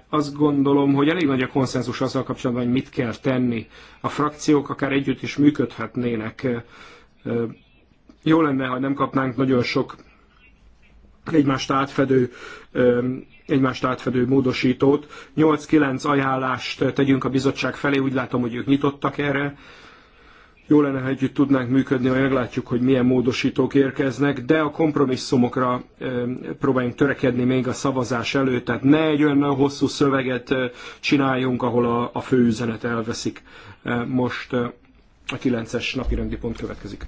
Azt gondolom, hogy elég nagy a konszenzus azzal kapcsolatban, hogy mit kell tenni. A frakciók akár együtt is működhetnének. Jó lenne, ha nem kapnánk nagyon sok egymást átfedő, egymást átfedő módosítót. 8-9 ajánlást tegyünk a bizottság felé, úgy látom, hogy ők nyitottak erre jó lenne, ha együtt tudnánk működni, majd meglátjuk, hogy milyen módosítók érkeznek, de a kompromisszumokra próbáljunk törekedni még a szavazás előtt, tehát ne egy olyan hosszú szöveget csináljunk, ahol a, a fő üzenet elveszik. Most a 9-es napirendi pont következik.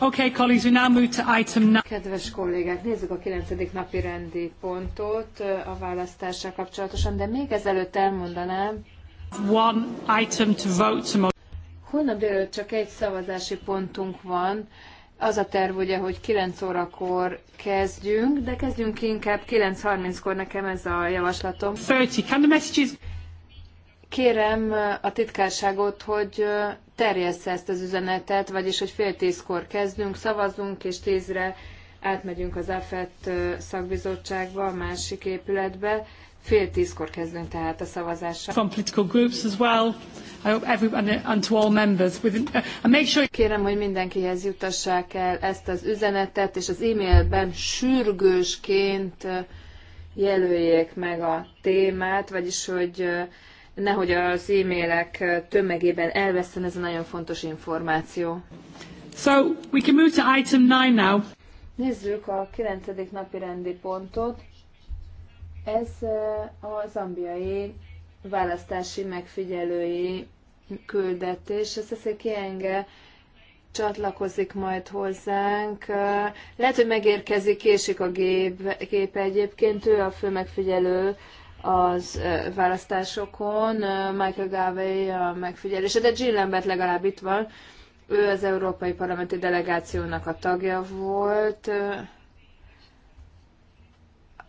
Okay, colleagues, we now move to item Kedves kollégák, nézzük a kilencedik napi rendi pontot a választással kapcsolatosan, de még ezelőtt elmondanám. One item to vote tomorrow. Holnap délőtt csak egy szavazási pontunk van. Az a terv ugye, hogy 9 órakor kezdjünk, de kezdjünk inkább 9.30-kor, nekem ez a javaslatom. 30. Can the messages... Kérem a titkárságot, hogy terjessze ezt az üzenetet, vagyis hogy fél tízkor kezdünk, szavazunk, és tízre átmegyünk az AFET szakbizottságba, a másik épületbe. Fél tízkor kezdünk tehát a szavazással. From political groups as well. I hope everyone and to all members. Within, uh, make sure... Kérem, hogy mindenkihez jutassák el ezt az üzenetet, és az e-mailben sürgősként jelöljék meg a témát, vagyis hogy nehogy az e-mailek tömegében elveszten ez a nagyon fontos információ. So, we can move to item nine now. Nézzük a kilencedik napi rendi pontot. Ez eh, a zambiai választási megfigyelői küldetés. Ez Szeszé Kienge csatlakozik majd hozzánk. Eh, lehet, hogy megérkezik, késik a gép, gép egyébként, ő a fő megfigyelő az választásokon, Michael Gavey a megfigyelése, de Jill Lambert legalább itt van, ő az Európai Parlamenti Delegációnak a tagja volt.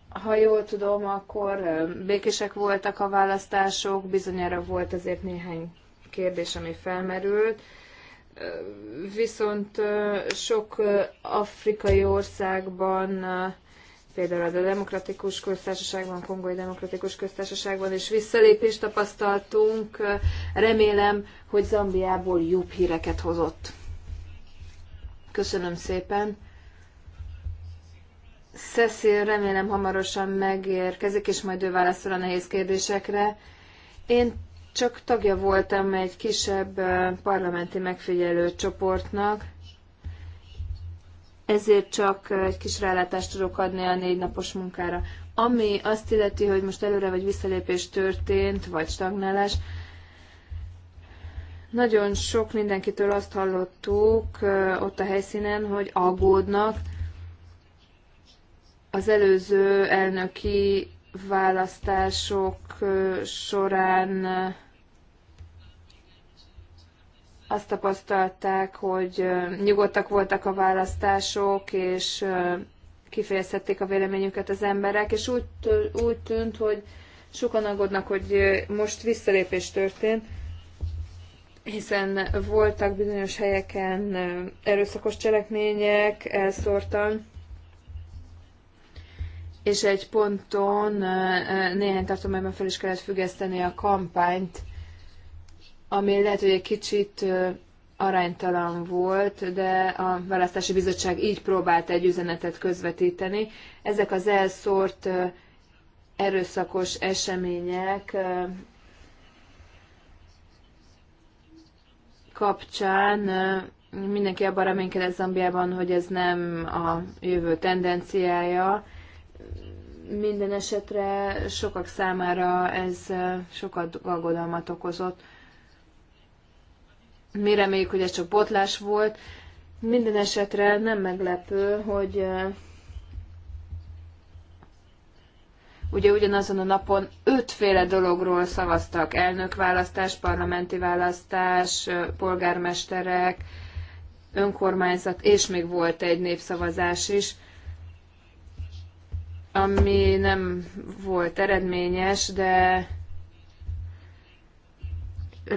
Ha jól tudom, akkor békések voltak a választások, bizonyára volt azért néhány kérdés, ami felmerült. Viszont sok afrikai országban például a Demokratikus Köztársaságban, a Kongói Demokratikus Köztársaságban is visszalépést tapasztaltunk. Remélem, hogy Zambiából jobb híreket hozott. Köszönöm szépen. Cecil remélem hamarosan megérkezik, és majd ő válaszol a nehéz kérdésekre. Én csak tagja voltam egy kisebb eh, parlamenti megfigyelő csoportnak, ezért csak egy kis rálátást tudok adni a négy napos munkára. Ami azt illeti, hogy most előre vagy visszalépés történt, vagy stagnálás, nagyon sok mindenkitől azt hallottuk ott a helyszínen, hogy aggódnak. Az előző elnöki választások során azt tapasztalták, hogy nyugodtak voltak a választások, és kifejezhették a véleményüket az emberek, és úgy, úgy tűnt, hogy sokan aggódnak, hogy most visszalépés történt, hiszen voltak bizonyos helyeken erőszakos cselekmények, elszórtan, és egy ponton néhány tartományban fel is kellett függeszteni a kampányt, ami lehet, hogy egy kicsit aránytalan volt, de a választási bizottság így próbált egy üzenetet közvetíteni. Ezek az elszórt erőszakos események kapcsán mindenki abban reménykedett Zambiában, hogy ez nem a jövő tendenciája. Minden esetre sokak számára ez sokat aggodalmat okozott. Mi reméljük, hogy ez csak botlás volt. Minden esetre nem meglepő, hogy eh, Ugye ugyanazon a napon ötféle dologról szavaztak, elnökválasztás, parlamenti választás, eh, polgármesterek, önkormányzat, és még volt egy népszavazás is, ami nem volt eredményes, de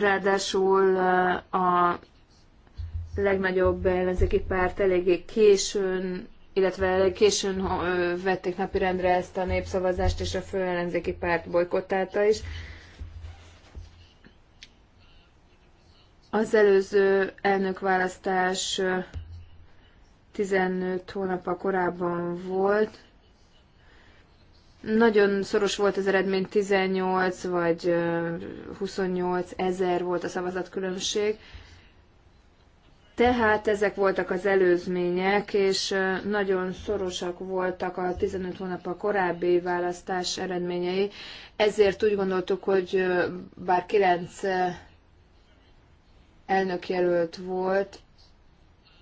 Ráadásul eh, a legnagyobb ellenzéki párt eléggé későn, illetve későn eh, vették napirendre ezt a népszavazást, és a fő ellenzéki párt bolykottálta is. Az előző elnökválasztás 15 eh, a korábban volt, nagyon szoros volt az eredmény, 18 vagy 28 ezer volt a szavazatkülönbség. Tehát ezek voltak az előzmények, és nagyon szorosak voltak a 15 hónap a korábbi választás eredményei. Ezért úgy gondoltuk, hogy bár 9 elnökjelölt volt,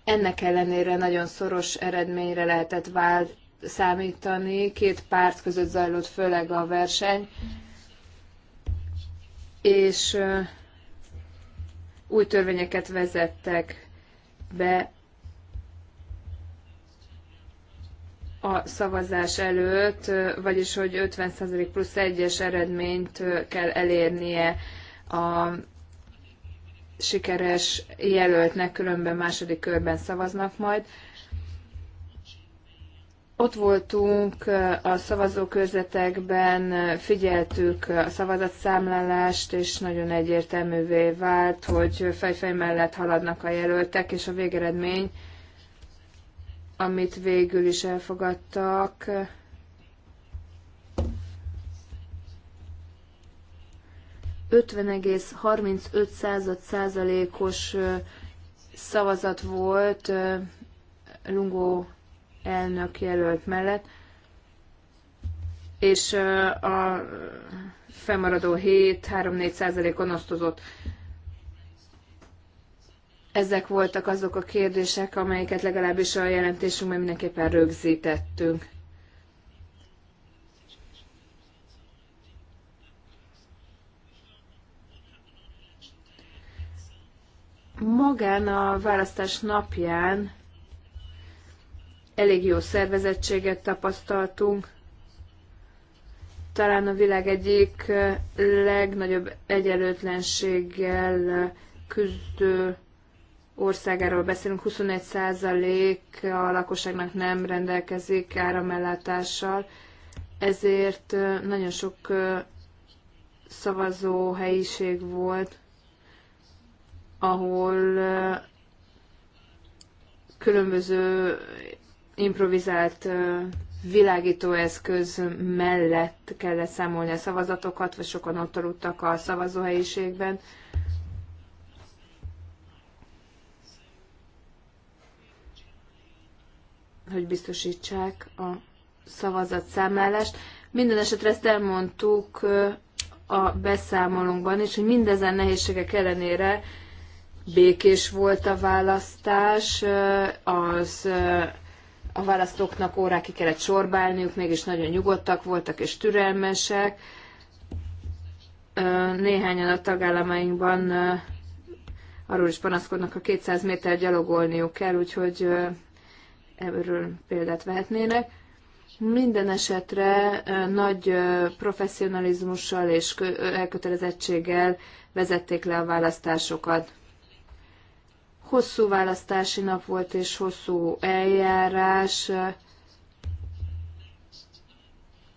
ennek ellenére nagyon szoros eredményre lehetett vált számítani. Két párt között zajlott főleg a verseny, és új törvényeket vezettek be a szavazás előtt, vagyis hogy 50% plusz egyes eredményt kell elérnie a sikeres jelöltnek, különben második körben szavaznak majd. Ott voltunk eh, a szavazókörzetekben, eh, figyeltük eh, a szavazatszámlálást, és nagyon egyértelművé vált, hogy fejfej mellett haladnak a jelöltek, és a végeredmény, amit végül is elfogadtak, százalékos szavazat volt Lungó elnök jelölt mellett, és a fennmaradó 7-3-4 százalékon osztozott. Ezek voltak azok a kérdések, amelyeket legalábbis a jelentésünkben mindenképpen rögzítettünk. Magán a választás napján elég jó szervezettséget tapasztaltunk. Talán a világ egyik legnagyobb egyenlőtlenséggel küzdő országáról beszélünk, 21% a lakosságnak nem rendelkezik áramellátással, ezért nagyon sok szavazó helyiség volt, ahol különböző improvizált világítóeszköz mellett kellett számolni a szavazatokat, vagy sokan ott aludtak a szavazóhelyiségben. hogy biztosítsák a szavazatszámlálást. Minden esetre ezt elmondtuk a beszámolónkban is, hogy mindezen nehézségek ellenére békés volt a választás, az a választóknak órákig kellett sorbálniuk, mégis nagyon nyugodtak voltak és türelmesek. Néhányan a tagállamainkban arról is panaszkodnak, ha 200 méter gyalogolniuk kell, úgyhogy erről példát vehetnének. Minden esetre nagy professzionalizmussal és elkötelezettséggel vezették le a választásokat. Hosszú választási nap volt, és hosszú eljárás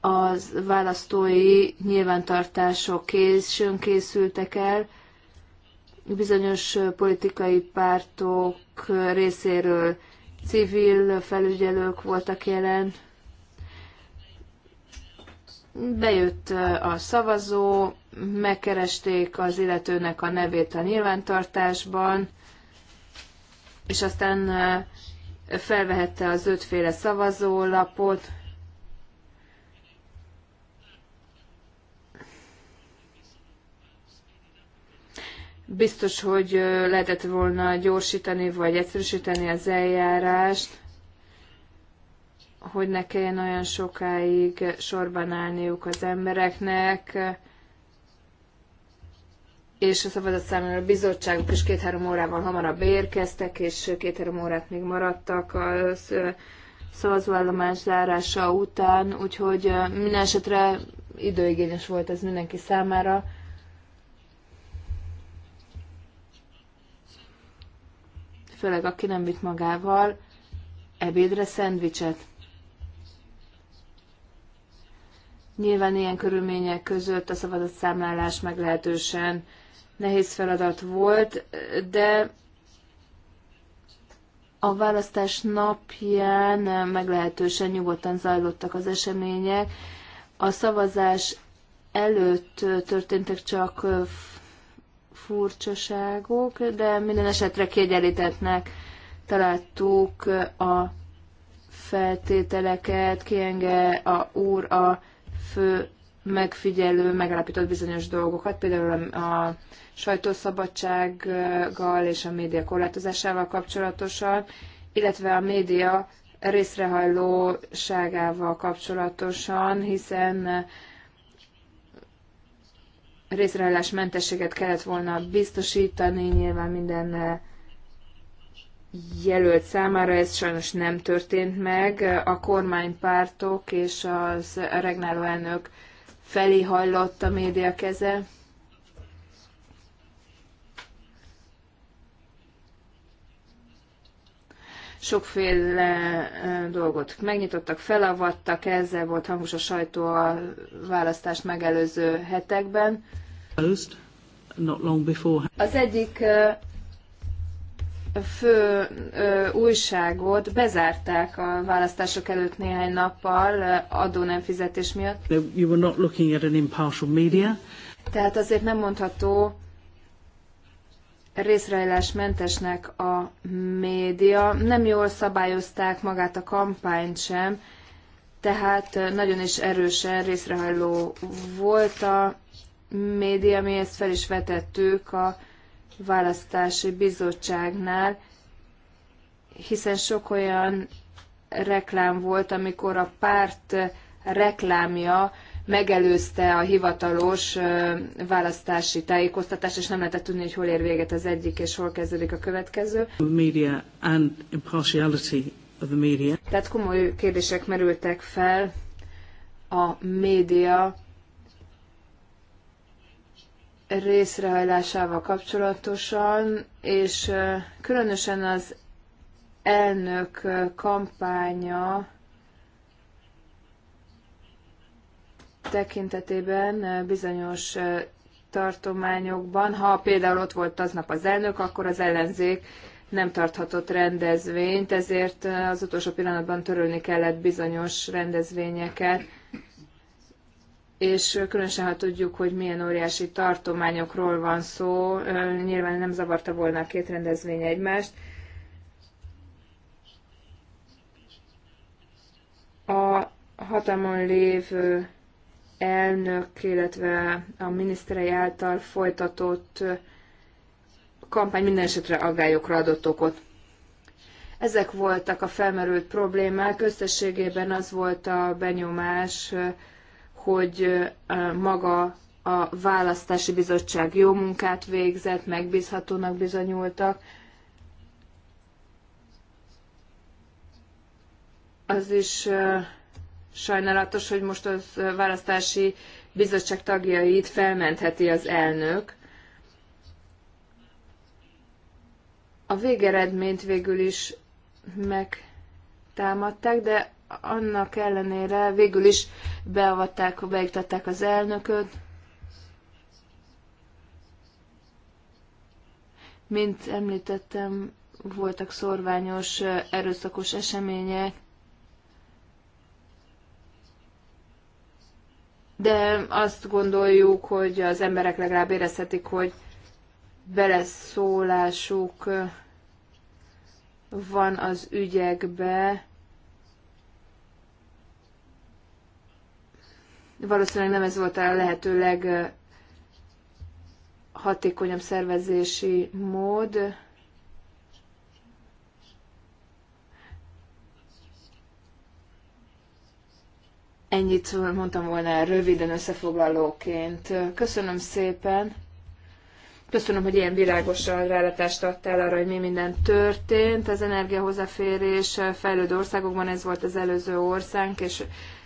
az választói nyilvántartások későn készültek el, bizonyos politikai pártok részéről civil felügyelők voltak jelen. Bejött a szavazó, megkeresték az illetőnek a nevét a nyilvántartásban, és aztán felvehette az ötféle szavazólapot, biztos, hogy lehetett volna gyorsítani vagy egyszerűsíteni az eljárást, hogy ne kelljen olyan sokáig sorban állniuk az embereknek és a a bizottságok is két-három órával hamarabb érkeztek, és két-három órát még maradtak a szavazóállomás zárása után, úgyhogy minden esetre időigényes volt ez mindenki számára. Főleg aki nem vitt magával ebédre szendvicset. Nyilván ilyen körülmények között a számlálás meglehetősen nehéz feladat volt, de a választás napján meglehetősen nyugodtan zajlottak az események. A szavazás előtt történtek csak furcsaságok, de minden esetre kiegyenlítettnek találtuk a feltételeket, kienge a úr a fő megfigyelő megállapított bizonyos dolgokat, például a sajtószabadsággal és a média korlátozásával kapcsolatosan, illetve a média részrehajlóságával kapcsolatosan, hiszen részrehajlás mentességet kellett volna biztosítani, nyilván minden jelölt számára ez sajnos nem történt meg. A kormánypártok és az regnáló elnök felé hajlott a média keze. sokféle dolgot megnyitottak, felavattak, ezzel volt hangos a sajtó a választást megelőző hetekben. Az egyik fő újságot bezárták a választások előtt néhány nappal adó nem fizetés miatt. You were not looking at an impartial media. Tehát azért nem mondható részrejlásmentesnek a média. Nem jól szabályozták magát a kampányt sem, tehát nagyon is erősen részrehajló volt a média, mi ezt fel is vetettük a választási bizottságnál, hiszen sok olyan reklám volt, amikor a párt reklámja megelőzte a hivatalos választási tájékoztatást, és nem lehetett tudni, hogy hol ér véget az egyik, és hol kezdődik a következő. Media and impartiality of the media. Tehát komoly kérdések merültek fel a média részrehajlásával kapcsolatosan, és különösen az elnök kampánya tekintetében bizonyos tartományokban, ha például ott volt aznap az elnök, akkor az ellenzék nem tarthatott rendezvényt, ezért az utolsó pillanatban törölni kellett bizonyos rendezvényeket és különösen, ha tudjuk, hogy milyen óriási tartományokról van szó, nyilván nem zavarta volna a két rendezvény egymást. A hatalmon lévő elnök, illetve a miniszterei által folytatott kampány minden esetre aggályokra adott okot. Ezek voltak a felmerült problémák, összességében az volt a benyomás, hogy maga a választási bizottság jó munkát végzett, megbízhatónak bizonyultak. Az is sajnálatos, hogy most az választási bizottság tagjait felmentheti az elnök. A végeredményt végül is megtámadták, de annak ellenére végül is beavatták, beiktatták az elnököt, Mint említettem, voltak szorványos, erőszakos események, de azt gondoljuk, hogy az emberek legalább érezhetik, hogy beleszólásuk van az ügyekbe, Valószínűleg nem ez volt a lehető leghatékonyabb szervezési mód. Ennyit mondtam volna röviden összefoglalóként. Köszönöm szépen. Köszönöm, hogy ilyen világosan rálátást adtál arra, hogy mi minden történt. Az energiahozaférés fejlődő országokban ez volt az előző ország, és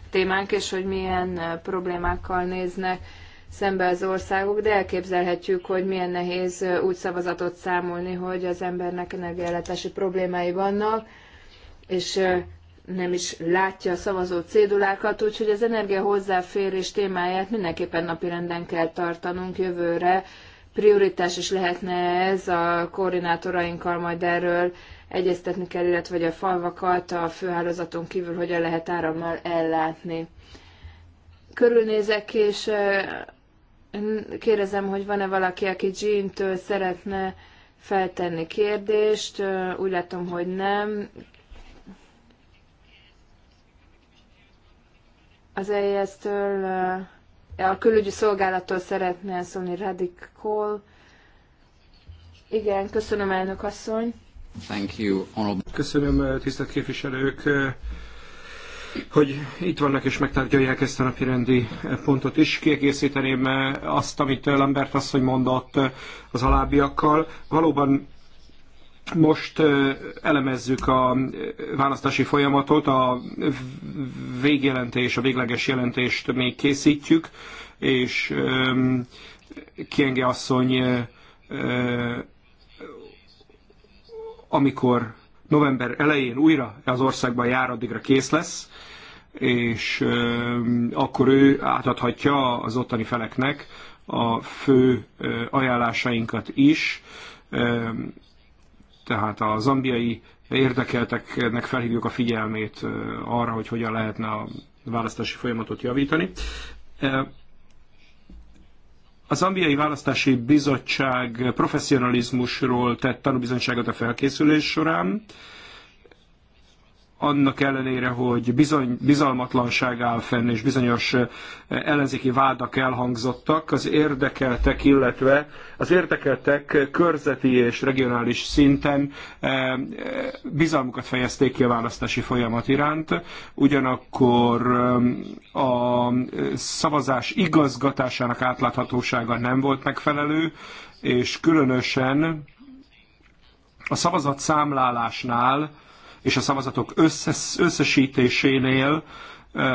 témánk, és hogy milyen eh, problémákkal néznek szembe az országok, de elképzelhetjük, hogy milyen nehéz eh, úgy szavazatot számolni, hogy az embernek energiállátási problémái vannak, és eh, nem is látja a szavazó cédulákat, úgyhogy az energia hozzáférés témáját mindenképpen napirenden kell tartanunk jövőre. Prioritás is lehetne ez, a koordinátorainkkal majd erről egyeztetni kell, illetve hogy a falvakat a főhálózaton kívül hogyan lehet árammal ellátni. Körülnézek, és kérdezem, hogy van-e valaki, aki Jean-től szeretne feltenni kérdést. Úgy látom, hogy nem. Az EIS-től, a külügyi szolgálattól szeretne szólni Radical. Igen, köszönöm elnök asszony. Köszönöm, tisztelt képviselők, hogy itt vannak és megtárgyalják ezt a napi rendi pontot is. Kiegészíteném azt, amit Lambert asszony mondott az alábbiakkal. Valóban most elemezzük a választási folyamatot, a végjelentés, a végleges jelentést még készítjük, és Kienge asszony amikor november elején újra az országban jár, addigra kész lesz, és akkor ő átadhatja az ottani feleknek a fő ajánlásainkat is, tehát a zambiai érdekelteknek felhívjuk a figyelmét arra, hogy hogyan lehetne a választási folyamatot javítani. Az Zambiai Választási Bizottság professzionalizmusról tett tanúbizonyságot a felkészülés során, annak ellenére, hogy bizony, bizalmatlanság áll fenn, és bizonyos ellenzéki vádak elhangzottak, az érdekeltek, illetve az érdekeltek körzeti és regionális szinten bizalmukat fejezték ki a választási folyamat iránt, ugyanakkor a szavazás igazgatásának átláthatósága nem volt megfelelő, és különösen a szavazat számlálásnál és a szavazatok összes, összesítésénél e,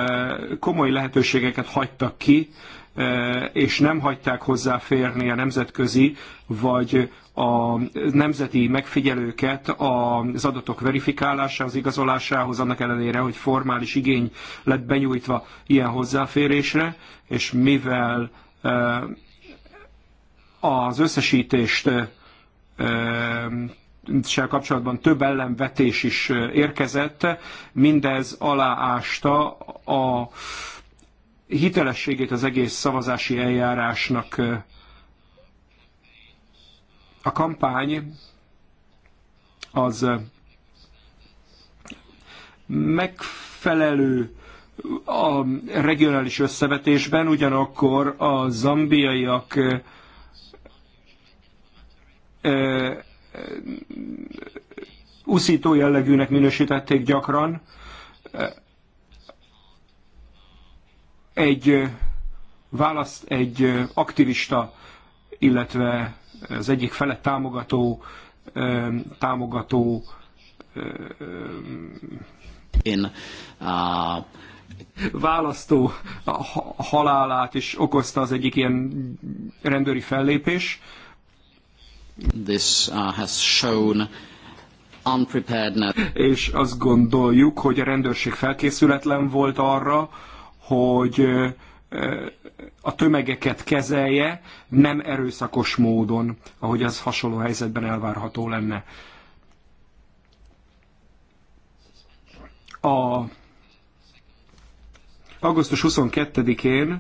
komoly lehetőségeket hagytak ki, e, és nem hagyták hozzáférni a nemzetközi vagy a nemzeti megfigyelőket az adatok verifikálásához, igazolásához, annak ellenére, hogy formális igény lett benyújtva ilyen hozzáférésre, és mivel e, az összesítést kapcsolatban több ellenvetés is érkezett, mindez aláásta a hitelességét az egész szavazási eljárásnak. A kampány az megfelelő a regionális összevetésben, ugyanakkor a zambiaiak uszító jellegűnek minősítették gyakran. Egy választ egy aktivista, illetve az egyik felett támogató, támogató Én, a... választó halálát is okozta az egyik ilyen rendőri fellépés This uh, has shown unpreparedness. És azt gondoljuk, hogy a rendőrség felkészületlen volt arra, hogy a tömegeket kezelje, nem erőszakos módon, ahogy az hasonló helyzetben elvárható lenne. A augusztus 22-én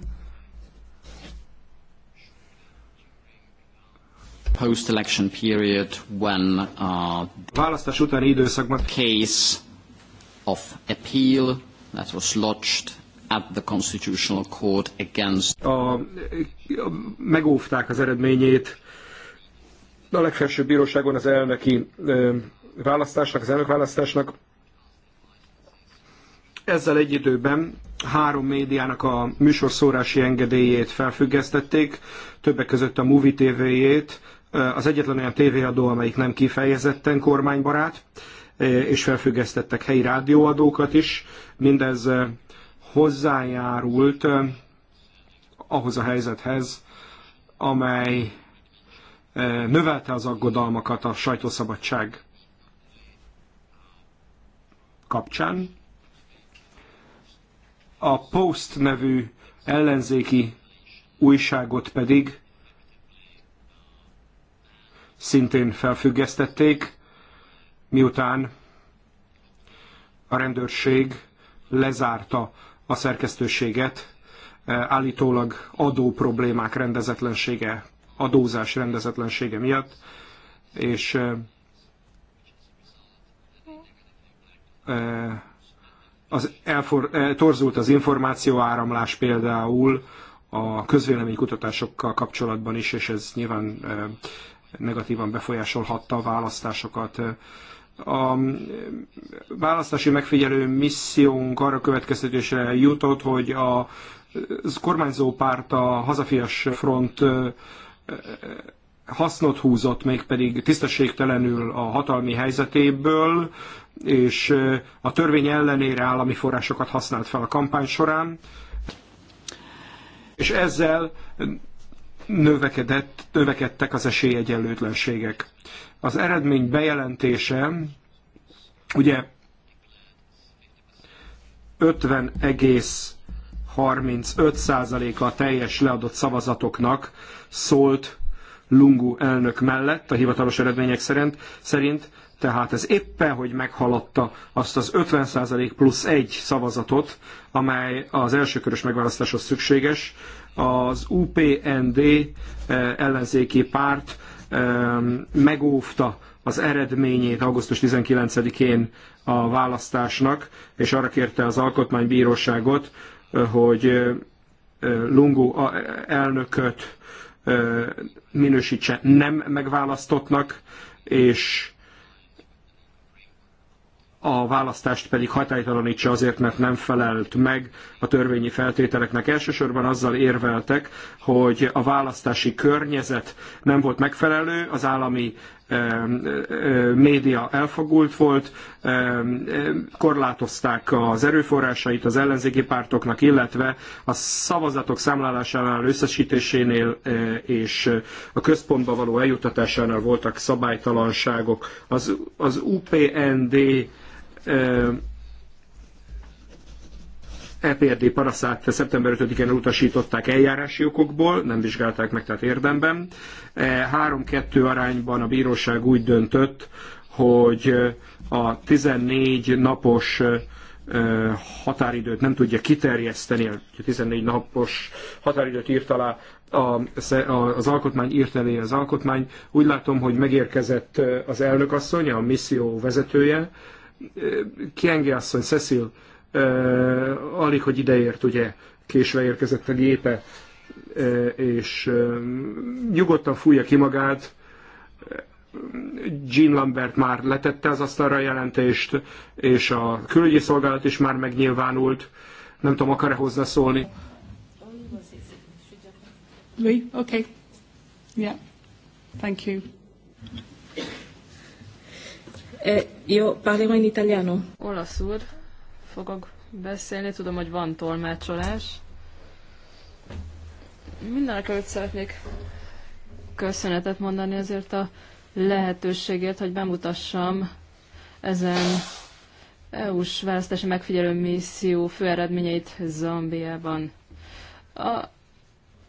post-election period when uh, választás utáni időszakban case of appeal that was lodged at the Constitutional Court against a, a, megóvták az eredményét a legfelsőbb bíróságon az elnöki ö, választásnak, az elnökválasztásnak. Ezzel egy időben három médiának a műsorszórási engedélyét felfüggesztették, többek között a Movie TV-jét, az egyetlen olyan tévéadó, amelyik nem kifejezetten kormánybarát, e, és felfüggesztettek helyi rádióadókat is. Mindez e, hozzájárult e, ahhoz a helyzethez, amely növelte az aggodalmakat a sajtószabadság kapcsán. A Post nevű ellenzéki újságot pedig szintén felfüggesztették, miután a rendőrség lezárta a szerkesztőséget, e, állítólag adó problémák rendezetlensége, adózás rendezetlensége miatt, és e, e, az elfor, torzult az információáramlás például a közvéleménykutatásokkal kapcsolatban is, és ez nyilván negatívan befolyásolhatta a választásokat. A választási megfigyelő missziónk arra következtetésre jutott, hogy a kormányzó párt a hazafias front hasznot húzott, mégpedig tisztességtelenül a hatalmi helyzetéből, és a törvény ellenére állami forrásokat használt fel a kampány során, és ezzel növekedett, növekedtek az esélyegyenlőtlenségek. Az eredmény bejelentése, ugye 50,35%-a a teljes leadott szavazatoknak szólt Lungu elnök mellett, a hivatalos eredmények szerint, szerint tehát ez éppen, hogy meghaladta azt az 50% plusz egy szavazatot, amely az elsőkörös megválasztáshoz szükséges, az UPND eh, ellenzéki párt eh, megóvta az eredményét augusztus 19-én a választásnak, és arra kérte az alkotmánybíróságot, eh, hogy Lungu elnököt minősítse nem megválasztottnak, és a választást pedig hatálytalanítsa azért, mert nem felelt meg a törvényi feltételeknek. Elsősorban azzal érveltek, hogy a választási környezet nem volt megfelelő, az állami média elfogult volt, korlátozták az erőforrásait az ellenzéki pártoknak, illetve a szavazatok számlálásánál, összesítésénél e, és a központba való eljutatásánál voltak szabálytalanságok. Az, az UPND EPRD paraszát szeptember 5-én elutasították eljárási okokból, nem vizsgálták meg, tehát érdemben. 3-2 e, arányban a bíróság úgy döntött, hogy a 14 napos határidőt nem tudja kiterjeszteni, a 14 napos határidőt írt alá az alkotmány, írt elé az alkotmány. Úgy látom, hogy megérkezett az elnökasszony, a misszió vezetője, Kiengi asszony, Cecil, alig, hogy ideért, ugye késve érkezett a gépe, és nyugodtan fújja ki magát. Jean Lambert már letette az asztalra a jelentést, és a külügyi szolgálat is már megnyilvánult. Nem tudom, akar-e hozzászólni? Oui, okay. Yeah. Thank you. Eh, io parlerò in italiano. Olaszul fogok beszélni, tudom, hogy van tolmácsolás. Mindenek előtt szeretnék köszönetet mondani azért a lehetőségért, hogy bemutassam ezen EU-s választási megfigyelő misszió főeredményeit Zambiában. A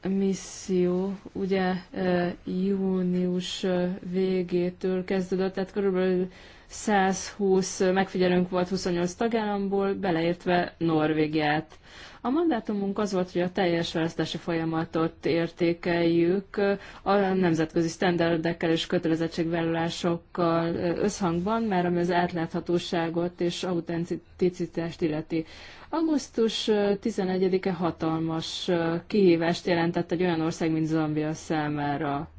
misszió ugye eh, június eh, végétől kezdődött, tehát körülbelül 120 megfigyelőnk volt 28 tagállamból, beleértve Norvégiát. A mandátumunk az volt, hogy a teljes választási folyamatot értékeljük a nemzetközi sztenderdekkel és kötelezettségvállalásokkal összhangban, mert ami az átláthatóságot és autenticitást illeti. Augusztus 11-e hatalmas kihívást jelentett egy olyan ország, mint Zambia számára.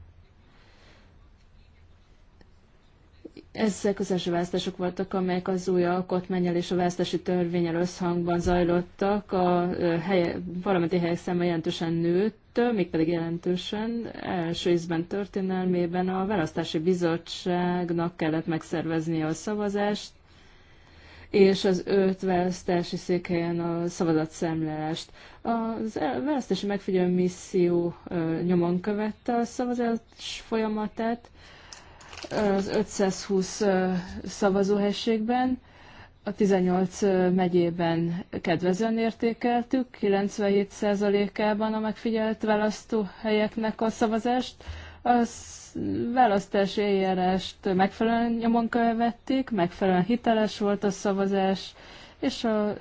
ezek az első választások voltak, amelyek az új alkotmányjal és a választási törvényel összhangban zajlottak. A helye, parlamenti helyek száma jelentősen nőtt, mégpedig jelentősen első ízben történelmében a választási bizottságnak kellett megszerveznie a szavazást, és az öt választási székhelyen a szavazatszámlálást. Az e, választási megfigyelő misszió nyomon követte a szavazás folyamatát, az 520 szavazóhelységben, a 18 megyében kedvezően értékeltük, 97%-ában a megfigyelt választóhelyeknek a szavazást. A választási eljárást megfelelően nyomon követték, megfelelően hiteles volt a szavazás, és a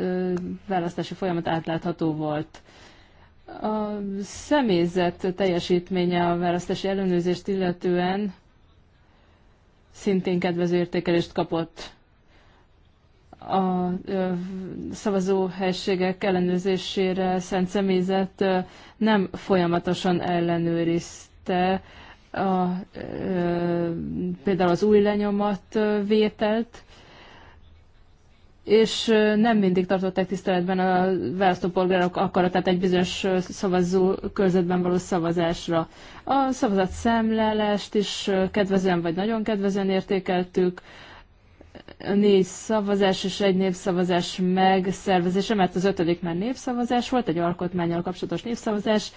választási folyamat átlátható volt. A személyzet teljesítménye a választási ellenőrzést illetően szintén kedvező értékelést kapott. A szavazóhelységek ellenőrzésére szent személyzet nem folyamatosan ellenőrizte a, például az új lenyomat vételt, és nem mindig tartották tiszteletben a választópolgárok akaratát egy bizonyos szavazó körzetben való szavazásra. A szavazat szemlelést is kedvezően vagy nagyon kedvezően értékeltük, négy szavazás és egy népszavazás megszervezése, mert az ötödik már népszavazás volt, egy alkotmányal kapcsolatos népszavazás,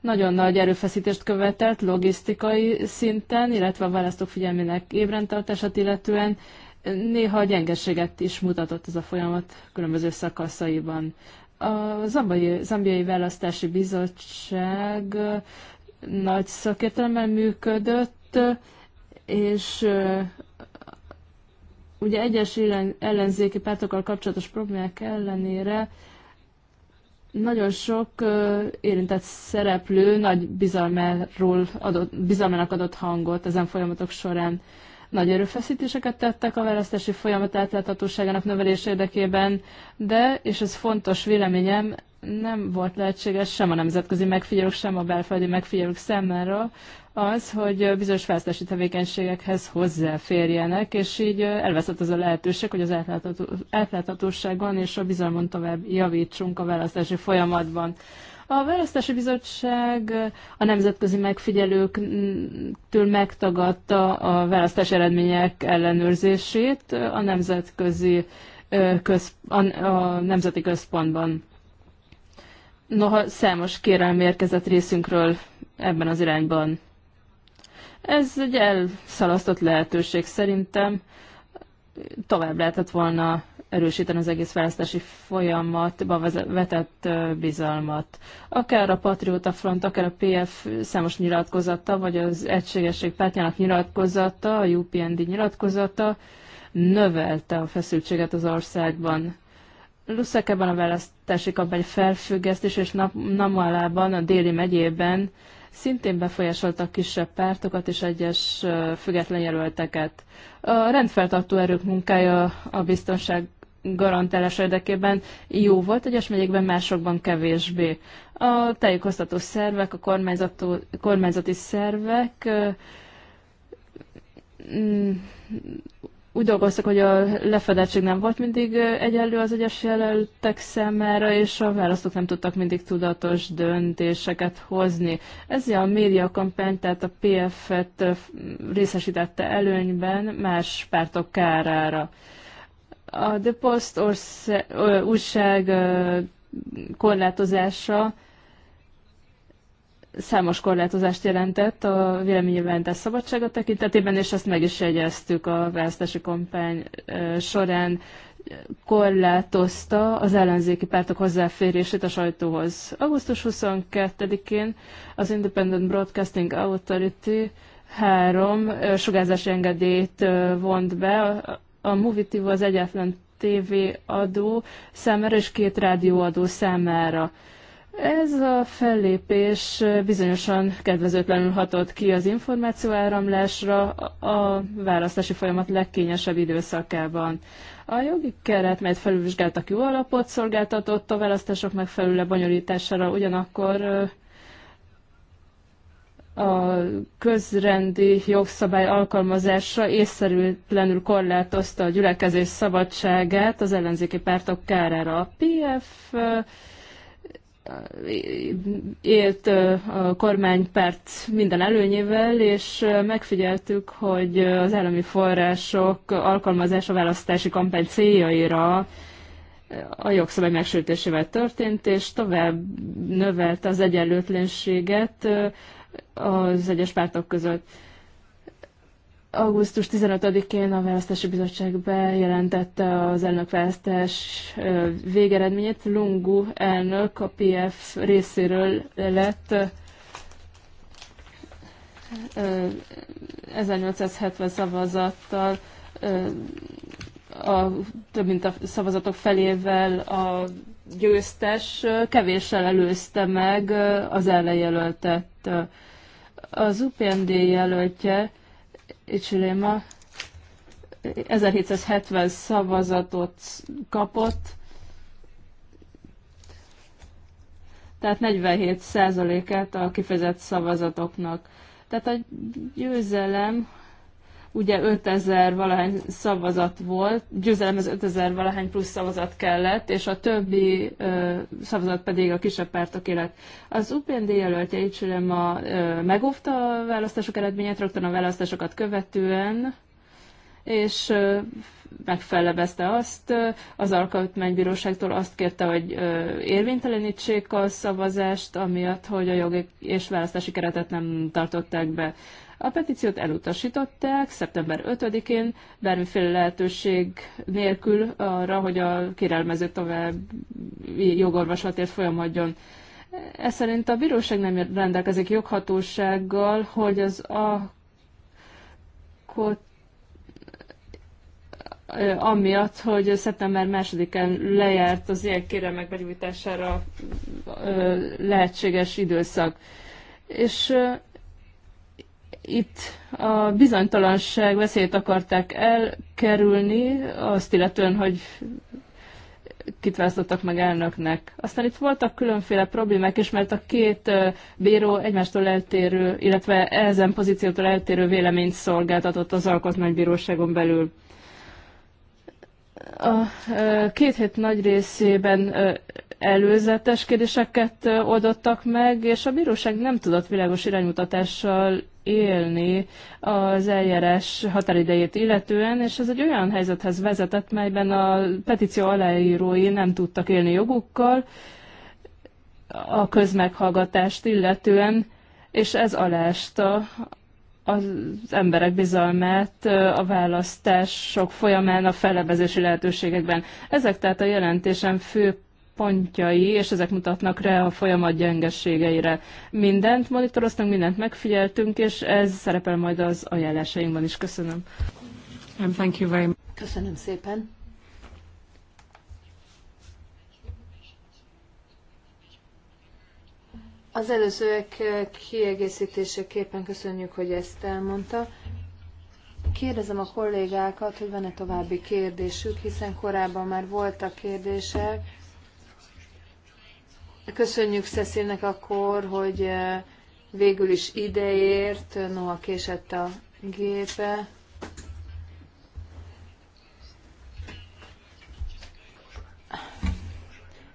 nagyon nagy erőfeszítést követelt logisztikai szinten, illetve a választók figyelmének ébrentartását illetően, néha gyengeséget is mutatott ez a folyamat különböző szakaszaiban. A zambai, zambiai választási bizottság nagy szakértelemmel működött, és ugye egyes ellenzéki pártokkal kapcsolatos problémák ellenére nagyon sok érintett szereplő nagy bizalmáról adott, bizalmának adott hangot ezen folyamatok során. Nagy erőfeszítéseket tettek a választási folyamat átláthatóságának növelés érdekében, de, és ez fontos véleményem, nem volt lehetséges sem a nemzetközi megfigyelők, sem a belföldi megfigyelők számára az, hogy bizonyos választási tevékenységekhez hozzáférjenek, és így elveszett az a lehetőség, hogy az átláthatóságon és a bizalmon tovább javítsunk a választási folyamatban. A Választási Bizottság a nemzetközi megfigyelőktől megtagadta a választás eredmények ellenőrzését a nemzetközi köz, a, a nemzeti központban. Noha számos kérelm érkezett részünkről ebben az irányban. Ez egy elszalasztott lehetőség szerintem. Tovább lehetett volna erősíteni az egész választási folyamatba vetett bizalmat. Akár a Patrióta Front, akár a PF számos nyilatkozata, vagy az Egységesség pártjának nyilatkozata, a UPND nyilatkozata növelte a feszültséget az országban. Luszekeben a választási kampány felfüggesztés és Namalában, a déli megyében szintén befolyásoltak kisebb pártokat és egyes független jelölteket. A rendfeltartó erők munkája a biztonság garantálás érdekében jó volt, egyes megyékben másokban kevésbé. A tájékoztató szervek, a kormányzati szervek mm, úgy dolgoztak, hogy a lefedettség nem volt mindig egyenlő az egyes jelöltek számára, és a választók nem tudtak mindig tudatos döntéseket hozni. Ez a médiakampány, tehát a PF-et részesítette előnyben más pártok kárára. A The Post ország, újság korlátozása számos korlátozást jelentett a véleményjelentés szabadsága tekintetében, és ezt meg is jegyeztük a választási kampány során korlátozta az ellenzéki pártok hozzáférését a sajtóhoz. Augusztus 22-én az Independent Broadcasting Authority három sugárzási engedélyt vont be a Movitivo az egyetlen TV adó számára és két rádióadó számára. Ez a fellépés bizonyosan kedvezőtlenül hatott ki az információáramlásra a választási folyamat legkényesebb időszakában. A jogi keret, melyet felülvizsgáltak jó alapot szolgáltatott a választások megfelelő bonyolítására, ugyanakkor a közrendi jogszabály alkalmazása észszerűtlenül korlátozta a gyülekezés szabadságát az ellenzéki pártok kárára. A PF eh, élt eh, a kormánypárt minden előnyével, és eh, megfigyeltük, hogy az állami források alkalmazása választási kampány céljaira a jogszabály megsültésével történt, és tovább növelte az egyenlőtlenséget az egyes pártok között. Augusztus 15-én a választási bizottság bejelentette az választás végeredményét. Lungu elnök a PF részéről lett 1870 szavazattal a, több mint a szavazatok felével a győztes kevéssel előzte meg az ellenjelöltet. Az UPND jelöltje, Icsiléma, 1770 szavazatot kapott, tehát 47%-át a kifejezett szavazatoknak. Tehát a győzelem ugye 5000 valahány szavazat volt, győzelemhez 5000 valahány plusz szavazat kellett, és a többi ö, szavazat pedig a kisebb élet. Az UPND jelöltje sülem a ö, megóvta a választások eredményét, rögtön a választásokat követően, és ö, azt, ö, az alkotmánybíróságtól azt kérte, hogy ö, érvénytelenítsék a szavazást, amiatt, hogy a jogi és választási keretet nem tartották be. A petíciót elutasították szeptember 5-én, bármiféle lehetőség nélkül arra, hogy a kérelmező tovább jogorvaslatért folyamadjon. Ez szerint a bíróság nem rendelkezik joghatósággal, hogy az a eh, amiatt, hogy szeptember másodikán lejárt az ilyen kérelmek begyújtására eh, lehetséges időszak. És eh, itt a bizonytalanság veszélyt akarták elkerülni, azt illetően, hogy kit választottak meg elnöknek. Aztán itt voltak különféle problémák és mert a két bíró egymástól eltérő, illetve ezen pozíciótól eltérő véleményt szolgáltatott az alkotmánybíróságon belül. A két hét nagy részében előzetes kérdéseket oldottak meg, és a bíróság nem tudott világos iránymutatással élni az eljárás határidejét illetően, és ez egy olyan helyzethez vezetett, melyben a petíció aláírói nem tudtak élni jogukkal a közmeghallgatást illetően, és ez alásta az emberek bizalmát a választások folyamán a felebezési lehetőségekben. Ezek tehát a jelentésen fő pontjai, és ezek mutatnak rá a folyamat gyengességeire. Mindent monitoroztunk, mindent megfigyeltünk, és ez szerepel majd az ajánlásainkban is. Köszönöm. thank you very much. Köszönöm szépen. Az előzőek eh, kiegészítéseképpen köszönjük, hogy ezt elmondta. Kérdezem a kollégákat, hogy van-e további kérdésük, hiszen korábban már voltak kérdések, Köszönjük Cecilnek akkor, hogy eh, végül is ideért, noha késett a gépe.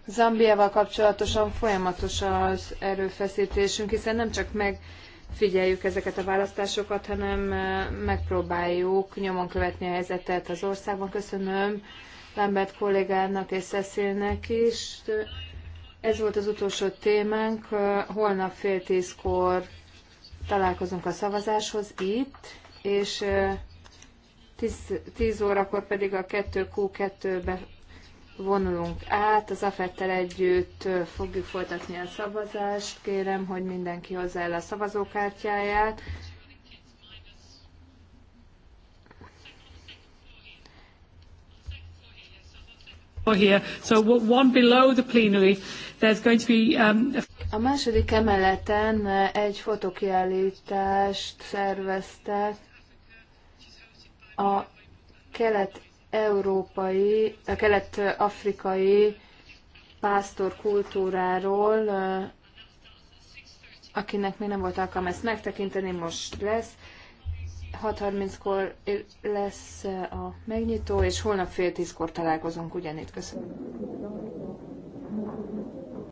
Zambiával kapcsolatosan folyamatos az erőfeszítésünk, hiszen nem csak megfigyeljük ezeket a választásokat, hanem eh, megpróbáljuk nyomon követni a helyzetet az országban. Köszönöm Lambert kollégának és Cecilnek is. Ez volt az utolsó témánk. Holnap fél tízkor találkozunk a szavazáshoz itt, és 10, órakor pedig a 2Q2-be vonulunk át. Az afettel együtt fogjuk folytatni a szavazást. Kérem, hogy mindenki hozzá el a szavazókártyáját. here. So one below the plenary, there's going to be... Um, a második emeleten uh, egy fotokiállítást szerveztek a kelet-európai, a kelet-afrikai pásztor kultúráról, uh, akinek még nem volt alkalma ezt megtekinteni, most lesz. 6.30-kor lesz eh, a megnyitó, és holnap fél tízkor találkozunk ugyanitt. Köszönöm.